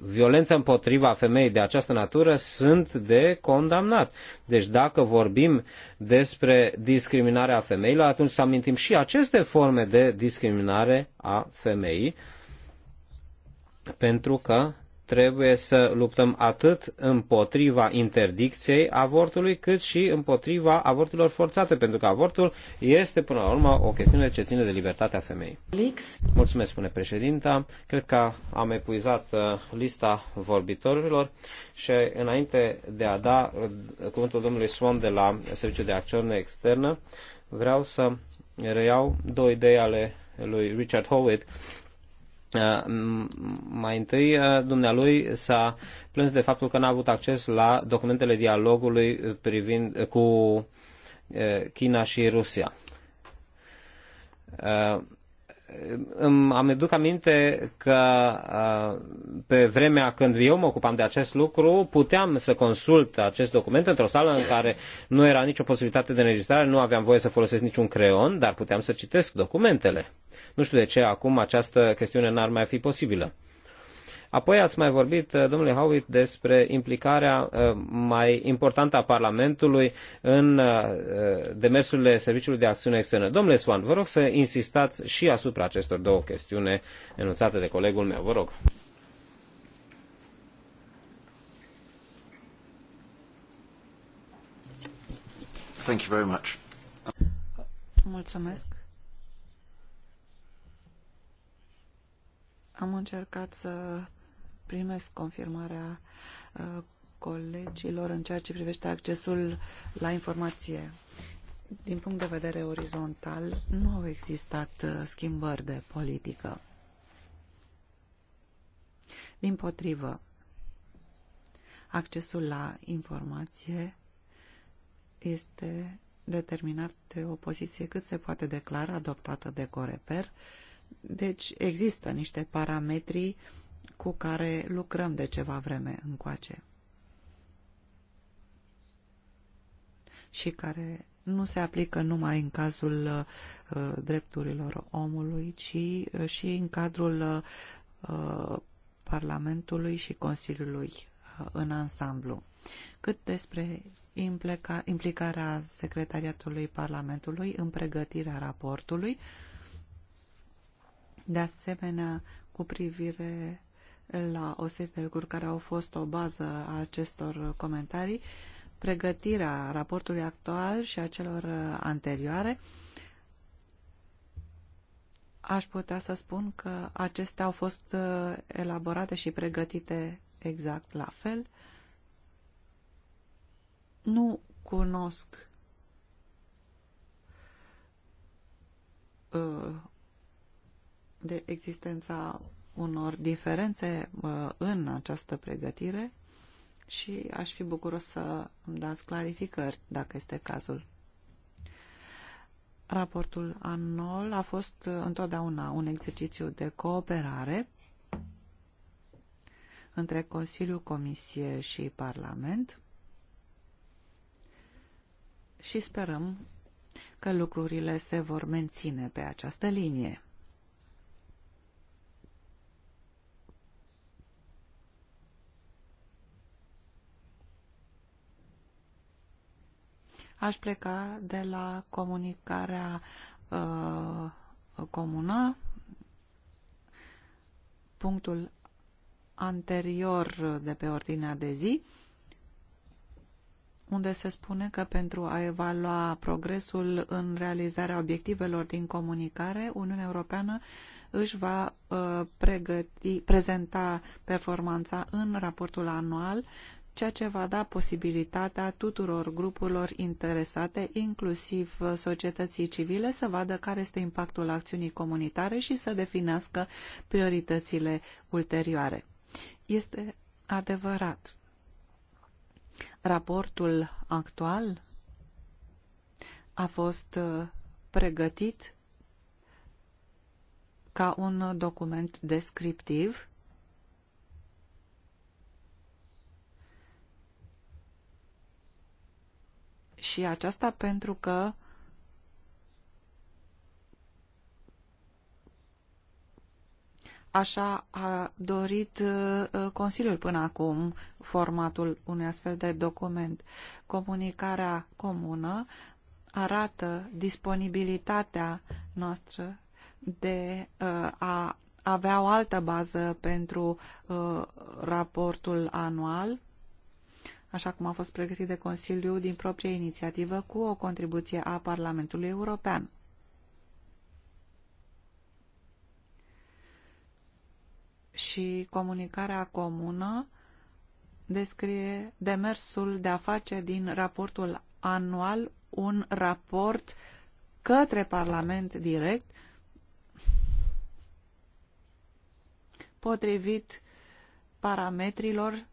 violență împotriva femeii de această natură sunt de condamnat. Deci dacă vorbim despre discriminarea femeilor, atunci să amintim și aceste forme de discriminare a femeii, pentru că trebuie să luptăm atât împotriva interdicției avortului, cât și împotriva avorturilor forțate, pentru că avortul este, până la urmă, o chestiune ce ține de libertatea femeii. Lix. Mulțumesc, spune președinta. Cred că am epuizat uh, lista vorbitorilor și înainte de a da uh, cuvântul domnului Swan de la Serviciul de Acțiune Externă, vreau să reiau două idei ale lui Richard Howitt Uh, mai întâi, uh, dumnealui s-a plâns de faptul că n-a avut acces la documentele dialogului privind cu uh, China și Rusia îmi aduc aminte că pe vremea când eu mă ocupam de acest lucru, puteam să consult acest document într-o sală în care nu era nicio posibilitate de înregistrare, nu aveam voie să folosesc niciun creon, dar puteam să citesc documentele. Nu știu de ce acum această chestiune n-ar mai fi posibilă. Apoi ați mai vorbit, uh, domnule Howitt, despre implicarea uh, mai importantă a Parlamentului în uh, demersurile Serviciului de Acțiune Externă. Domnule Swan, vă rog să insistați și asupra acestor două chestiuni enunțate de colegul meu. Vă rog. Thank you very much. Mulțumesc. Am încercat să primesc confirmarea uh, colegilor în ceea ce privește accesul la informație. Din punct de vedere orizontal, nu au existat uh, schimbări de politică. Din potrivă, accesul la informație este determinat de o poziție cât se poate declara adoptată de Coreper. Deci există niște parametri uh, cu care lucrăm de ceva vreme încoace și care nu se aplică numai în cazul uh, drepturilor omului, ci uh, și în cadrul uh, Parlamentului și Consiliului uh, în ansamblu. Cât despre implica, implicarea Secretariatului Parlamentului în pregătirea raportului, de asemenea cu privire la o serie de lucruri care au fost o bază a acestor comentarii, pregătirea raportului actual și a celor anterioare, aș putea să spun că acestea au fost uh, elaborate și pregătite exact la fel. Nu cunosc uh, de existența unor diferențe uh, în această pregătire și aș fi bucuros să îmi dați clarificări, dacă este cazul. Raportul anual a fost uh, întotdeauna un exercițiu de cooperare între Consiliu, Comisie și Parlament și sperăm că lucrurile se vor menține pe această linie. Aș pleca de la comunicarea uh, comună, punctul anterior de pe ordinea de zi, unde se spune că pentru a evalua progresul în realizarea obiectivelor din comunicare, Uniunea Europeană își va uh, pregăti, prezenta performanța în raportul anual ceea ce va da posibilitatea tuturor grupurilor interesate, inclusiv societății civile, să vadă care este impactul acțiunii comunitare și să definească prioritățile ulterioare. Este adevărat. Raportul actual a fost uh, pregătit ca un document descriptiv Și aceasta pentru că așa a dorit uh, uh, Consiliul până acum formatul unui astfel de document. Comunicarea comună arată disponibilitatea noastră de uh, a avea o altă bază pentru raportul anual așa cum a fost pregătit de Consiliu din proprie inițiativă cu o contribuție a Parlamentului European. Și comunicarea comună descrie demersul de a face din raportul anual un raport către Parlament direct potrivit parametrilor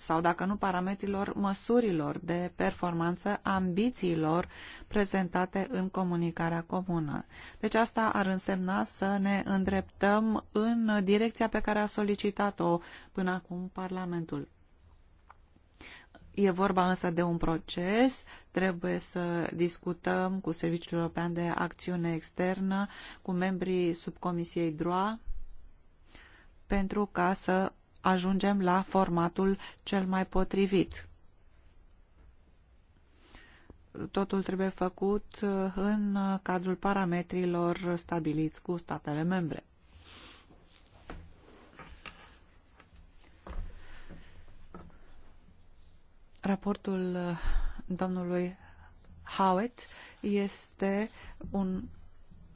sau dacă nu parametrilor măsurilor de performanță, ambițiilor prezentate în comunicarea comună. Deci asta ar însemna să ne îndreptăm în direcția pe care a solicitat-o până acum Parlamentul. E vorba însă de un proces, trebuie să discutăm cu Serviciul European de Acțiune Externă, cu membrii subcomisiei DROA, pentru ca să ajungem la formatul cel mai potrivit. Totul trebuie făcut uh, în uh, cadrul parametrilor stabiliți cu statele membre. Raportul uh, domnului Howitt este un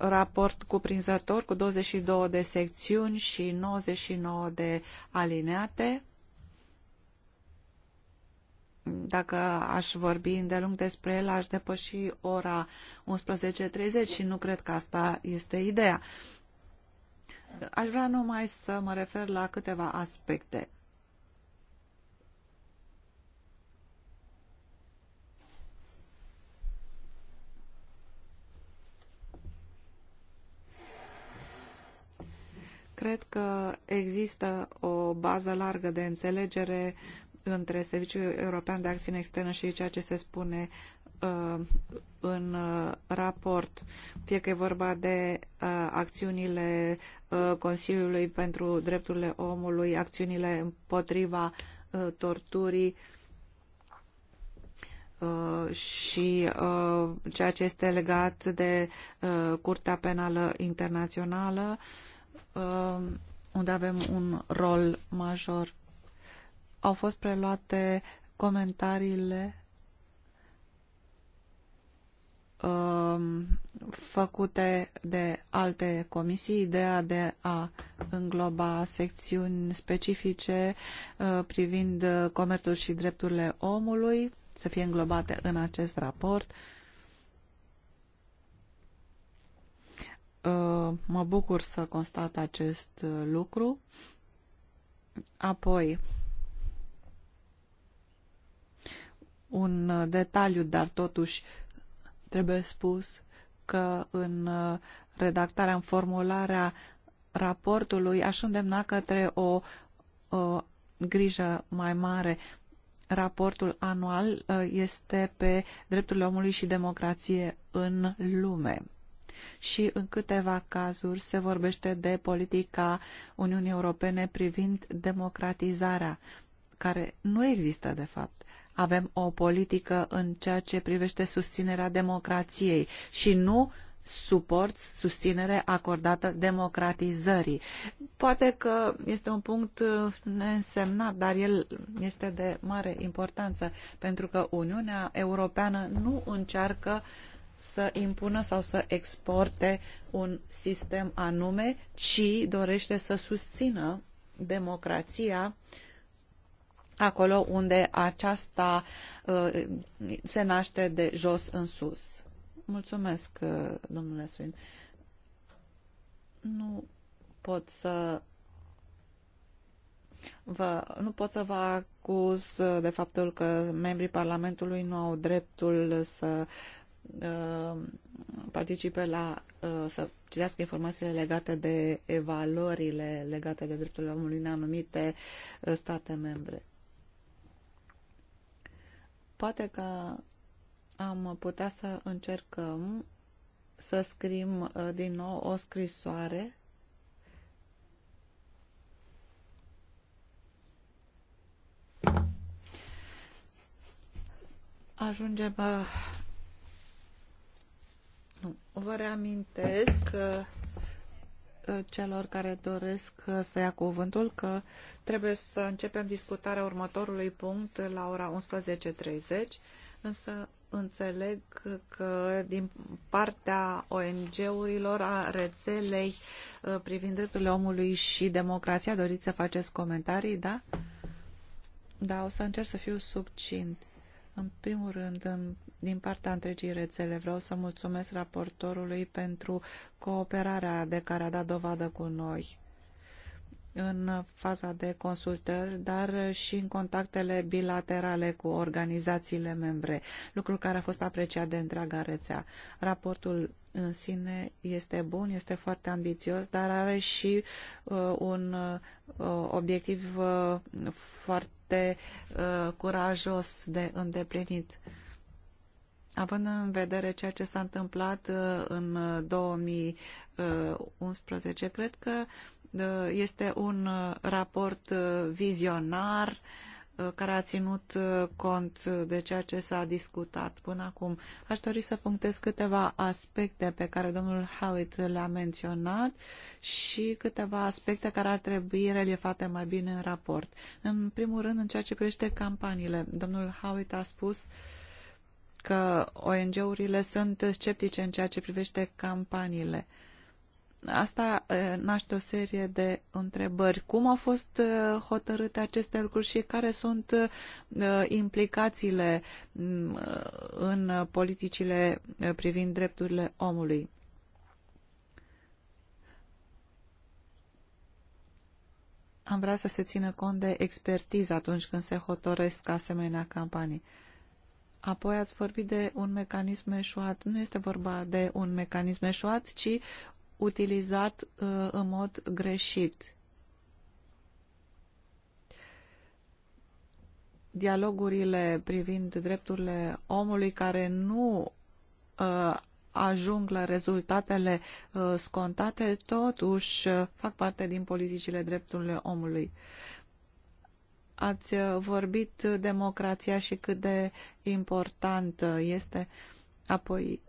raport cuprinzător cu 22 de secțiuni și 99 de alineate. Dacă aș vorbi îndelung despre el, aș depăși ora 11.30 și nu cred că asta este ideea. Aș vrea numai să mă refer la câteva aspecte. Cred că există o bază largă de înțelegere între Serviciul European de Acțiune Externă și ceea ce se spune uh, în uh, raport, fie că e vorba de uh, acțiunile uh, Consiliului pentru Drepturile Omului, acțiunile împotriva uh, torturii uh, și ceea ce este legat de Curtea Penală Internațională, Um, unde avem un rol major. Au fost preluate comentariile um, făcute de alte comisii, ideea de a îngloba secțiuni specifice uh, privind comerțul și drepturile omului, să fie înglobate în acest raport. Uh, mă bucur să constat acest uh, lucru. Apoi, un uh, detaliu, dar totuși trebuie spus că în redactarea, în formularea raportului aș îndemna către o, o grijă mai mare. Raportul anual este pe drepturile omului și democrație în lume și în câteva cazuri se vorbește de politica Uniunii Europene privind democratizarea, care nu există de fapt. Avem o politică în ceea ce privește susținerea democrației și nu suport, susținere acordată democratizării. Poate că este un punct neînsemnat, dar el este de mare importanță, pentru că Uniunea Europeană nu încearcă uh, să impună sau să exporte un sistem anume, ci dorește să susțină democrația acolo unde aceasta uh, se naște de jos în sus. Mulțumesc, uh, domnule Swin. Nu pot să vă, nu pot să vă acuz uh, de faptul că membrii Parlamentului nu au dreptul să Uh, participe la, uh, să citească informațiile legate de evaluările legate de drepturile omului în anumite uh, state membre. Poate că am putea să încercăm să scrim din nou o scrisoare Ajungem nu. Vă reamintesc ă, celor care doresc ă, să ia cuvântul că trebuie să începem discutarea următorului punct la ora 11.30, însă înțeleg că din partea ONG-urilor, a rețelei ă, privind drepturile omului și democrația, doriți să faceți comentarii, da? Da, o să încerc să fiu subcint. În primul rând, în, din partea întregii rețele, vreau să mulțumesc raportorului pentru cooperarea de care a dat dovadă cu noi în faza de consultări, dar și în contactele bilaterale cu organizațiile membre, lucru care a fost apreciat de întreaga rețea. Raportul în sine este bun, este foarte ambițios, dar are și uh, un uh, obiectiv uh, foarte foarte uh, curajos de îndeplinit. Având în vedere ceea ce s-a întâmplat uh, în 2011, uh, uh, cred că uh, este un uh, raport vizionar uh, Uh, care a ținut uh, cont de ceea ce s-a discutat până acum. Aș dori să punctez câteva aspecte pe care domnul Howitt le-a menționat și câteva aspecte care ar trebui reliefate mai bine în raport. În primul rând, în ceea ce privește campaniile, domnul Howitt a spus că ONG-urile sunt sceptice în ceea ce privește campaniile. Uh, Asta naște o serie de întrebări. Cum au fost hotărâte aceste lucruri și care sunt implicațiile în politicile privind drepturile omului? Am vrea să se țină cont de expertiză atunci când se hotoresc asemenea campanii. Apoi ați vorbit de un mecanism eșuat. Nu este vorba de un mecanism eșuat, ci utilizat uh, în mod greșit. Dialogurile privind drepturile omului care nu uh, ajung la rezultatele uh, scontate, totuși uh, fac parte din politicile drepturile omului. Ați uh, vorbit democrația și cât de importantă este. Apoi,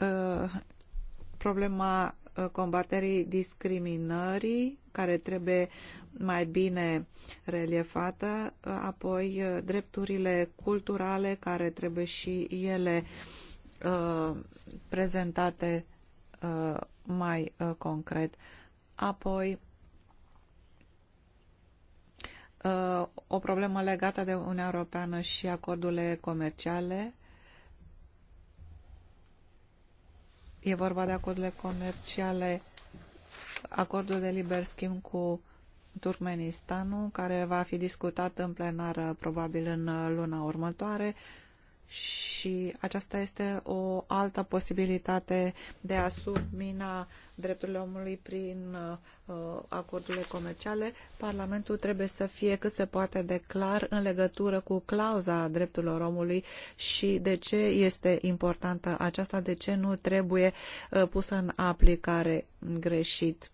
uh, problema uh, combaterii discriminării, care trebuie mai bine reliefată, uh, apoi uh, drepturile culturale, care trebuie și ele prezentate mai concret, apoi o problemă legată de Uniunea Europeană și acordurile comerciale, E vorba de acordurile comerciale, acordul de liber schimb cu Turkmenistanul, care va fi discutat în plenară probabil în luna următoare, și aceasta este o altă posibilitate de a submina drepturile omului prin uh, acordurile comerciale. Parlamentul trebuie să fie cât se poate de clar în legătură cu clauza drepturilor omului și de ce este importantă aceasta, de ce nu trebuie uh, pusă în aplicare greșit.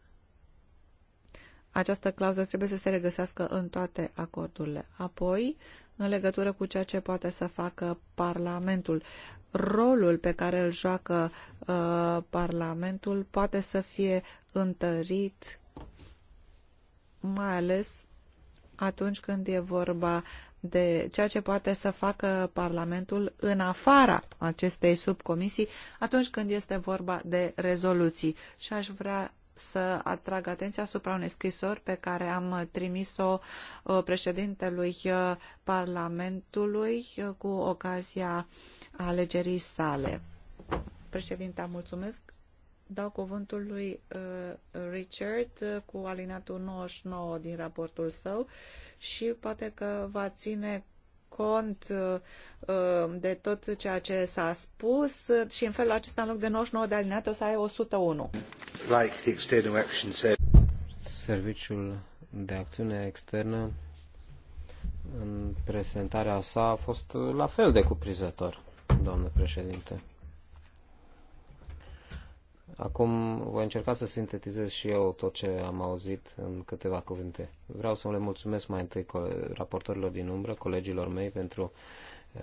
Această clauză trebuie să se regăsească în toate acordurile. Apoi, uh, în legătură cu ceea ce poate să facă Parlamentul. Rolul pe care îl joacă uh, Parlamentul poate să fie întărit mai ales atunci când e vorba de ceea ce poate să facă Parlamentul în afara acestei subcomisii atunci când este vorba de rezoluții. Și aș vrea să atrag atenția asupra unei scrisori pe care am trimis-o uh, președintelui uh, Parlamentului uh, cu ocazia alegerii sale. Președinta, mulțumesc. Dau cuvântul lui Richard cu alinatul 99 din raportul său și poate că va ține cont uh, de tot ceea ce s-a spus și în felul acesta, în loc de 99 de alineate, o să ai 101. Like the external action service. Serviciul de acțiune externă în prezentarea sa a fost la fel de cuprizător, doamnă președinte. Acum voi încerca să sintetizez și eu tot ce am auzit în câteva cuvinte. Vreau să le mulțumesc mai întâi raportorilor din umbră, colegilor mei, pentru eh,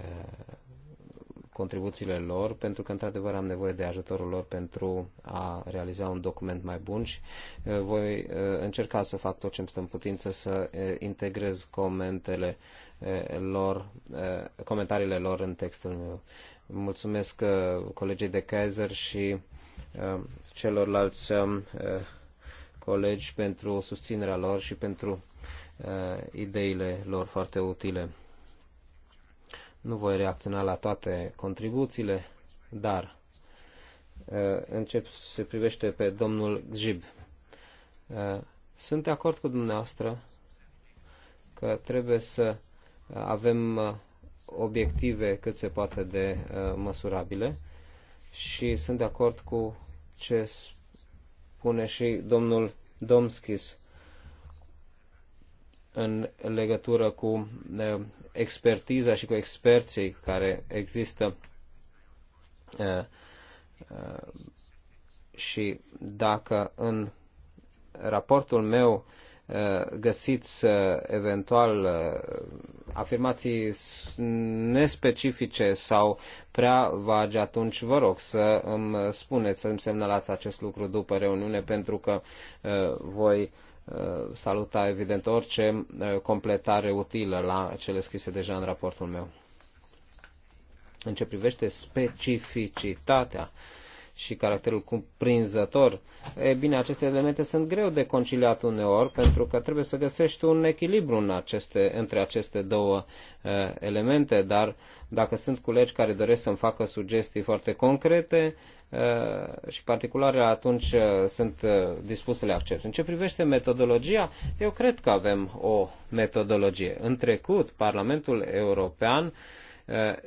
contribuțiile lor, pentru că într-adevăr am nevoie de ajutorul lor pentru a realiza un document mai bun și eh, voi eh, încerca să fac tot ce îmi stă în putință să integrez comentele lor, comentariile lor în textul meu. Mulțumesc colegii de Kaiser și Uh, celorlalți uh, colegi pentru susținerea lor și pentru uh, ideile lor foarte utile. Nu voi reacționa la toate contribuțiile, dar încep să se privește pe domnul Gjib. Sunt de acord cu dumneavoastră că trebuie să avem obiective cât se poate de măsurabile și sunt de acord cu ce spune și domnul Domskis în legătură cu expertiza și cu experții care există și dacă în raportul meu Uh, găsiți uh, eventual uh, afirmații nespecifice sau prea vagi, atunci vă rog să îmi spuneți, să îmi semnalați acest lucru după reuniune, pentru că voi saluta evident orice completare utilă la cele scrise deja în raportul meu. În ce privește specificitatea și caracterul cuprinzător, e bine, aceste elemente sunt greu de conciliat uneori pentru că trebuie să găsești un echilibru în aceste, între aceste două uh, elemente, dar dacă sunt colegi care doresc să-mi facă sugestii foarte concrete, uh, și particulare atunci uh, sunt uh, dispus să le accept. În ce privește metodologia, eu cred că avem o metodologie. În trecut, Parlamentul European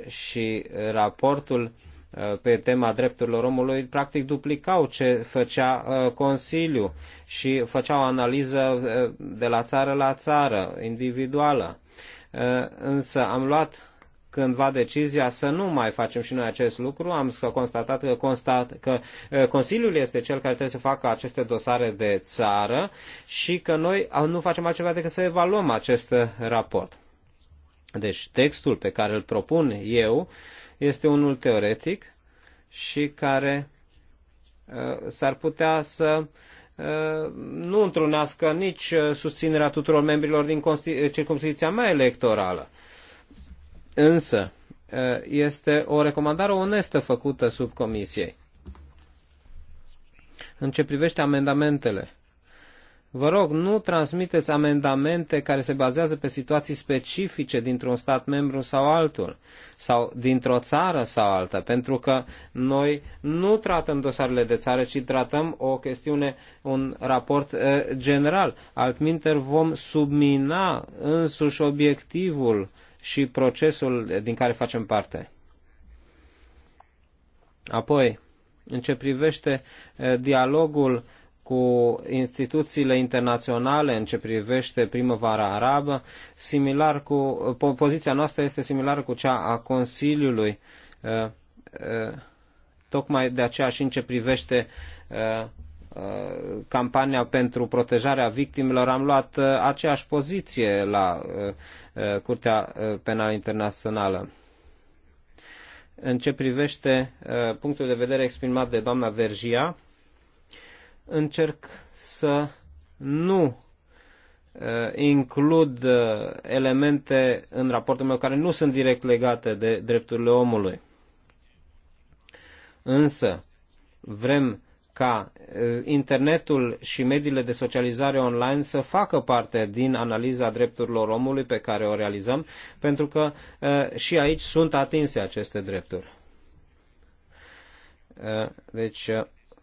și raportul uh, Uh, pe tema drepturilor omului, practic duplicau ce făcea uh, Consiliu și făceau analiză uh, de la țară la țară, individuală. Însă am luat cândva decizia să nu mai facem și noi acest lucru, am constatat că, constat, că Consiliul este cel care trebuie să facă aceste dosare de țară și că noi nu facem altceva decât să evaluăm acest raport. Deci textul pe care îl propun eu uh, este unul teoretic și care uh, s-ar putea să uh, nu întrunească nici uh, susținerea tuturor membrilor din circunscripția mea electorală. Însă, este o recomandare onestă făcută sub comisiei. În ce privește amendamentele Vă rog, nu transmiteți amendamente care se bazează pe situații specifice dintr-un stat membru sau altul, sau dintr-o țară sau alta, pentru că noi nu tratăm dosarele de țară, ci tratăm o chestiune, un raport uh, general. Altminter vom submina însuși obiectivul și procesul din care facem parte. Apoi, în ce privește uh, dialogul uh, cu instituțiile internaționale în ce privește primăvara arabă, similar cu, poziția noastră este similară cu cea a Consiliului, uh, uh, tocmai de aceea și în ce privește uh, campania pentru protejarea victimelor, am luat aceeași poziție la Curtea Penală Internațională. În ce privește punctul de vedere exprimat de doamna Vergia, încerc să nu uh, includ uh, elemente în raportul meu care nu sunt direct legate de drepturile omului. Însă, vrem ca uh, internetul și mediile de socializare online să facă parte din analiza drepturilor omului pe care o realizăm, pentru că și aici sunt atinse aceste drepturi. Deci,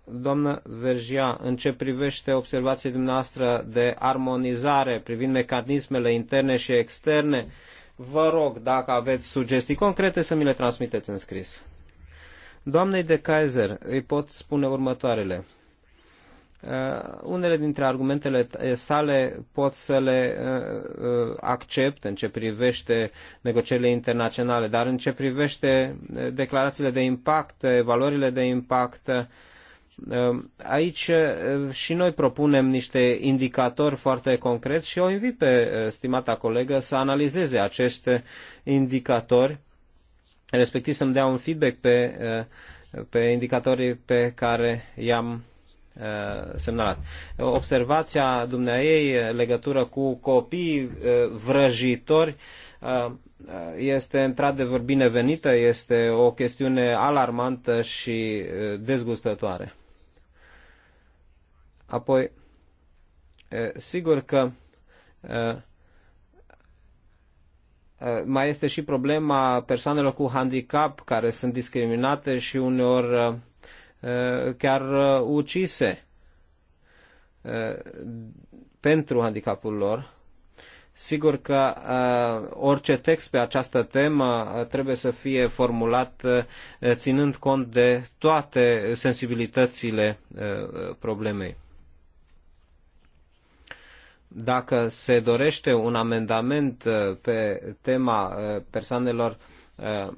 doamnă Verjia, în ce privește observația dumneavoastră de armonizare privind mecanismele interne și externe, vă rog, dacă aveți sugestii concrete, să mi le transmiteți în scris. Doamnei de Kaiser îi pot spune următoarele. Uh, unele dintre argumentele eh, sale pot să le uh, uh, accept în ce privește negocierile internaționale, dar în ce privește uh, declarațiile de impact, eh, valorile de impact, Ehm, aici și noi propunem niște indicatori foarte concreți și o invit pe stimata colegă să analizeze acești indicatori, respectiv să-mi dea un feedback pe, pe indicatorii pe care i-am semnalat. Observația dumneaei legătură cu copii vrăjitori este într-adevăr binevenită, este o chestiune alarmantă și dezgustătoare. Apoi, sigur că mai este și problema persoanelor cu handicap care sunt discriminate și uneori chiar ucise pentru handicapul lor. Sigur că orice text pe această temă trebuie să fie formulat ținând cont de toate sensibilitățile problemei dacă se dorește un amendament uh, pe tema uh, persoanelor uh,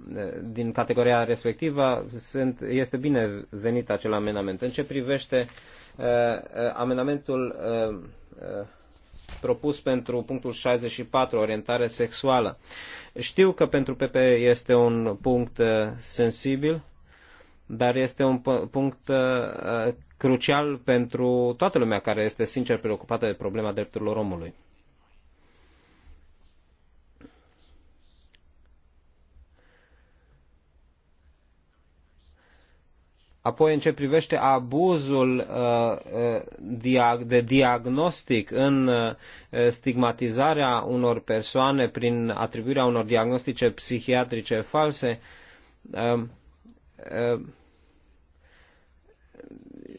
din categoria respectivă, sunt, este bine venit acel amendament. În ce privește amendamentul propus pentru punctul 64, orientare sexuală. Știu că pentru PP este un punct sensibil, dar este un punct crucial pentru toată lumea care este sincer preocupată de problema drepturilor omului. Apoi, în ce privește abuzul uh, uh, de diagnostic în uh, stigmatizarea unor persoane prin atribuirea unor diagnostice psihiatrice false,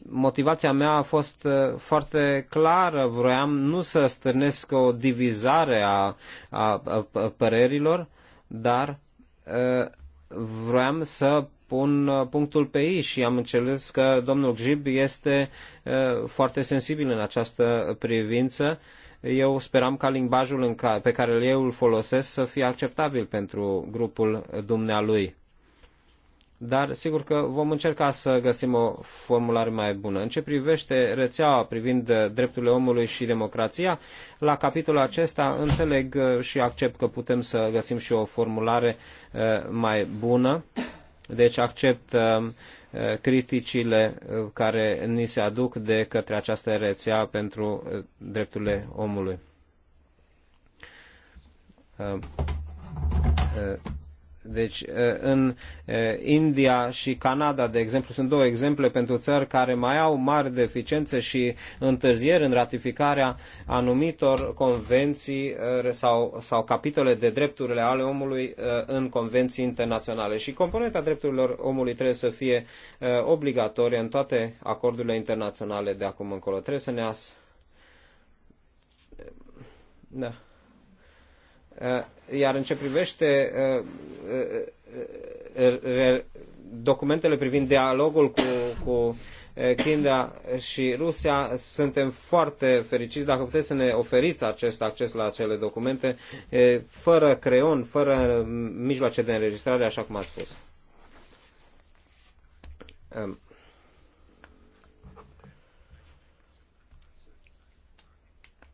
motivația mea a fost uh, foarte clară. Vroiam nu să stârnesc o divizare a, a, a părerilor, dar uh, vroiam să pun uh, punctul pe ei și am înțeles că domnul Gjib este foarte sensibil în această privință. Eu speram ca limbajul pe care eu îl folosesc să fie acceptabil pentru grupul dumnealui dar sigur că vom încerca să găsim o formulare mai bună. În ce privește rețeaua privind drepturile omului și democrația, la capitolul acesta înțeleg și accept că putem să găsim și o formulare eh, mai bună. Deci accept eh, criticile eh, care ni se aduc de către această rețea pentru drepturile omului deci uh, în uh, India și Canada, de exemplu, sunt două exemple pentru țări care mai au mari deficiențe și întârzieri în ratificarea anumitor convenții uh, sau, sau capitole de drepturile ale omului în convenții internaționale. Și componenta drepturilor omului trebuie să fie obligatorie în toate acordurile internaționale de acum încolo. Trebuie să ne as... Da iar în ce privește uh, uh, uh, documentele privind dialogul cu, cu China și Rusia, suntem foarte fericiți dacă puteți să ne oferiți acest acces la acele documente, fără creion, fără mijloace de înregistrare, așa cum ați spus. Um.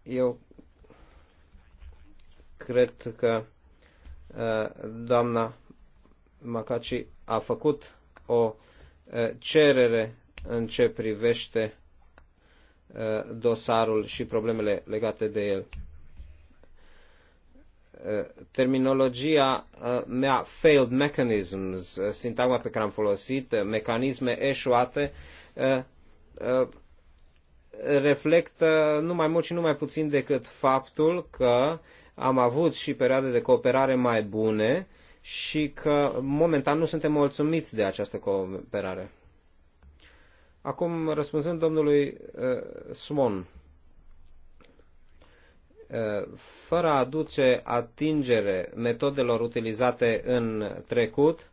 Eu Cred că uh, doamna Macaci a făcut o uh, cerere în ce privește uh, dosarul și problemele legate de el. Terminologia mea, failed mechanisms, sintagma pe care am folosit, mecanisme eșuate, reflectă nu mai mult și nu mai puțin decât faptul că am avut și perioade de cooperare mai bune și că momentan nu suntem mulțumiți de această cooperare. Acum, răspunzând domnului uh, Swan, uh, fără a aduce atingere metodelor utilizate în trecut,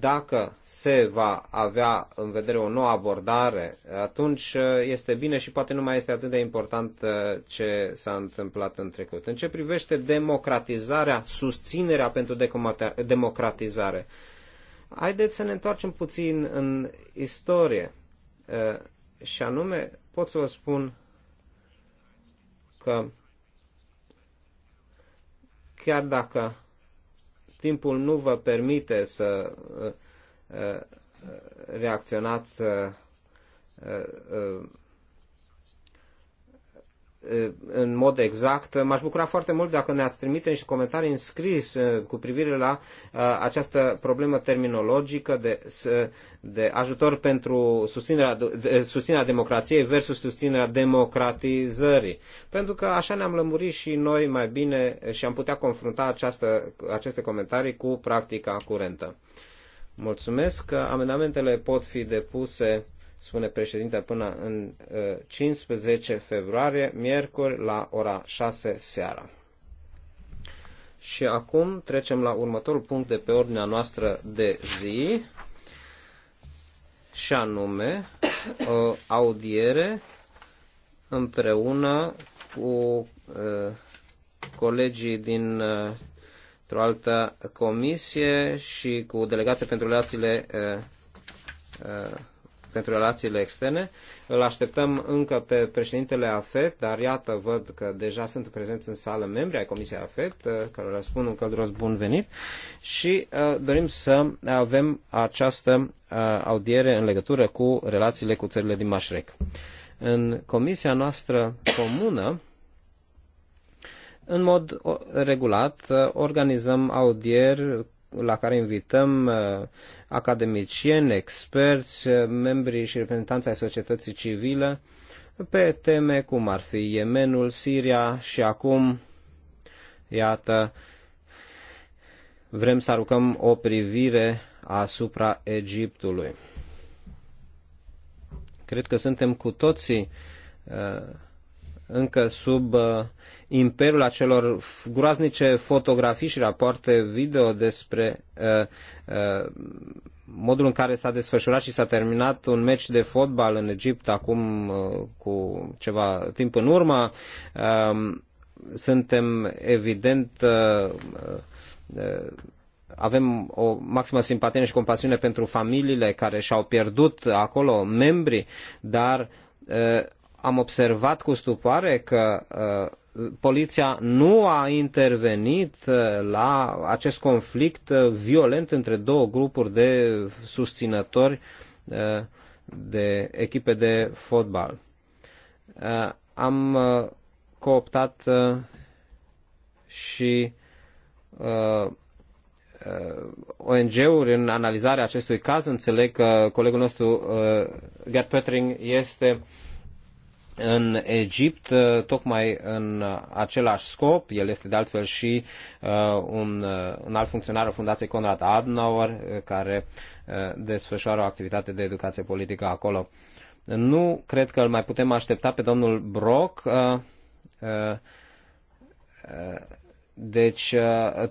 dacă se va avea în vedere o nouă abordare, atunci uh, este bine și poate nu mai este atât de important uh, ce s-a întâmplat în trecut. În ce privește democratizarea, susținerea pentru democratizare, haideți să ne întoarcem puțin în istorie. Uh, și anume, pot să vă spun că chiar dacă timpul nu vă permite să uh, uh, uh, reacționați Eh, în mod exact. M-aș bucura foarte mult dacă ne-ați trimite și comentarii în scris eh, cu privire la eh, această problemă terminologică de, de ajutor pentru susținerea, de, susținerea democrației versus susținerea democratizării. Pentru că așa ne-am lămurit și noi mai bine și am putea confrunta această, aceste comentarii cu practica curentă. Mulțumesc. că Amendamentele pot fi depuse spune președinte, până în 15 uh, februarie, miercuri, la ora 6 seara. Și acum trecem la următorul punct de pe ordinea noastră de zi, și anume audiere împreună cu uh, colegii din uh, o altă comisie și cu delegația pentru relațiile pentru relațiile externe. Îl așteptăm încă pe președintele AFET, dar iată, văd că deja sunt prezenți în sală membri ai Comisiei AFET, uh, care le spun un călduros bun venit și uh, dorim să avem această uh, audiere în legătură cu relațiile cu țările din Mașrec. În comisia noastră comună, în mod regulat uh, organizăm audieri la care invităm uh, academicieni, experți, uh, membrii și reprezentanții ai societății civile pe teme cum ar fi Yemenul, Siria și acum, iată, vrem să aruncăm o privire asupra Egiptului. Cred că suntem cu toții uh, încă sub uh, imperiul acelor groaznice fotografii și rapoarte video despre uh, uh, modul în care s-a desfășurat și s-a terminat un meci de fotbal în Egipt acum cu ceva timp în urmă. Um, suntem evident avem o maximă simpatie și compasiune pentru familiile care și-au pierdut acolo membrii, dar am observat cu stupoare că uh, poliția nu a intervenit uh, la acest conflict uh, violent între două grupuri de susținători de echipe de fotbal. Am cooptat și ONG-uri în analizarea acestui caz. Înțeleg că colegul nostru, Gerd Petring, este uh, în Egipt, uh, tocmai în același scop. El este de altfel și uh, un, uh, un alt funcționar al Fundației Conrad Adenauer, care desfășoară o activitate de educație politică acolo. Nu cred că îl mai putem aștepta pe domnul Brock. Deci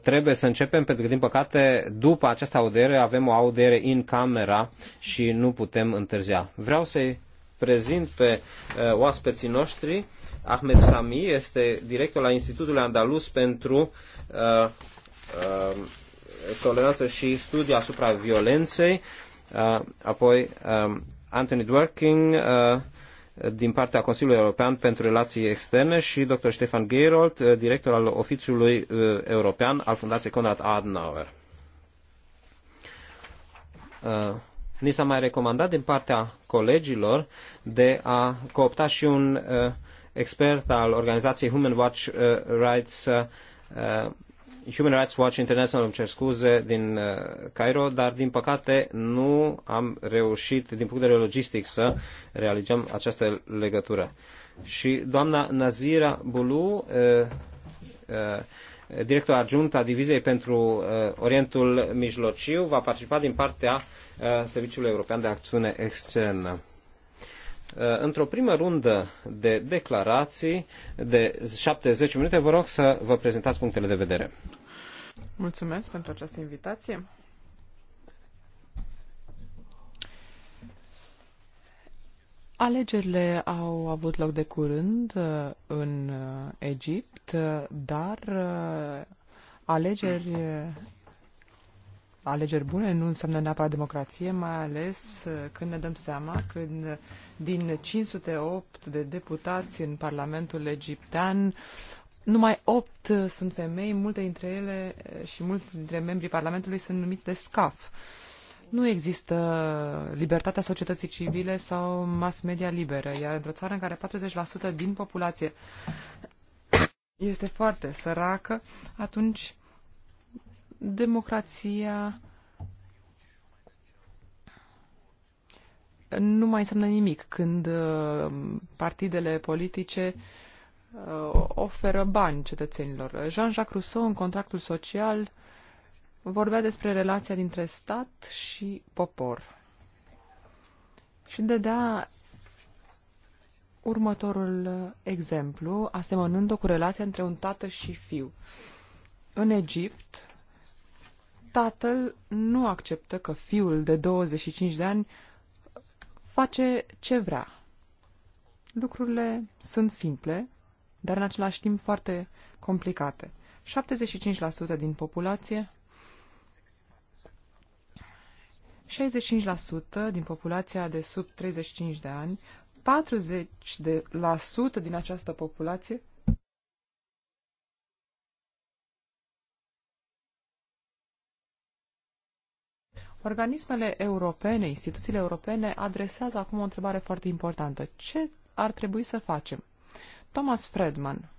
trebuie să începem, pentru că, din păcate, după această audiere avem o audiere în camera și nu putem întârzia. Vreau să-i prezint pe uh, oaspeții noștri. Ahmed Sami este director la Institutul Andalus pentru uh, uh, Toleranță și Studiu asupra Violenței, uh, apoi uh, Anthony Dworkin uh, din partea Consiliului European pentru Relații Externe și dr. Stefan Gerold, uh, director al Oficiului uh, European al Fundației Konrad Adenauer. Uh, Ni s-a mai recomandat din partea colegilor de a coopta și un uh, expert al organizației Human Watch uh, Rights uh, uh Human Rights Watch International, îmi cer scuze, din uh, Cairo, dar din păcate nu am reușit, din punct de vedere logistic, să realizăm această legătură. Și doamna Nazira Bulu, uh, director adjunct a Diviziei pentru Orientul Mijlociu, va participa din partea Serviciul European de Acțiune Externă. Într-o primă rundă de declarații de 70 minute, vă rog să vă prezentați punctele de vedere. Mulțumesc pentru această invitație. Alegerile au avut loc de curând în Egipt, dar alegeri alegeri bune nu înseamnă neapărat democrație, mai ales uh, când ne dăm seama când uh, din 508 de deputați în Parlamentul egiptean, numai 8 uh, sunt femei, multe dintre ele și mulți dintre membrii Parlamentului sunt numiți de SCAF. Nu există libertatea societății civile sau mass media liberă, iar într-o țară în care 40% din populație este foarte săracă, atunci democrația nu mai înseamnă nimic când uh, partidele politice uh, oferă bani cetățenilor. Jean-Jacques Rousseau, în contractul social, vorbea despre relația dintre stat și popor. Și dădea următorul uh, exemplu, asemănând-o cu relația între un tată și fiu. În Egipt, tatăl nu acceptă că fiul de 25 de ani face ce vrea. Lucrurile sunt simple, dar în același timp foarte complicate. 75% din populație 65% din populația de sub 35 de ani, 40% din această populație Organismele europene, instituțiile europene adresează acum o întrebare foarte importantă. Ce ar trebui să facem? Thomas Fredman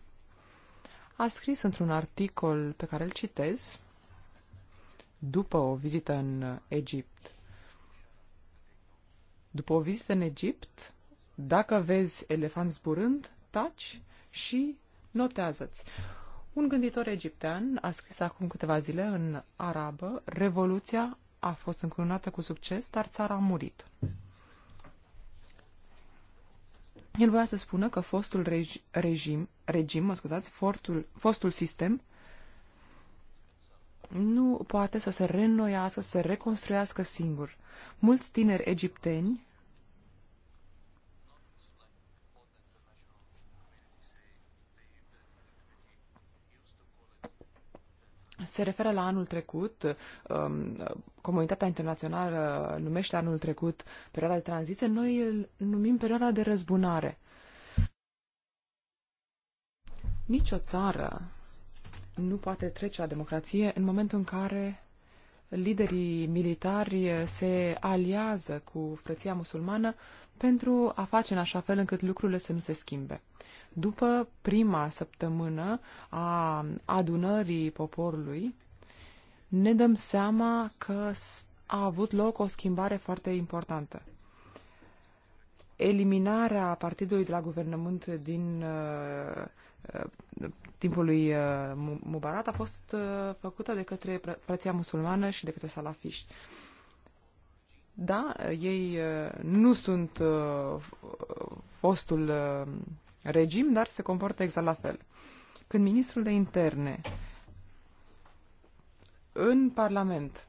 a scris într-un articol pe care îl citez după o vizită în Egipt. După o vizită în Egipt, dacă vezi elefant zburând, taci și notează-ți. Un gânditor egiptean a scris acum câteva zile în arabă Revoluția a fost încununată cu succes, dar țara a murit. El voia să spună că fostul reg regim, regim mă scuzați, fortul, fostul sistem nu poate să se reînnoiască, să se reconstruiască singur. Mulți tineri egipteni se referă la anul trecut. Um, comunitatea internațională numește anul trecut perioada de tranziție. Noi îl numim perioada de răzbunare. Nici o țară nu poate trece la democrație în momentul în care liderii militari se aliază cu frăția musulmană pentru a face în așa fel încât lucrurile să nu se schimbe după prima săptămână a adunării poporului, ne dăm seama că a avut loc o schimbare foarte importantă. Eliminarea partidului de la guvernământ din uh, uh timpul lui uh, Mubarat a fost uh, făcută de către frăția musulmană și de către salafiști. Da, ei nu sunt fostul regim, dar se comportă exact la fel. Când ministrul de interne în Parlament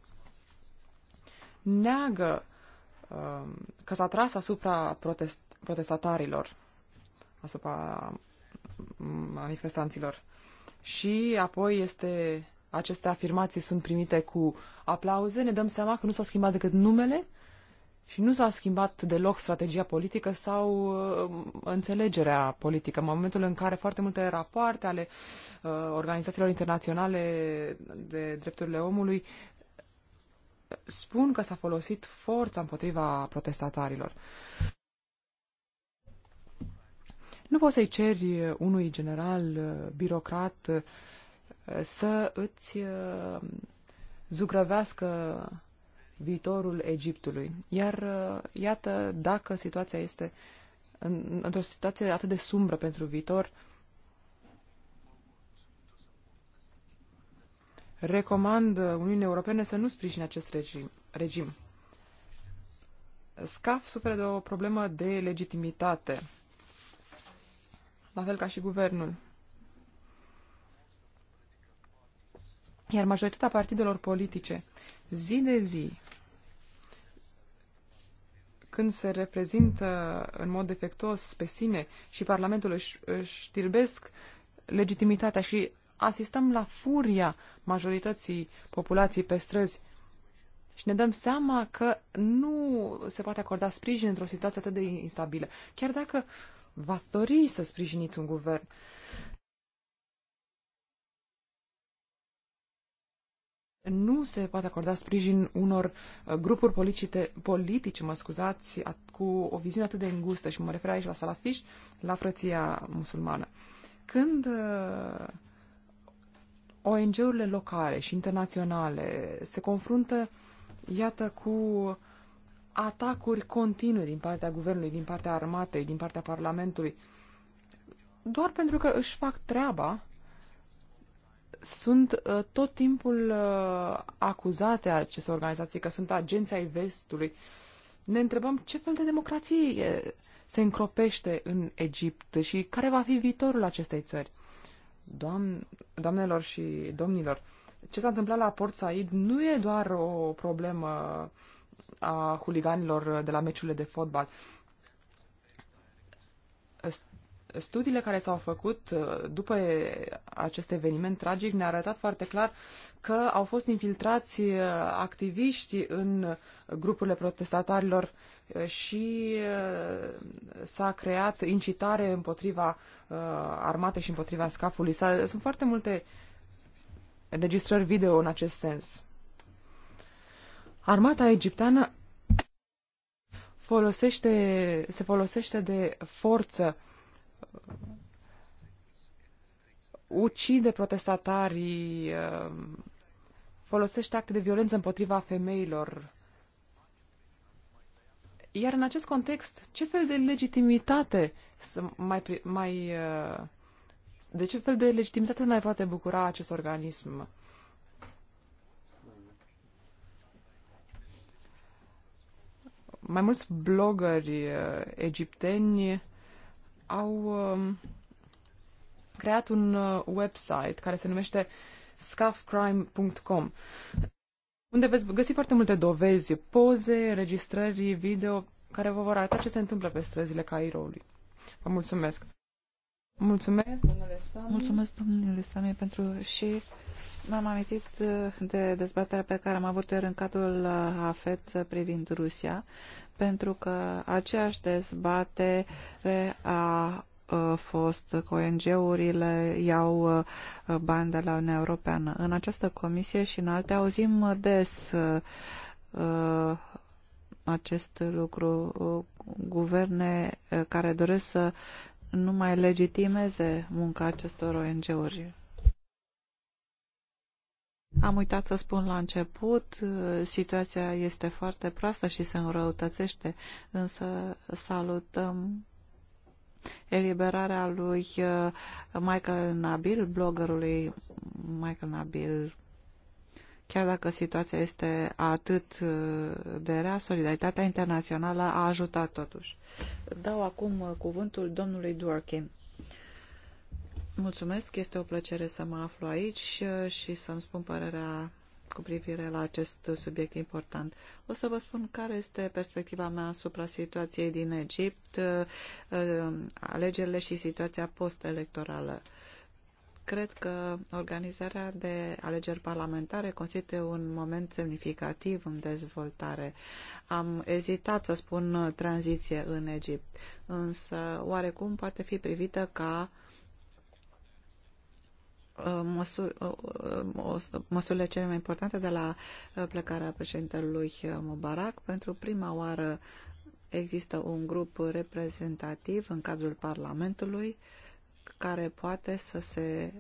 neagă uh, că s-a tras asupra protest protestatarilor, asupra mm, manifestanților, și apoi este aceste afirmații sunt primite cu aplauze, ne dăm seama că nu s-au schimbat decât numele și nu s-a schimbat deloc strategia politică sau uh, înțelegerea politică. În momentul în care foarte multe rapoarte ale uh, organizațiilor internaționale de drepturile omului uh, spun că s-a folosit forța împotriva protestatarilor. Nu poți să-i ceri unui general uh, birocrat uh, să îți zugrăvească viitorul Egiptului. Iar uh, iată, dacă situația este în, într-o situație atât de sumbră pentru viitor, recomand Uniunii Europene să nu sprijine acest regim. regim. SCAF suferă de o problemă de legitimitate, la fel ca și guvernul. Iar majoritatea partidelor politice zi de zi, când se reprezintă în mod defectuos pe sine și Parlamentul își, își tirbesc legitimitatea și asistăm la furia majorității populației pe străzi și ne dăm seama că nu se poate acorda sprijin într-o situație atât de instabilă. Chiar dacă v-ați dori să sprijiniți un guvern, nu se poate acorda sprijin unor uh, grupuri politice, politice mă scuzați, cu o viziune atât de îngustă și mă refer aici la salafiști, la frăția musulmană. Când uh, ONG-urile locale și internaționale se confruntă, iată, cu atacuri continue din partea guvernului, din partea armatei, din partea parlamentului, doar pentru că își fac treaba, sunt uh, tot timpul uh, acuzate aceste organizații că sunt agenții ai vestului. Ne întrebăm ce fel de democrație se încropește în Egipt și care va fi viitorul acestei țări. Doam, doamnelor și domnilor, ce s-a întâmplat la Port Said nu e doar o problemă a huliganilor de la meciurile de fotbal studiile care s-au făcut uh, după acest eveniment tragic ne-a arătat foarte clar că au fost infiltrați uh, activiști în grupurile protestatarilor uh, și s-a creat incitare împotriva armatei și împotriva scafului. Sunt foarte multe înregistrări video în acest sens. Armata egipteană folosește, se folosește de forță ucide protestatarii, uh, folosește acte de violență împotriva femeilor. Iar în acest context, ce fel de legitimitate să mai, mai uh, de ce fel de legitimitate mai poate bucura acest organism? Mai mulți blogări uh, egipteni au um, creat un uh, website care se numește scuffcrime.com unde veți găsi foarte multe dovezi, poze, registrări, video care vă vor arăta ce se întâmplă pe străzile Cairoului. Vă mulțumesc! Mulțumesc, domnule Sami. Mulțumesc, domnule Sami, pentru și m-am amintit uh, de dezbaterea pe care am avut-o ieri în cadrul uh, AFET privind Rusia, pentru că aceeași dezbatere a uh, fost că ONG-urile iau bani de la Uniunea Europeană. În această comisie și în alte auzim des acest lucru. Guverne care doresc să nu mai legitimeze munca acestor ONG-uri. Am uitat să spun la început, situația este foarte proastă și se înrăutățește, însă salutăm eliberarea lui uh, Michael Nabil, bloggerului Michael Nabil, Chiar dacă situația este atât uh, de rea, solidaritatea internațională a ajutat totuși. Dau acum uh, cuvântul domnului Dworkin. Mulțumesc, este o plăcere să mă aflu aici uh, și să-mi spun părerea cu privire la acest subiect important. O să vă spun care este perspectiva mea asupra situației din Egipt, alegerile și situația post electorală Cred că organizarea de alegeri parlamentare constituie un moment semnificativ în dezvoltare. Am ezitat să spun tranziție în Egipt, însă oarecum poate fi privită ca uh, măsur, uh, uh, măsurile cele mai importante de la plecarea președintelui Mubarak. Pentru prima oară există un grup reprezentativ în cadrul Parlamentului uh, care poate să se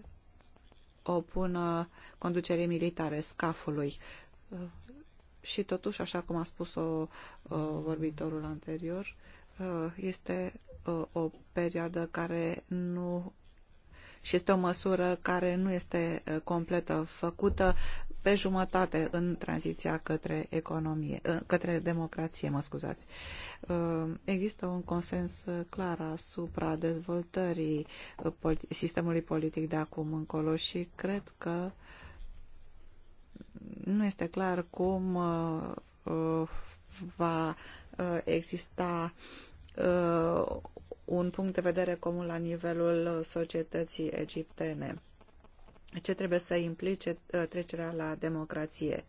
opună conducerii militare, scafului. Uh, și totuși, așa cum a spus-o uh, vorbitorul anterior, uh, este o perioadă care nu și este o măsură care nu este completă, făcută pe jumătate în tranziția către economie, ă, către democrație, mă scuzați. Ă, există un consens clar asupra dezvoltării ă, sistemului politic de acum încolo și cred că nu este clar cum va exista un punct de vedere comun la nivelul societății egiptene ce trebuie să implice uh, trecerea la democrație.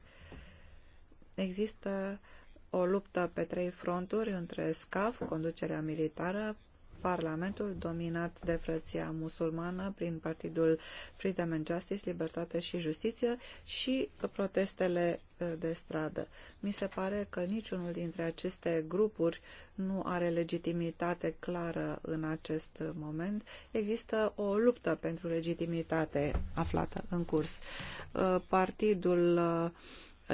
Există o luptă pe trei fronturi între SCAF, conducerea militară, Parlamentul dominat de frăția musulmană prin partidul Freedom and Justice, Libertate și Justiție și protestele uh, de stradă. Mi se pare că niciunul dintre aceste grupuri nu are legitimitate clară în acest moment. Există o luptă pentru legitimitate aflată în curs. Uh, partidul uh,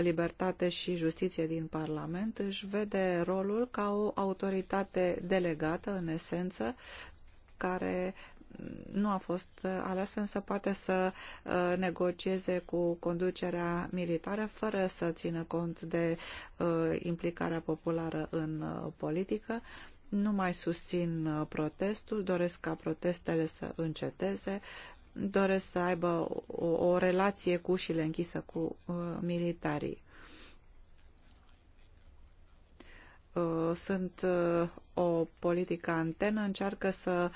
Libertate și Justiție din Parlament își vede rolul ca o autoritate delegată, în esență, care nu a fost alesă însă poate să uh, negocieze cu conducerea militară fără să țină cont de uh, implicarea populară în uh, politică. Nu mai susțin protestul, doresc ca protestele să înceteze, doresc să aibă o, o relație cu ușile închisă cu uh, militarii. Uh, sunt uh, o politică antenă, încearcă să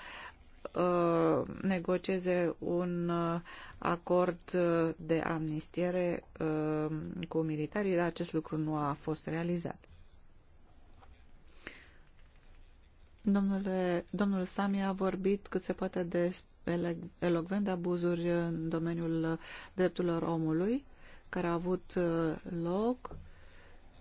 uh, negocieze un uh, acord de amnistiere uh, cu militarii, dar acest lucru nu a fost realizat. Domnule, domnul Sami a vorbit cât se poate de elocvent de abuzuri în domeniul drepturilor omului care a avut uh, loc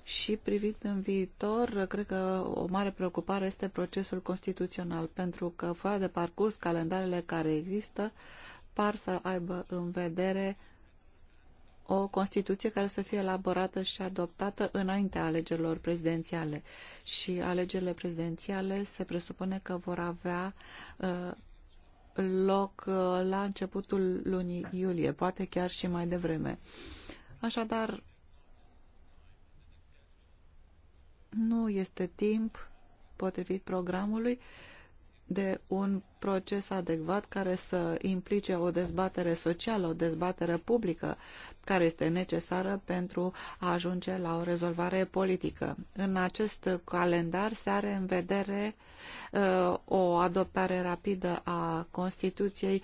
și privit în viitor, cred că o mare preocupare este procesul constituțional, pentru că foaia de parcurs, calendarele care există, par să aibă în vedere o Constituție care să fie elaborată și adoptată înaintea alegerilor prezidențiale. Și alegerile prezidențiale se presupune că vor avea uh, loc uh, la începutul lunii iulie, poate chiar și mai devreme. Așadar, nu este timp potrivit programului de un proces adecvat care să implice o dezbatere socială, o dezbatere publică, care este necesară pentru a ajunge la o rezolvare politică. În acest calendar se are în vedere uh, o adoptare rapidă a Constituției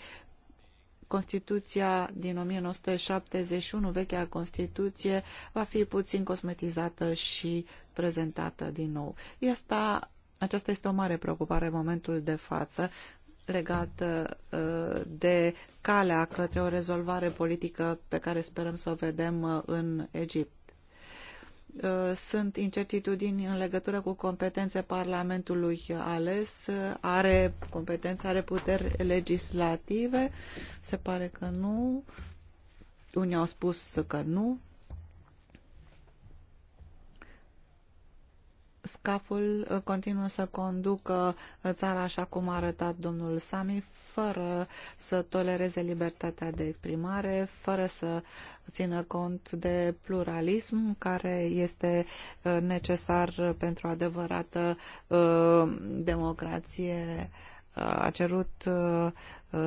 Constituția din 1971, vechea Constituție, va fi puțin cosmetizată și prezentată din nou. Asta aceasta este o mare preocupare în momentul de față legată uh, de calea către o rezolvare politică pe care sperăm să o vedem uh, în Egipt. Uh, sunt incertitudini în legătură cu competențe Parlamentului ales. Are competențe, are puteri legislative? Se pare că nu. Unii au spus că nu. scaful uh, continuă să conducă uh, țara așa cum a arătat domnul Sami, fără să tolereze libertatea de exprimare, fără să țină cont de pluralism care este uh, necesar pentru adevărată democrație. A cerut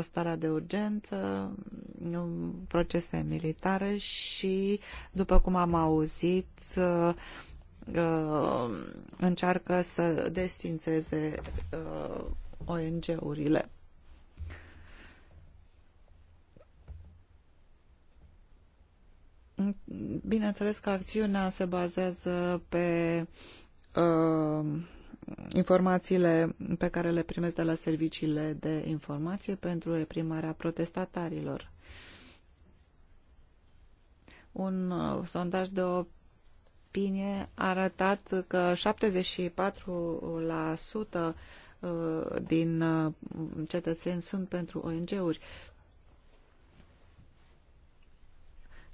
starea de urgență, procese militare și, după cum am auzit, uh, încearcă să desfințeze uh, ONG-urile. Bineînțeles că acțiunea se bazează pe uh, informațiile pe care le primesc de la serviciile de informație pentru reprimarea protestatarilor. Un uh, sondaj de opinie a arătat că 74% uh, din uh, cetățeni sunt pentru ONG-uri.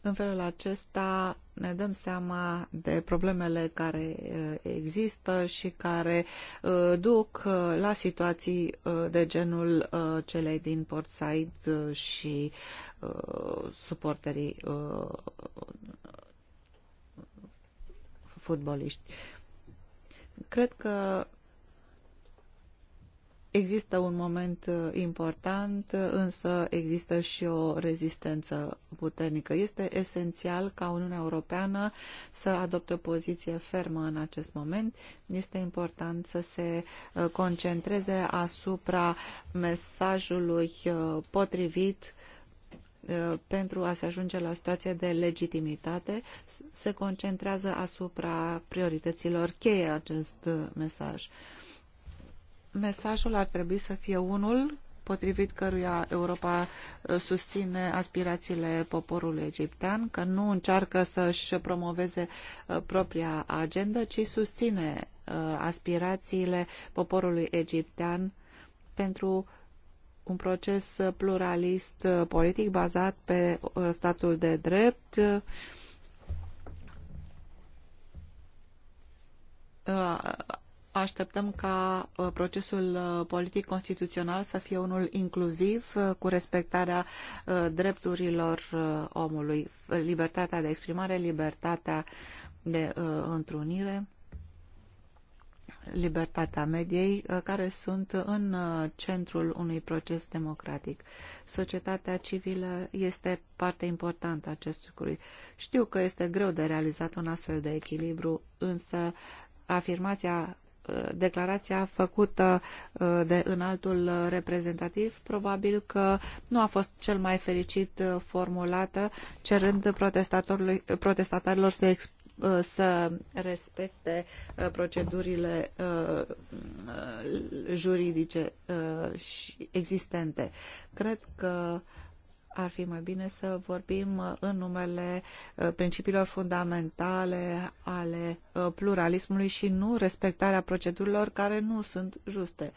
În felul acesta ne dăm seama de problemele care uh, există și care duc la situații de genul celei din Port Said și suporterii fotbaliști. Cred că există un moment uh, important, uh, însă există și o rezistență puternică. Este esențial ca Uniunea Europeană să adopte o poziție fermă în acest moment. Este important să se uh, concentreze asupra mesajului potrivit Uh, pentru a se ajunge la o situație de legitimitate se concentrează asupra priorităților cheie acest uh, mesaj. Mesajul ar trebui să fie unul potrivit căruia Europa uh, susține aspirațiile poporului egiptean, că nu încearcă să-și promoveze propria agendă, ci susține aspirațiile poporului egiptean pentru un proces pluralist uh, politic bazat pe uh, statul de drept, uh, Așteptăm ca procesul politic constituțional să fie unul inclusiv cu respectarea drepturilor omului, libertatea de exprimare, libertatea de întrunire libertatea mediei, uh, care sunt în uh, centrul unui proces democratic. Societatea civilă este parte importantă a acestui lucru. Știu că este greu de realizat un astfel de echilibru, însă afirmația uh, declarația făcută de înaltul reprezentativ, probabil că nu a fost cel mai fericit formulată, cerând protestatorilor să explice. Uh, să respecte uh, procedurile uh, juridice existente. Cred că ar fi mai bine să vorbim în numele principiilor fundamentale ale pluralismului și nu respectarea procedurilor care nu sunt juste,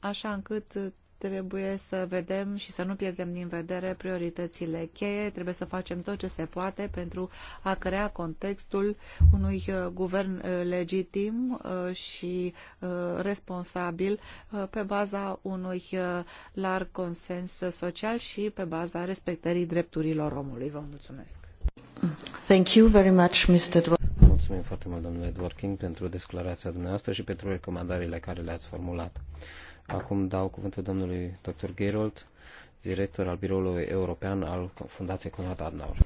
așa încât trebuie să vedem și să nu pierdem din vedere prioritățile cheie, trebuie să facem tot ce se poate pentru a crea contextul unui uh, guvern uh, legitim uh, și responsabil pe baza unui larg consens social și pe baza respectării drepturilor omului. Vă mulțumesc! Thank you very much, Mr. Mulțumim foarte mult, domnule Dworkin, pentru declarația dumneavoastră și pentru recomandările care le-ați formulat. Acum dau cuvântul domnului dr. Gerold, director al Biroului European al Fundației Conrad Adenauer.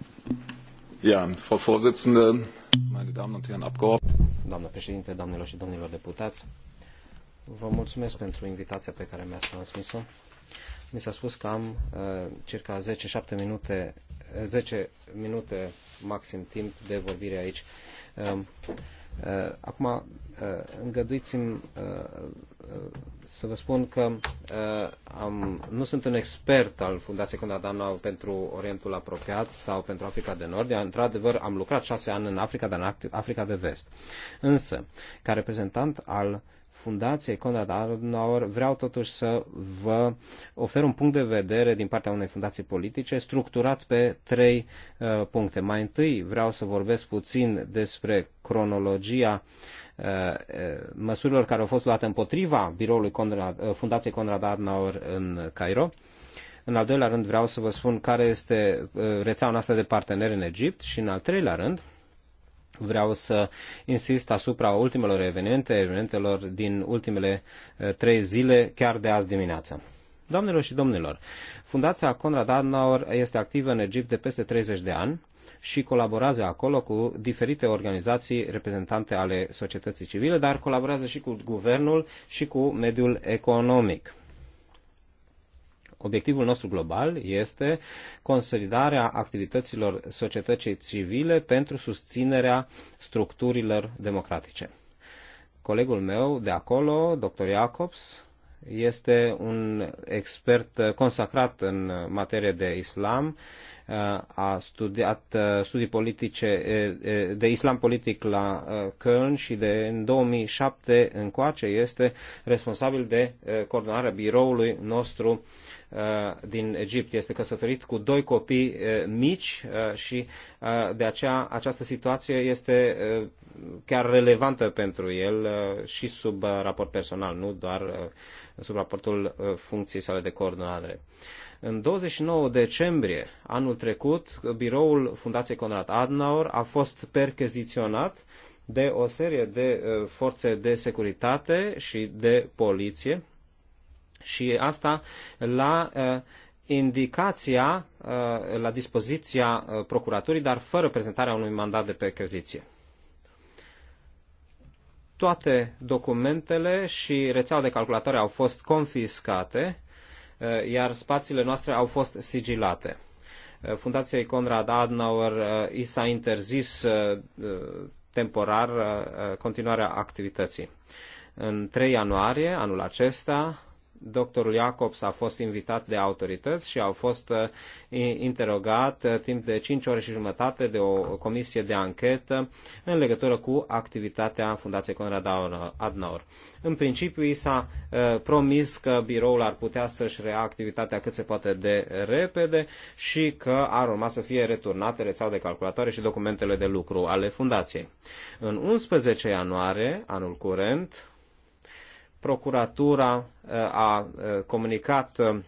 Ja, Frau Vorsitzende, meine Damen und Herren Abgeordneten. Doamnă președinte, doamnelor și domnilor deputați, vă mulțumesc pentru invitația pe care mi-ați transmis-o. Mi s-a spus că am uh, circa 10-7 minute, 10 uh, minute maxim timp de vorbire aici. Uh, Uh, acum, uh, îngăduiți-mi uh, să vă spun că am, nu sunt un expert al Fundației Condadanau pentru Orientul Apropiat sau pentru Africa de Nord. Într-adevăr, am lucrat șase ani în Africa, dar în Africa de Vest. Însă, ca reprezentant al Fundației Conrad Adenauer, vreau totuși să vă ofer un punct de vedere din partea unei fundații politice structurat pe trei uh, puncte. Mai întâi vreau să vorbesc puțin despre cronologia uh, uh, măsurilor care au fost luate împotriva biroului Conrad, uh, Fundației Conrad Adenauer în Cairo. În al doilea rând vreau să vă spun care este rețeaua noastră de parteneri în Egipt și în al treilea rând Vreau să insist asupra ultimelor evenimente, evenimentelor din ultimele eh, trei zile, chiar de azi dimineață. Doamnelor și domnilor, Fundația Conrad Adenauer este activă în Egipt de peste 30 de ani și colaborează acolo cu diferite organizații reprezentante ale societății civile, dar colaborează și cu guvernul și cu mediul economic. Obiectivul nostru global este consolidarea activităților societății civile pentru susținerea structurilor democratice. Colegul meu de acolo, dr. Jacobs, este un expert consacrat în materie de islam a studiat uh, studii politice uh, uh, de islam politic la Köln și de în 2007 încoace este responsabil de coordonarea biroului nostru din Egipt. Este căsătorit cu doi copii mici și de aceea această situație este chiar relevantă pentru el și sub raport personal, nu doar sub raportul funcției sale de coordonare. În 29 decembrie anul trecut, biroul Fundației Conrad Adenauer a fost percheziționat de o serie de uh, forțe de securitate și de poliție și asta la uh, indicația, uh, la dispoziția procuraturii, dar fără prezentarea unui mandat de percheziție toate documentele și rețeaua de calculatoare au fost confiscate Eh, iar spațiile noastre au fost sigilate. Eh, Fundația Conrad Adenauer eh, i s-a interzis temporar continuarea activității. În 3 ianuarie anul acesta, Doctorul Jacobs a fost invitat de autorități și au fost uh, interogat uh, timp de 5 ore și jumătate de o comisie de anchetă în legătură cu activitatea Fundației Conrad Adenauer. În principiu, i s-a uh, promis că biroul ar putea să-și rea activitatea cât se poate de repede și că ar urma să fie returnate rețeaua de calculatoare și documentele de lucru ale fundației. În 11 ianuarie, anul curent, Procuratura uh, a uh, comunicat uh,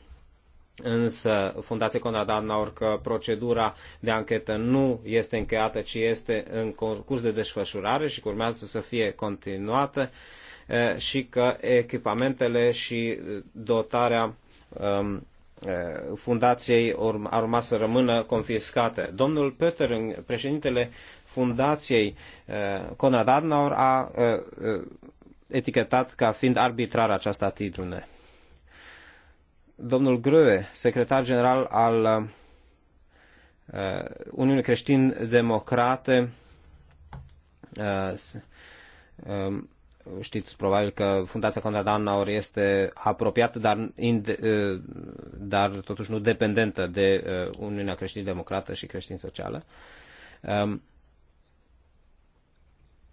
însă Fundația Conrad Adenauer că procedura de anchetă nu este încheiată, ci este în curs de desfășurare și că urmează să fie continuată și că echipamentele și dotarea um, fundației ar urma să rămână confiscate. Domnul Peter, președintele fundației Conrad Adenauer, a etichetat ca fiind arbitrar această atitudine. Domnul Grue, secretar general al uh, Uniunii Creștin-Democrate, uh, um, știți probabil că Fundația Conrad Adenauer este apropiată, dar, uh, dar totuși nu dependentă de Uniunea Creștin-Democrată și Creștin-Socială. Um,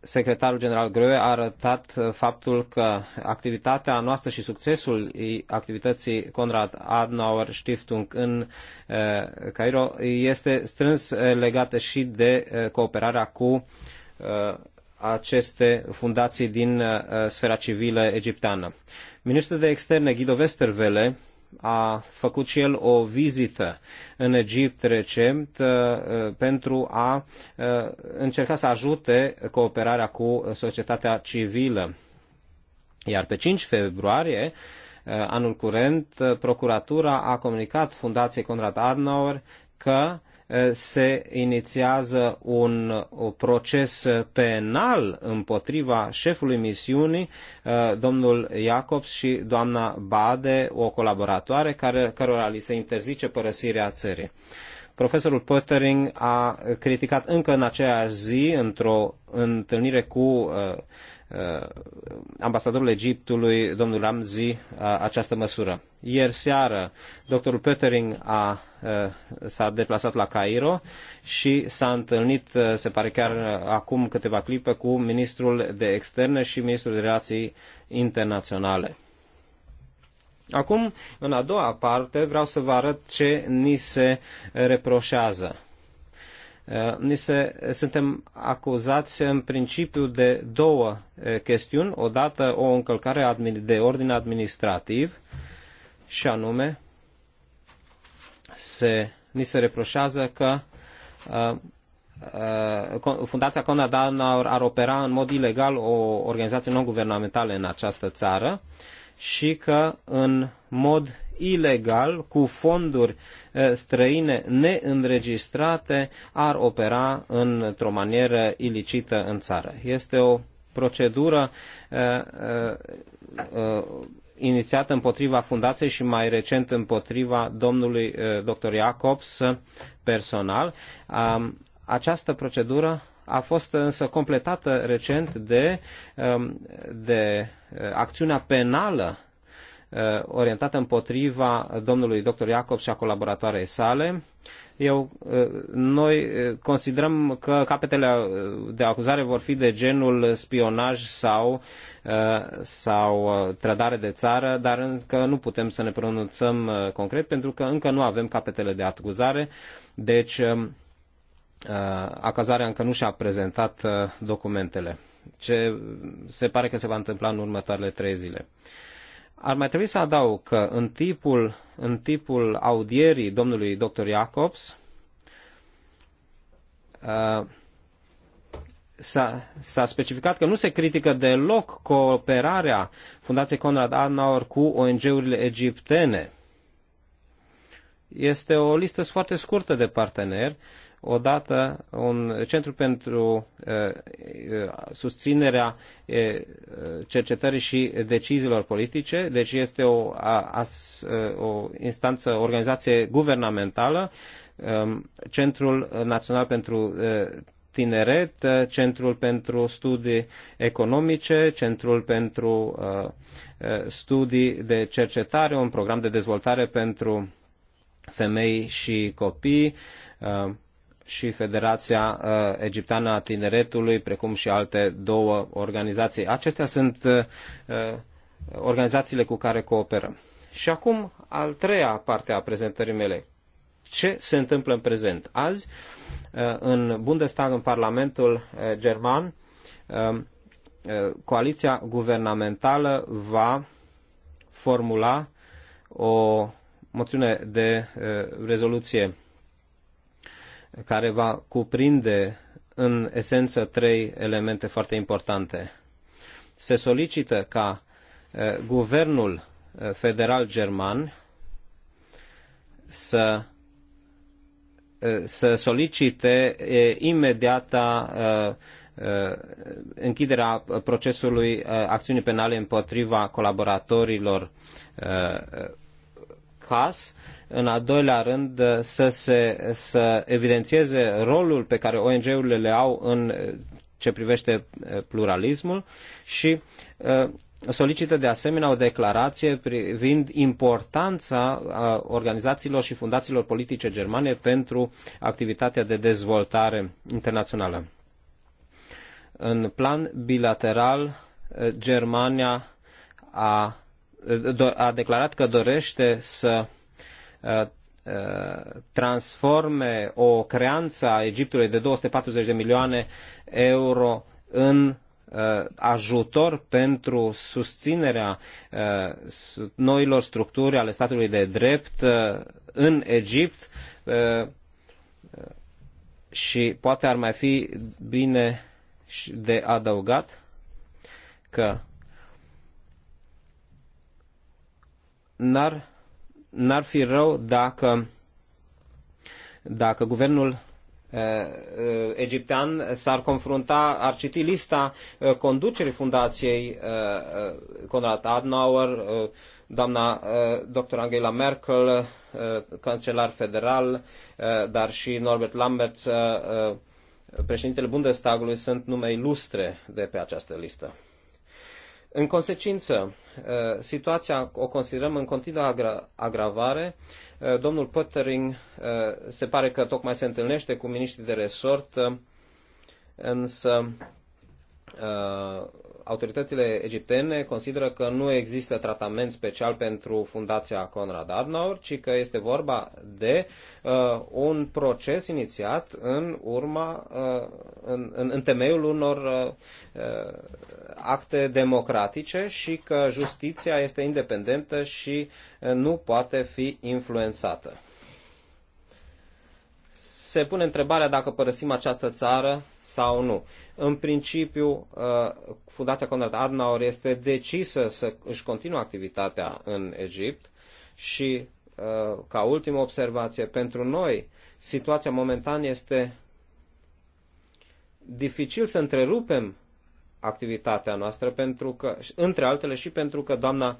secretarul general Greu a arătat uh, faptul că activitatea noastră și succesul activității Conrad Adenauer Stiftung în uh, Cairo este strâns uh, legată și de cooperarea cu aceste fundații din sfera civilă egipteană. Ministrul de externe Guido Westerwelle a făcut și el o vizită în Egipt recent uh, uh, pentru a uh, încerca să ajute cooperarea cu societatea civilă. Iar pe 5 februarie anul curent, procuratura a comunicat Fundației Conrad Adenauer că uh, se inițiază un proces penal împotriva șefului misiunii, uh, domnul Jacobs și doamna Bade, o colaboratoare care, cărora li se interzice părăsirea țării. Profesorul Pottering a criticat încă în aceeași zi, într-o întâlnire cu uh, Uh, ambasadorul Egiptului, domnul Ramzi, această măsură. Ieri seară, doctorul Pöttering a, uh, s-a deplasat la Cairo și s-a întâlnit, uh, se pare chiar acum câteva clipe, cu ministrul de externe și ministrul de relații internaționale. Acum, în a doua parte, vreau să vă arăt ce ni se reproșează. Eh, ni se, suntem acuzați în principiu de două eh, chestiuni. Odată o încălcare de ordin administrativ și anume se, ni se reproșează că uh, uh, Fundația Conrad Adenauer ar opera în mod ilegal o organizație non-guvernamentală în această țară și că în mod ilegal cu fonduri eh, străine neînregistrate ar opera într-o manieră ilicită în țară. Este o procedură eh, eh, inițiată împotriva fundației și mai recent împotriva domnului dr. Jacobs personal. Această procedură a fost însă completată recent de, de acțiunea penală Uh, orientată împotriva domnului dr. Iacob și a colaboratoarei sale. Eu, uh, noi uh, considerăm că capetele de acuzare vor fi de genul spionaj sau, sau trădare de țară, dar încă nu putem să ne pronunțăm concret pentru că încă nu avem capetele de acuzare. Deci, um, acuzarea încă nu și-a prezentat documentele. Ce se pare că se va întâmpla în următoarele trei zile. Ar mai trebui să adaug că în tipul, în tipul audierii domnului dr. Jacobs uh, s-a, specificat că nu se critică deloc cooperarea Fundației Conrad Adenauer cu ONG-urile egiptene. Este o listă foarte scurtă de parteneri odată un centru pentru susținerea cercetării și deciziilor politice, deci este o, as, o instanță, o organizație guvernamentală, Centrul Național pentru Tineret, Centrul pentru Studii Economice, Centrul pentru Studii de Cercetare, un program de dezvoltare pentru femei și copii, și Federația uh, Egipteană a Tineretului, precum și alte două organizații. Acestea sunt uh, uh, organizațiile cu care cooperăm. Și acum, al treia parte a prezentării mele. Ce se întâmplă în prezent? Azi, în Bundestag, în Parlamentul German, coaliția guvernamentală va formula o moțiune de rezoluție care va cuprinde în esență trei elemente foarte importante. Se solicită ca eh, guvernul eh, federal german să eh, să solicite imediata închiderea procesului acțiunii penale împotriva colaboratorilor CAS, în al doilea rând uh, să, se, să evidențieze rolul pe care ONG-urile le au în uh, ce privește uh, pluralismul și solicită de asemenea o declarație privind importanța organizațiilor și fundațiilor politice germane pentru activitatea de dezvoltare internațională. În plan bilateral, Germania a a declarat că dorește să uh, uh, transforme o creanță a Egiptului de 240 de milioane euro în uh, ajutor pentru susținerea noilor structuri ale statului de drept în Egipt și poate ar mai fi bine de adăugat că n-ar, n-ar fi rău dacă, dacă guvernul egiptean s-ar confrunta, ar citi lista conducerii fundației Konrad Adenauer, doamna dr. Angela Merkel, cancelar federal, dar și Norbert Lambert, președintele Bundestagului, sunt nume ilustre de pe această listă. În consecință, uh, situația o considerăm în continuă agra agravare. Uh, domnul Pottering uh, se pare că tocmai se întâlnește cu miniștrii de resort, însă autoritățile egiptene consideră că nu există tratament special pentru Fundația Conrad Adenauer, ci că este vorba de uh, un proces inițiat în urma, uh, în, în, în temeiul unor uh, uh acte democratice și că justiția este independentă și uh, nu poate fi influențată se pune întrebarea dacă părăsim această țară sau nu. În principiu, uh, Fundația Conrad Adenauer este decisă să își continue activitatea în Egipt și, uh, ca ultimă observație, pentru noi situația momentan este dificil să întrerupem activitatea noastră, pentru că, între altele și pentru că doamna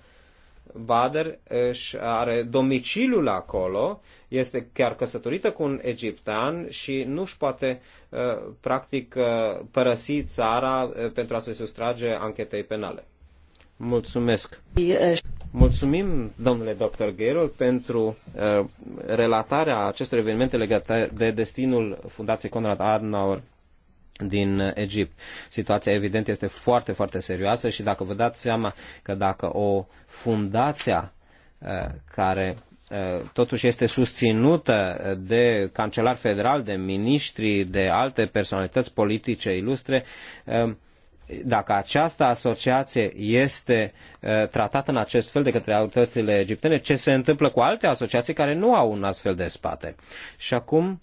Bader își are domiciliul acolo, este chiar căsătorită cu un egiptean și nu își poate uh, practic uh, părăsi țara uh, pentru a se sustrage anchetei penale. Mulțumesc. Mulțumim, domnule dr. Gherol, pentru uh, relatarea acestor evenimente legate de destinul Fundației Conrad Adenauer din Egipt. Situația evident este foarte, foarte serioasă și dacă vă dați seama că dacă o fundația uh, care uh, totuși este susținută de cancelar federal, de miniștri, de alte personalități politice ilustre, uh, dacă această asociație este tratată în acest fel de către autoritățile egiptene, ce se întâmplă cu alte asociații care nu au un astfel de spate? Și acum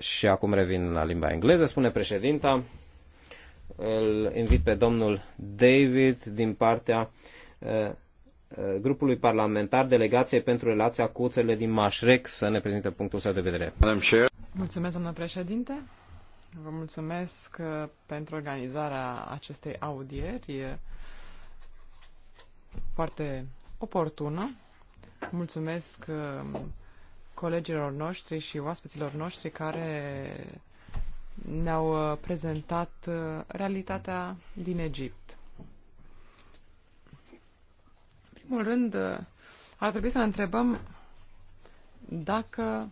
Și acum revin la limba engleză, spune președinta. Îl invit pe domnul David din partea eh, eh, grupului parlamentar delegației pentru relația cu țările din Mașrec să ne prezinte punctul său de vedere. Mulțumesc, domnule președinte. Vă mulțumesc eh, pentru organizarea acestei audieri. E foarte oportună. Mulțumesc colegilor noștri și oaspeților noștri care ne-au uh, prezentat uh, realitatea din Egipt. În primul rând, uh, ar trebui să ne întrebăm dacă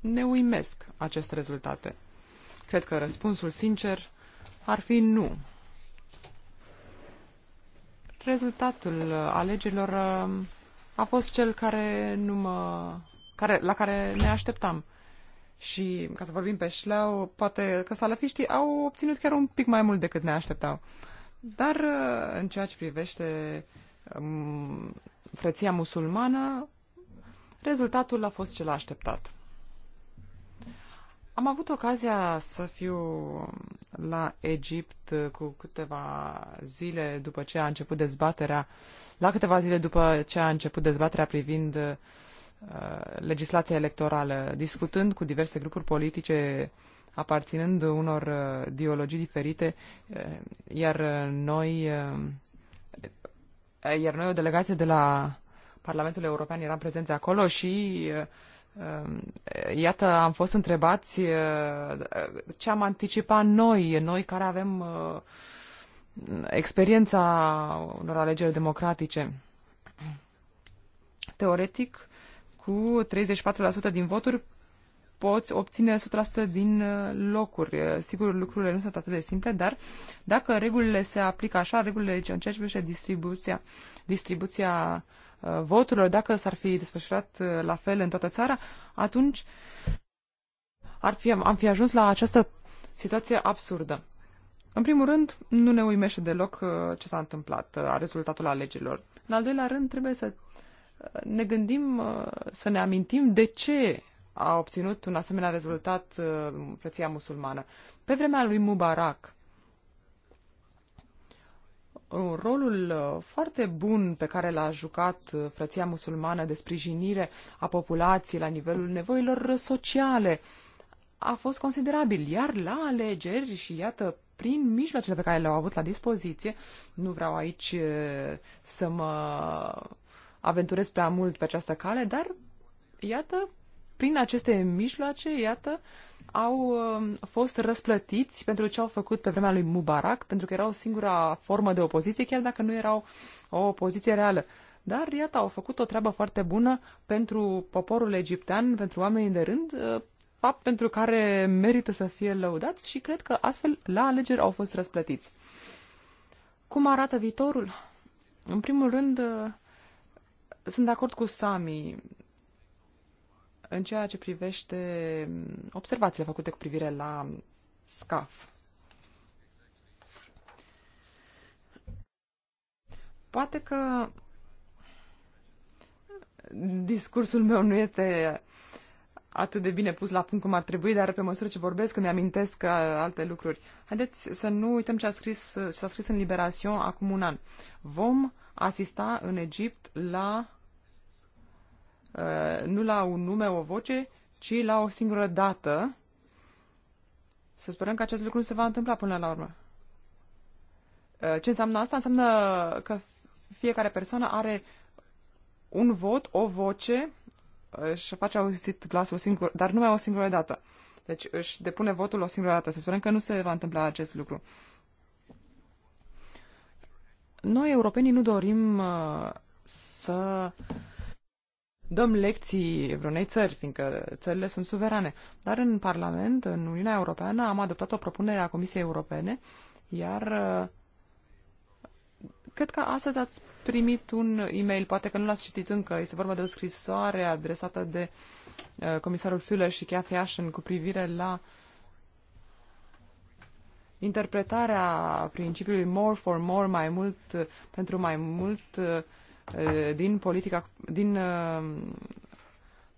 ne uimesc aceste rezultate. Cred că răspunsul sincer ar fi nu. Rezultatul alegerilor a fost cel care nu mă care, la care ne așteptam. Și, ca să vorbim pe șleau, poate că salafiștii au obținut chiar un pic mai mult decât ne așteptau. Dar, uh, în ceea ce privește um, frăția musulmană, rezultatul a fost cel așteptat. Am avut ocazia să fiu la Egipt uh, cu câteva zile după ce a început dezbaterea, la câteva zile după ce a început dezbaterea privind uh, Uh, legislația electorală, discutând cu diverse grupuri politice aparținând unor uh, ideologii diferite, uh, iar noi, iar noi o delegație de la Parlamentul European eram prezenți acolo și iată, am fost întrebați ce am anticipat noi, noi care avem experiența unor alegeri democratice. Teoretic, cu 34% din voturi poți obține 100% din uh, locuri. Uh, sigur, lucrurile nu sunt atât de simple, dar dacă regulile se aplică așa, regulile în ceea ce privește distribuția, distribuția uh, voturilor, dacă s-ar fi desfășurat la fel în toată țara, atunci ar fi, am fi ajuns la această situație absurdă. În primul rând, nu ne uimește deloc ce s-a întâmplat, rezultatul alegerilor. În al doilea rând, trebuie să ne gândim uh, să ne amintim de ce a obținut un asemenea rezultat uh, frăția musulmană. Pe vremea lui Mubarak, uh, rolul foarte bun pe care l-a jucat frăția musulmană de sprijinire a populației la nivelul nevoilor sociale a fost considerabil, iar la alegeri și iată prin mijloacele pe care le-au avut la dispoziție, nu vreau aici să mă aventurez prea mult pe această cale, dar iată, prin aceste mijloace, iată, au um, fost răsplătiți pentru ce au făcut pe vremea lui Mubarak, pentru că erau singura formă de opoziție, chiar dacă nu erau o opoziție reală. Dar, iată, au făcut o treabă foarte bună pentru poporul egiptean, pentru oamenii de rând, uh, fapt pentru care merită să fie lăudați și cred că astfel la alegeri au fost răsplătiți. Cum arată viitorul? În primul rând, uh, sunt de acord cu Sami în ceea ce privește observațiile făcute cu privire la SCAF. Poate că discursul meu nu este atât de bine pus la punct cum ar trebui, dar pe măsură ce vorbesc îmi amintesc uh, alte lucruri. Haideți să nu uităm ce a scris, ce a scris în Liberation acum un an. Vom asista în Egipt la Uh, nu la un nume, o voce, ci la o singură dată. Să sperăm că acest lucru nu se va întâmpla până la urmă. Uh, ce înseamnă asta? Înseamnă că fiecare persoană are un vot, o voce și face auzit glasul singur, dar numai o singură dată. Deci își depune votul o singură dată. Să sperăm că nu se va întâmpla acest lucru. Noi, europenii, nu dorim uh, să uh, dăm lecții vreunei țări, fiindcă țările sunt suverane. Dar în Parlament, în Uniunea Europeană, am adoptat o propunere a Comisiei Europene, iar uh, cred că astăzi ați primit un e-mail, poate că nu l-ați citit încă, este vorba de o scrisoare adresată de uh, comisarul Fuller și Cathy Ashton cu privire la interpretarea principiului more for more, mai mult uh, pentru mai mult, Eh, din politica, din eh,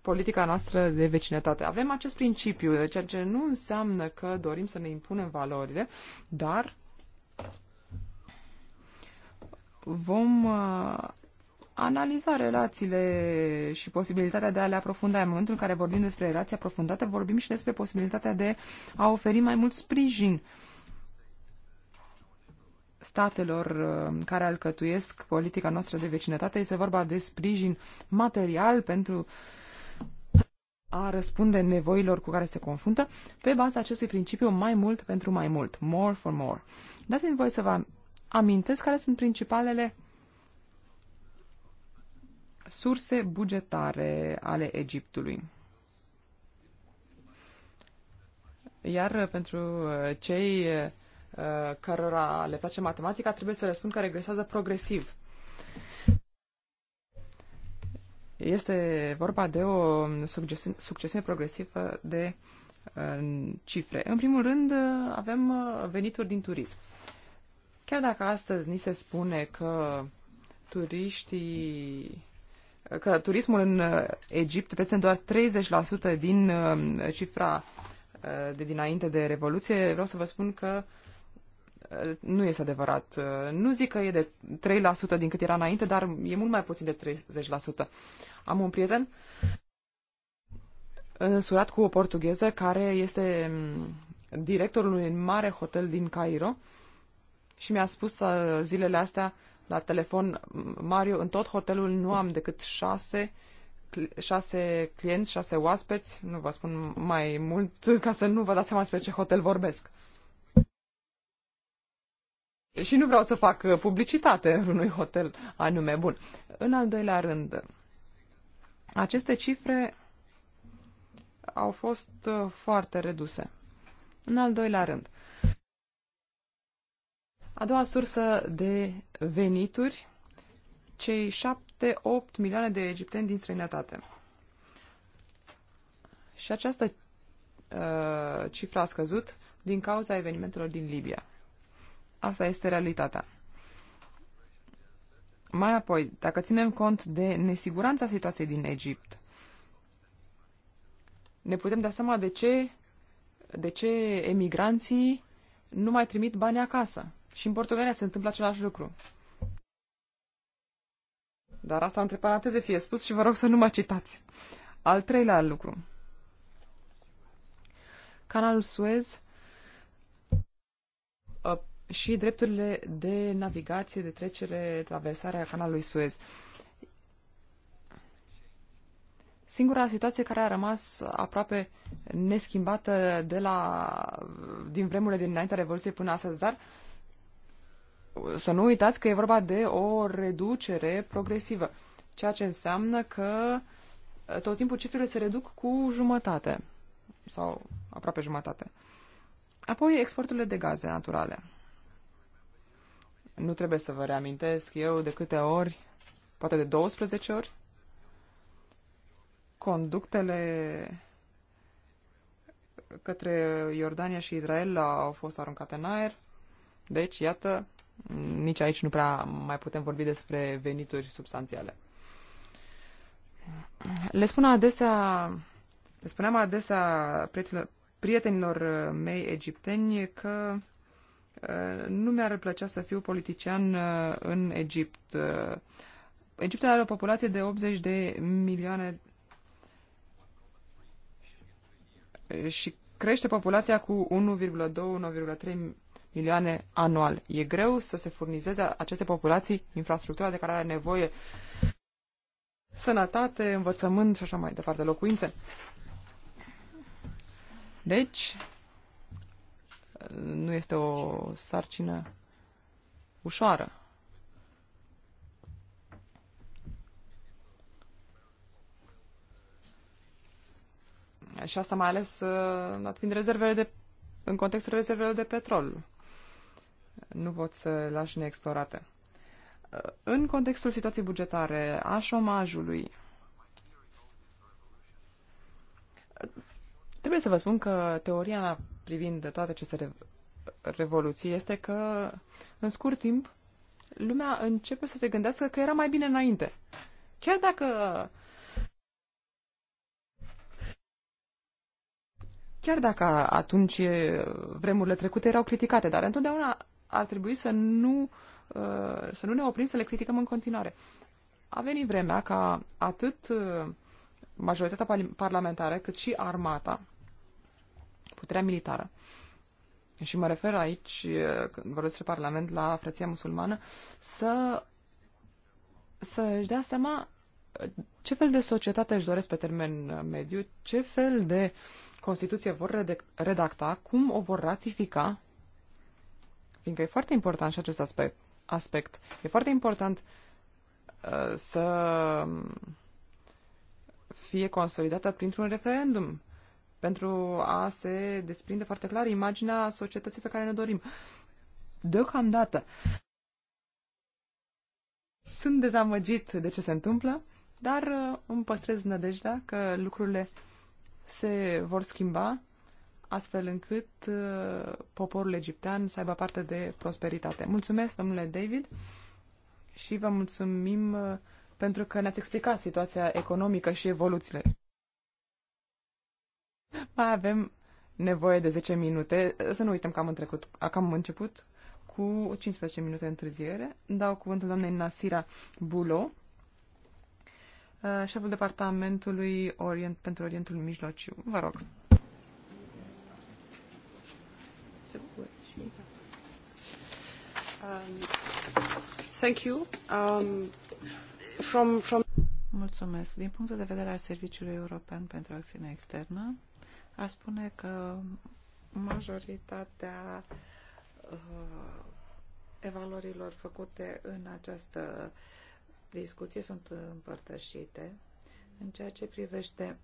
politica noastră de vecinătate. Avem acest principiu, ceea ce nu înseamnă că dorim să ne impunem valorile, dar vom eh, analiza relațiile și posibilitatea de a le aprofunda. În momentul în care vorbim despre relații aprofundate, vorbim și despre posibilitatea de a oferi mai mult sprijin uh, statelor uh, care alcătuiesc politica noastră de vecinătate. Este vorba de sprijin material pentru a răspunde nevoilor cu care se confruntă, pe baza acestui principiu mai mult pentru mai mult, more for more. Dați-mi voi să vă amintesc care sunt principalele surse bugetare ale Egiptului. Iar uh, pentru uh, cei Uh, cărora le place matematica trebuie să le spun că regresează progresiv. Este vorba de o succesiune, succesiune progresivă de uh, cifre. În primul rând, uh, avem venituri din turism. Chiar dacă astăzi ni se spune că turiștii că turismul în Egipt reprezintă doar 30% din cifra de dinainte de Revoluție, vreau să vă spun că uh, Uh, nu este adevărat. Uh, nu zic că e de 3% din cât era înainte, dar e mult mai puțin de 30%. Am un prieten însurat cu o portugheză care este mm, directorul unui mare hotel din Cairo și mi-a spus uh, zilele astea la telefon, Mario, în tot hotelul nu am decât șase, șase clienți, șase oaspeți, nu vă spun mai mult ca să nu vă dați seama despre ce hotel vorbesc și nu vreau să fac uh, publicitate în unui hotel anume. Bun. În al doilea rând, aceste cifre au fost uh, foarte reduse. În al doilea rând, a doua sursă de venituri, cei 7-8 milioane de egipteni din străinătate. Și această uh, cifră a scăzut din cauza evenimentelor din Libia. Asta este realitatea. Mai apoi, dacă ținem cont de nesiguranța situației din Egipt, ne putem da seama de ce, de ce emigranții nu mai trimit bani acasă. Și în Portugalia se întâmplă același lucru. Dar asta între paranteze fie spus și vă rog să nu mă citați. Al treilea lucru. Canalul Suez și drepturile de navigație, de trecere, traversarea canalului Suez. Singura situație care a rămas aproape neschimbată de la, din vremurile dinaintea Revoluției până astăzi, dar să nu uitați că e vorba de o reducere progresivă, ceea ce înseamnă că uh, tot timpul cifrele se reduc cu jumătate sau aproape jumătate. Apoi exporturile de gaze naturale. Nu trebuie să vă reamintesc eu de câte ori, poate de 12 ori, conductele către Iordania și Israel au fost aruncate în aer. Deci, iată, nici aici nu prea mai putem vorbi despre venituri substanțiale. Le spun adesea, le spuneam adesea prietenilor mei egipteni că Uh, nu mi-ar plăcea să fiu politician uh, în Egipt. Uh, Egiptul are o populație de 80 de milioane și crește populația cu 1,2-1,3 milioane anual. E greu să se furnizeze aceste populații infrastructura de care are nevoie, sănătate, învățământ și așa mai departe, locuințe. Deci, nu este o sarcină ușoară. Și asta mai ales uh, dat fiind rezervele de, în contextul rezervelor de petrol. Nu pot să le lași neexplorate. Uh, în contextul situației bugetare, a șomajului, uh, trebuie să vă spun că teoria privind toate aceste revoluții este că, în scurt timp, lumea începe să se gândească că era mai bine înainte. Chiar dacă chiar dacă atunci vremurile trecute erau criticate, dar întotdeauna ar trebui să nu, uh, să nu ne oprim să le criticăm în continuare. A venit vremea ca atât uh, majoritatea parlamentară cât și armata puterea militară. Și mă refer aici, când vorbesc despre Parlament, la frăția musulmană, să, să își dea seama ce fel de societate își doresc pe termen mediu, ce fel de Constituție vor redacta, cum o vor ratifica, fiindcă e foarte important și acest aspect. aspect. E foarte important uh, să fie consolidată printr-un referendum pentru a se desprinde foarte clar imaginea societății pe care ne dorim. Deocamdată sunt dezamăgit de ce se întâmplă, dar uh, îmi păstrez nădejdea că lucrurile se vor schimba astfel încât uh, poporul egiptean să aibă parte de prosperitate. Mulțumesc, domnule David, și vă mulțumim uh, pentru că ne-ați explicat situația economică și evoluțiile. Mai avem nevoie de 10 minute. Să nu uităm că am, întrecut, că am început cu 15 minute întârziere. Dau cuvântul doamnei Nasira Bulo, uh, șeful departamentului Orient, pentru Orientul Mijlociu. Vă rog. Um, thank you. Um, from, from... Mulțumesc. Din punctul de vedere al Serviciului European pentru Acțiune Externă, a spune că majoritatea uh, evaluărilor făcute în această discuție sunt împărtășite în ceea ce privește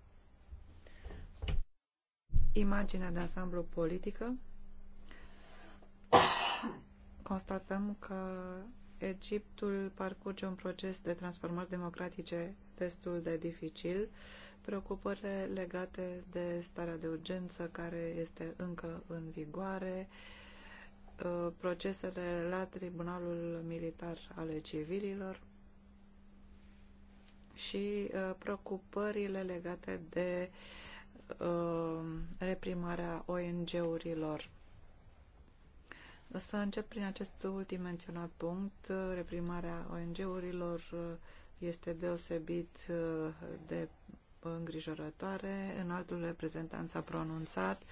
imaginea de ansamblu politică constatăm că Egiptul parcurge un proces de transformări democratice destul de dificil, preocupările legate de starea de urgență care este încă în vigoare, uh, procesele la Tribunalul Militar ale Civililor și uh, preocupările legate de uh, reprimarea ONG-urilor să încep prin acest ultim menționat punct. Reprimarea ONG-urilor este deosebit de îngrijorătoare. altul reprezentant s-a pronunțat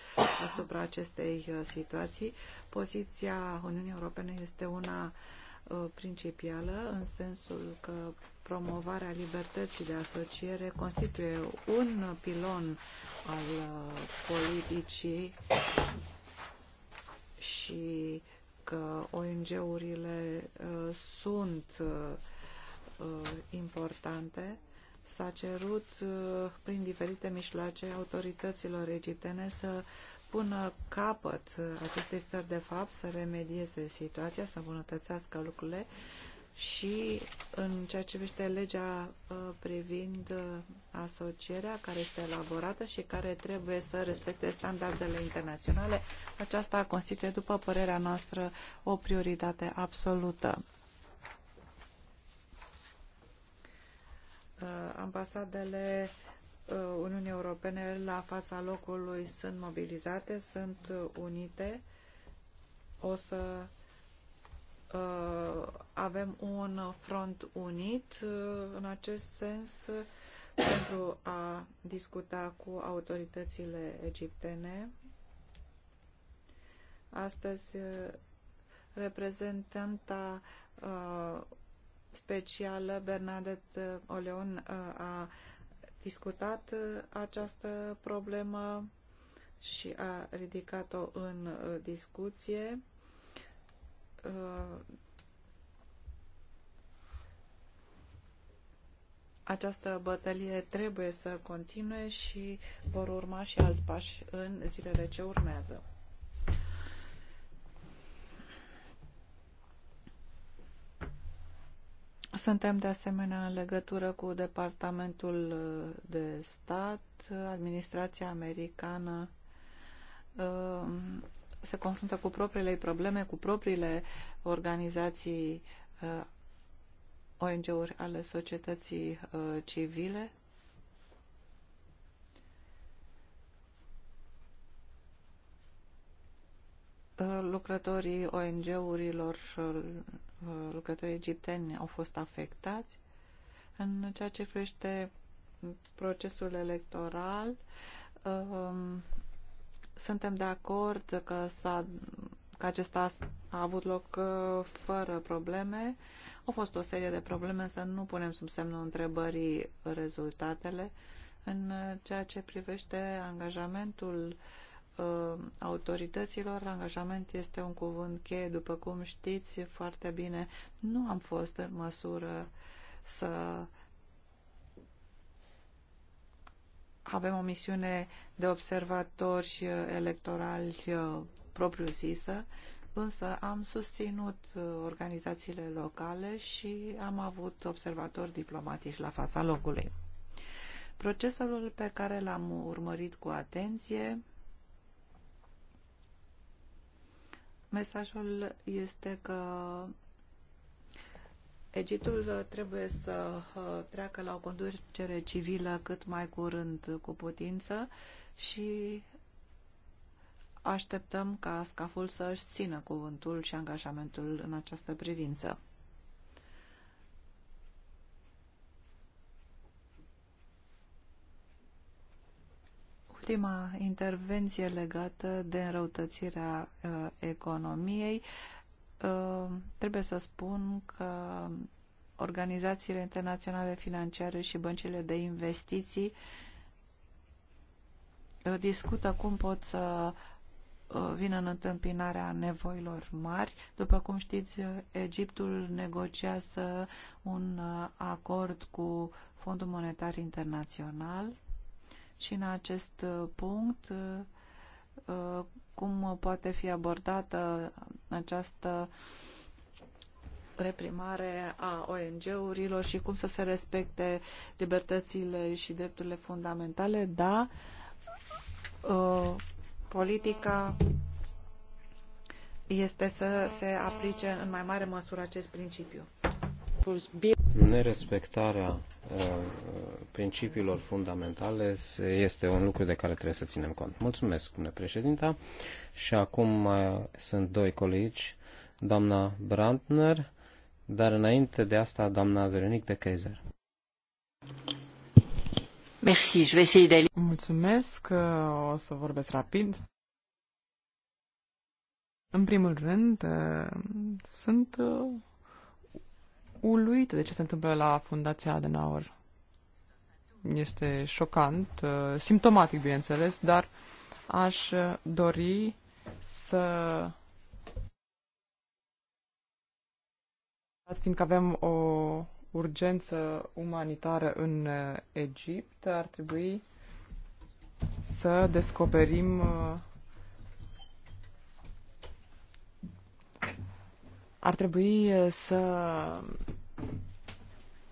asupra acestei situații. Poziția Uniunii Europene este una uh, principială în sensul că promovarea libertății de asociere constituie un pilon al uh, politicii și că ONG-urile uh, sunt uh, uh, importante. S-a cerut prin diferite mișloace autorităților egiptene să pună capăt acestei stări de fapt, să remedieze situația, să îmbunătățească lucrurile, și în ceea ce privește legea uh, privind uh, asocierea care este elaborată și care trebuie să respecte standardele internaționale, aceasta constituie, după părerea noastră, o prioritate absolută. Uh, ambasadele Uniunii Europene la fața locului sunt mobilizate, sunt unite. O să Uh, avem un front unit uh, în acest sens uh, pentru a discuta cu autoritățile egiptene. Astăzi, reprezentanta specială Bernadette Oleon a discutat această problemă și a ridicat-o în discuție Uh, această bătălie trebuie să continue și vor urma și alți pași în zilele ce urmează. Suntem de asemenea în legătură cu Departamentul de Stat, Administrația Americană uh, se confruntă cu propriile probleme, cu propriile organizații uh, ONG-uri ale societății uh, civile. Uh, lucrătorii ONG-urilor, lucrătorii egipteni au fost afectați. În ceea ce privește procesul electoral, suntem de acord că, s-a, că acesta a avut loc uh, fără probleme. Au fost o serie de probleme, să nu punem sub semnul întrebării rezultatele. În uh, ceea ce privește angajamentul uh, autorităților, angajament este un cuvânt cheie, după cum știți foarte bine, nu am fost în măsură să uh, avem o misiune de observatori uh, electorali uh, propriu-zisă, însă am susținut uh, organizațiile locale și am avut observatori diplomatici la fața locului. Procesul pe care l-am urmărit cu atenție, mesajul este că Egiptul uh, trebuie să uh, treacă la o conducere civilă cât mai curând cu putință și așteptăm ca scaful să își țină cuvântul și angajamentul în această privință. Ultima intervenție legată de înrăutățirea uh, economiei Ehm, trebuie să spun că organizațiile internaționale financiare și băncile de investiții uh, discută cum pot să uh, vină în întâmpinarea nevoilor mari. După cum știți, Egiptul negociază un uh, acord cu Fondul Monetar Internațional și în acest punct Uh, cum poate fi abordată această reprimare a ONG-urilor și cum să se respecte libertățile și drepturile fundamentale, da, uh, politica este să se aplice în mai mare măsură acest principiu nerespectarea uh, principiilor fundamentale este un lucru de care trebuie să ținem cont. Mulțumesc, spune președinta. Și acum mai uh, sunt doi colegi, doamna Brandner, dar înainte de asta doamna Veronique de Kaiser. Merci, je vais essayer d'aller. Mulțumesc, uh, o să vorbesc rapid. În primul rând, sunt uluită de ce se întâmplă la Fundația Adenauer. Este șocant, uh, simptomatic, bineînțeles, dar aș uh, dori să fiindcă avem o urgență umanitară în uh, Egipt, ar trebui să descoperim ar trebui uh, să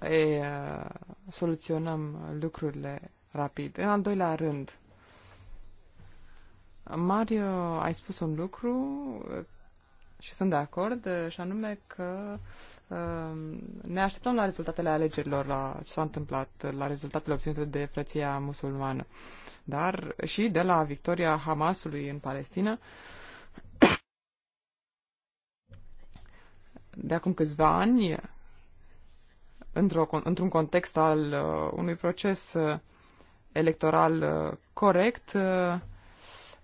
e, uh, soluționăm lucrurile rapid. În al doilea rând, Mario, ai spus un lucru uh, și sunt de acord, și anume că ne așteptăm la rezultatele alegerilor, la ce s-a întâmplat, la rezultatele obținute de frăția musulmană, dar și de la victoria Hamasului în Palestina, de acum câțiva ani, într un context al uh, unui proces uh, electoral uh, corect, uh,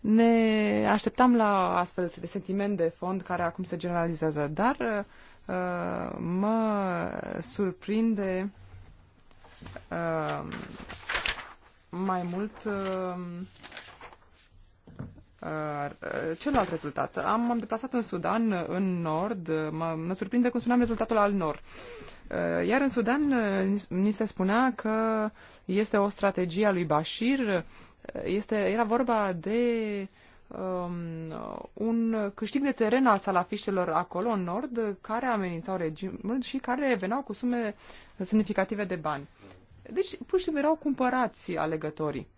ne așteptam la astfel de sentiment de fond care acum se generalizează, dar uh, mă surprinde uh, mai mult uh, Uh, uh, celălalt rezultat. Am, am deplasat în Sudan, uh, în Nord. Mă, mă surprinde cum spuneam rezultatul al Nord. Iar în Sudan ni se spunea că este o strategie a lui Bashir. Este, era vorba de um, un câștig de teren al salafiștilor acolo în nord care amenințau regimul și care veneau cu sume semnificative de bani. Deci, pur și simplu erau cumpărați alegătorii.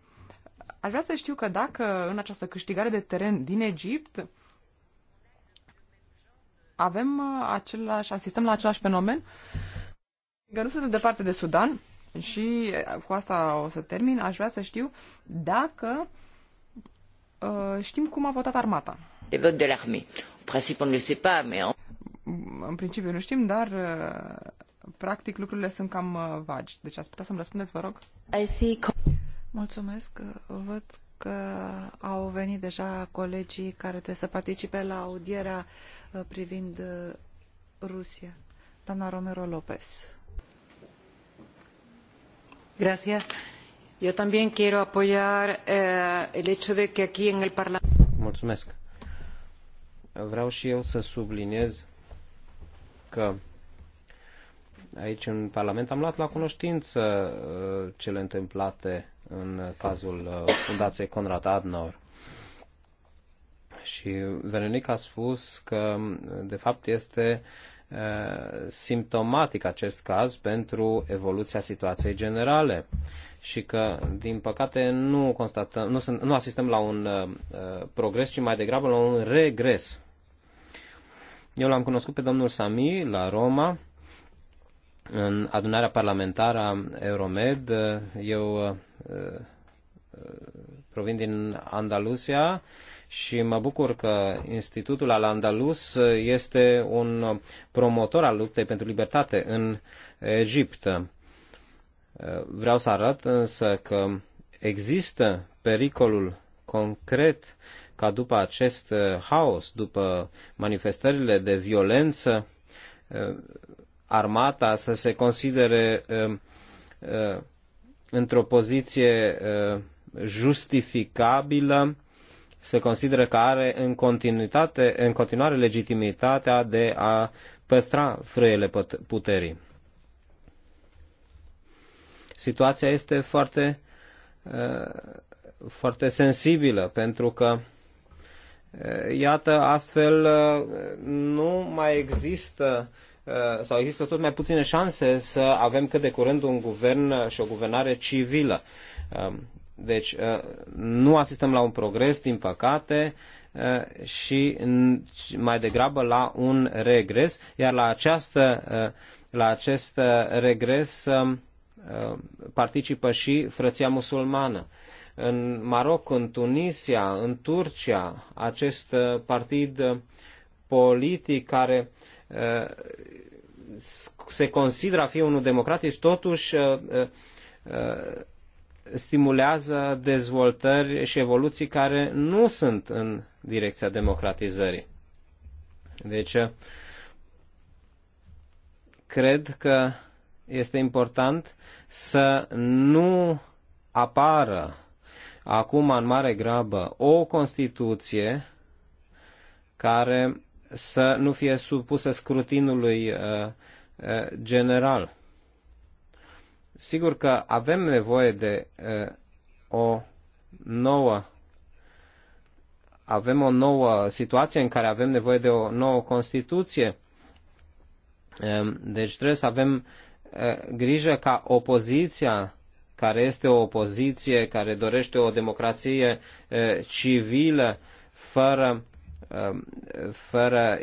Aș vrea să știu că dacă în această câștigare de teren din Egipt avem uh, același, asistăm la același fenomen, că nu suntem departe de Sudan și uh, cu asta o să termin, aș vrea să știu dacă uh, știm cum a votat armata. Les votes de l'armée. En principe, on ne le sait pas, mais... În principiu nu știm, dar practic lucrurile sunt cam vagi. Deci ați putea să-mi răspundeți, vă rog? I see... Mulțumesc. Văd că au venit deja colegii care trebuie să participe la audierea uh, privind uh, Rusia. Doamna Romero Lopez. Gracias. Yo también quiero apoyar eh, el hecho de que aquí en el Parlamento. Mulțumesc. Vreau și eu să subliniez că aici în Parlament am luat la cunoștință uh, cele întâmplate în cazul uh, Fundației Conrad Adenauer. Și Veronica a spus că, de fapt, este uh, simptomatic acest caz pentru evoluția situației generale și că, din păcate, nu, constatăm, nu, sunt, nu asistăm la un uh, progres, ci mai degrabă la un regres. Eu l-am cunoscut pe domnul Sami la Roma în adunarea parlamentară a Euromed, eu uh, uh, provin din Andalusia și mă bucur că Institutul al Andalus este un promotor al luptei pentru libertate în Egipt. Uh, vreau să arăt însă că există pericolul concret ca după acest haos, după manifestările de violență, armata să se considere um, uh, într-o poziție uh, justificabilă, se consideră că are în, continuitate, în continuare legitimitatea de a păstra frâiele puterii. Situația este foarte, uh, foarte sensibilă pentru că Iată, astfel nu mai există Uh, sau există tot mai puține șanse să avem cât de curând un guvern și o guvernare civilă. Um, deci uh, nu asistăm la un progres, din păcate, uh, și mai degrabă la un regres, iar la, această, la acest regres um, participă și frăția musulmană. În Maroc, în Tunisia, în Turcia, acest partid politic care uh, Uh, se consideră a fi unul democratic, totuși uh, uh, stimulează dezvoltări și evoluții care nu sunt în direcția democratizării. Deci, cred că este important să nu apară acum în mare grabă o Constituție care să nu fie supuse scrutinului uh, uh, general. Sigur că avem nevoie de uh, o nouă avem o nouă situație în care avem nevoie de o nouă Constituție. Um, deci trebuie să avem grijă ca opoziția, care este o opoziție, care dorește o democrație civilă, fără Um, fără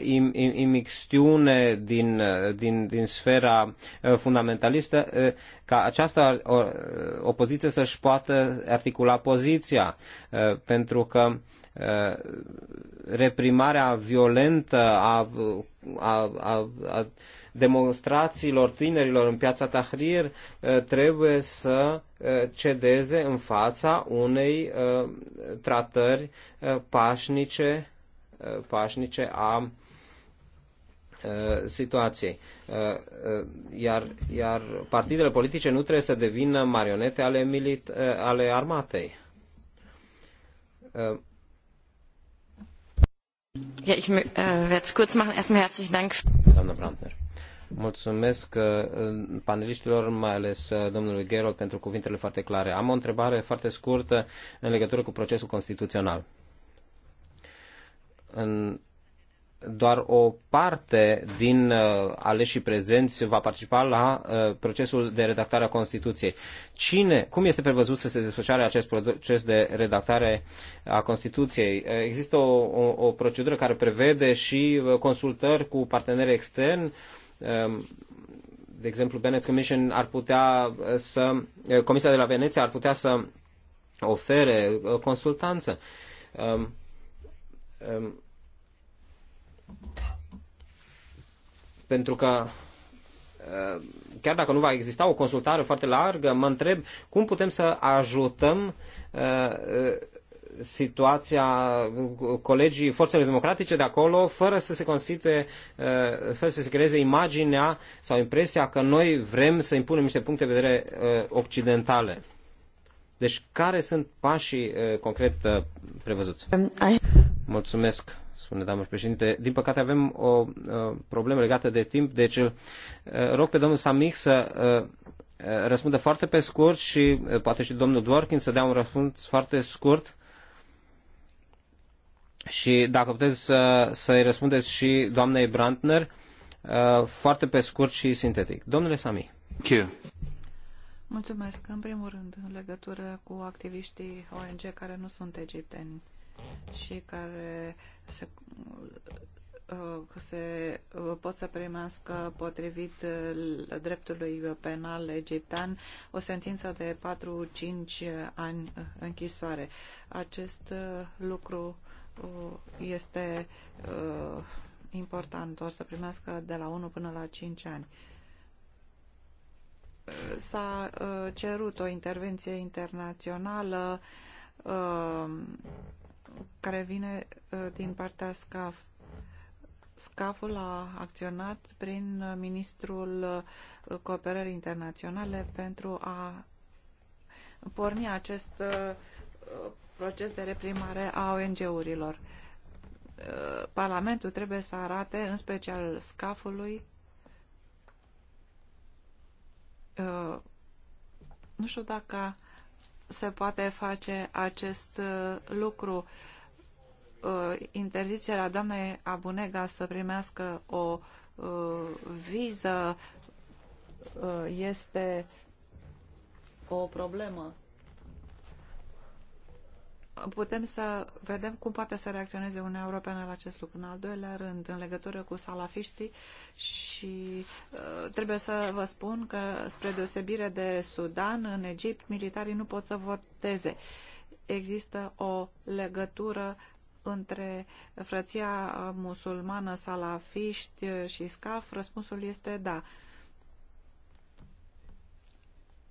imixtiune din, din, din sfera uh, fundamentalistă, uh, ca această uh, opoziție să-și poată articula poziția, pentru că reprimarea violentă a, a, a, a demonstrațiilor tinerilor în piața Tahrir trebuie să cedeze în fața unei tratări pașnice pașnice a situației. Iar, iar partidele politice nu trebuie să devină marionete ale, milit, ale armatei. Ja, ich äh, werde es kurz machen. Erstmal herzlichen Dank. Doamna Brandner. Mulțumesc paneliștilor, mai ales domnului Gerold, pentru cuvintele foarte clare. Am o întrebare foarte scurtă în legătură cu procesul constituțional în doar o parte din uh, aleșii prezenți va participa la uh, procesul de redactare a Constituției. Cine, cum este prevăzut să se desfășoare acest proces de redactare a Constituției? Uh, există o, o, o procedură care prevede și uh, consultări cu parteneri externi. Uh, de exemplu, Bennett's Commission ar putea uh, să, uh, Comisia de la Veneția ar putea să ofere uh, consultanță. Uh, uh, pentru că uh, chiar dacă nu va exista o consultare foarte largă, mă întreb cum putem să ajutăm uh, uh, situația colegii forțelor democratice de acolo fără să se constituie, fără să se creeze imaginea sau impresia că noi vrem să impunem niște puncte de vedere occidentale. Deci care sunt pașii concret prevăzuți? Um, Mulțumesc spune domnul președinte. Din păcate avem o uh, problemă legată de timp, deci uh, rog pe domnul Samic să uh, răspundă foarte pe scurt și poate și domnul Dworkin să dea un răspuns foarte scurt. Și dacă puteți să, să-i răspundeți și doamnei uh, foarte pe scurt și sintetic. Domnule Sami. Thank Mulțumesc. În primul rând, în legătură cu activiștii ONG care nu sunt egipteni și care se, uh, se uh, pot să primească potrivit uh, dreptului penal egiptean o sentință de 4-5 ani închisoare. Acest lucru este important, o să primească de la 1 până la 5 ani s-a cerut o intervenție internațională care vine uh, din partea SCAF. SCAF-ul a acționat prin uh, Ministrul uh, Cooperării Internaționale pentru a porni acest proces de reprimare a ONG-urilor. Parlamentul trebuie să arate, în special SCAF-ului, nu știu dacă se poate face acest uh, lucru. Uh, interzicerea doamnei Abunega să primească o uh, viză este o problemă putem să vedem cum poate să reacționeze Uniunea Europeană la acest lucru. În al doilea rând, în legătură cu salafiștii și uh, trebuie să vă spun că, spre deosebire de Sudan, în Egipt, militarii nu pot să voteze. Există o legătură între frăția musulmană, salafiști și scaf? Răspunsul este da.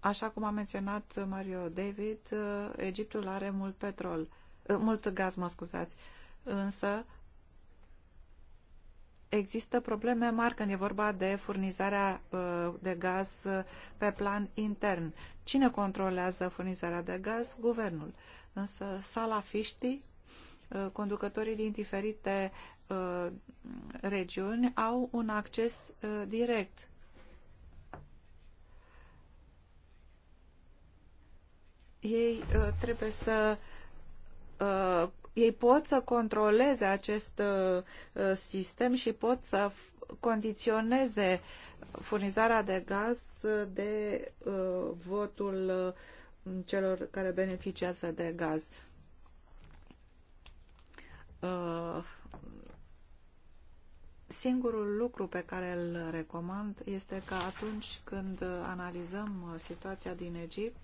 Așa cum a menționat Mario David, uh, Egiptul are mult petrol, uh, mult gaz, mă scuzați, însă există probleme mari când e vorba de furnizarea uh, de gaz pe plan intern. Cine controlează furnizarea de gaz? Guvernul. Însă salafiștii, conducătorii din diferite regiuni, au un acces direct Ei uh, trebuie să uh, ei pot să controleze acest uh, sistem și pot să condiționeze furnizarea de gaz de votul celor care beneficiază de gaz. Singurul lucru pe care îl recomand este că atunci când analizăm situația din Egipt,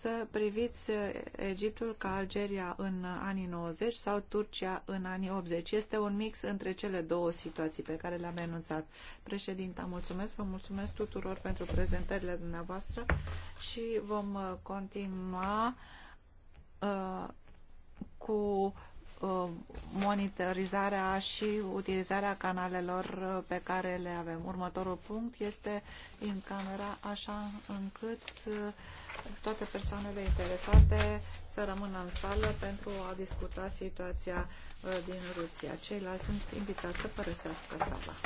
să priviți uh, Egiptul ca Algeria în uh, anii 90 sau Turcia în anii 80. Este un mix între cele două situații pe care le-am enunțat. Președinta, mulțumesc, vă mulțumesc tuturor pentru prezentările dumneavoastră și vom uh, continua uh, cu monitorizarea și utilizarea canalelor pe care le avem. Următorul punct este în camera așa încât uh, toate persoanele interesate să rămână în sală pentru a discuta situația uh, din Rusia. Ceilalți sunt invitați să părăsească sala.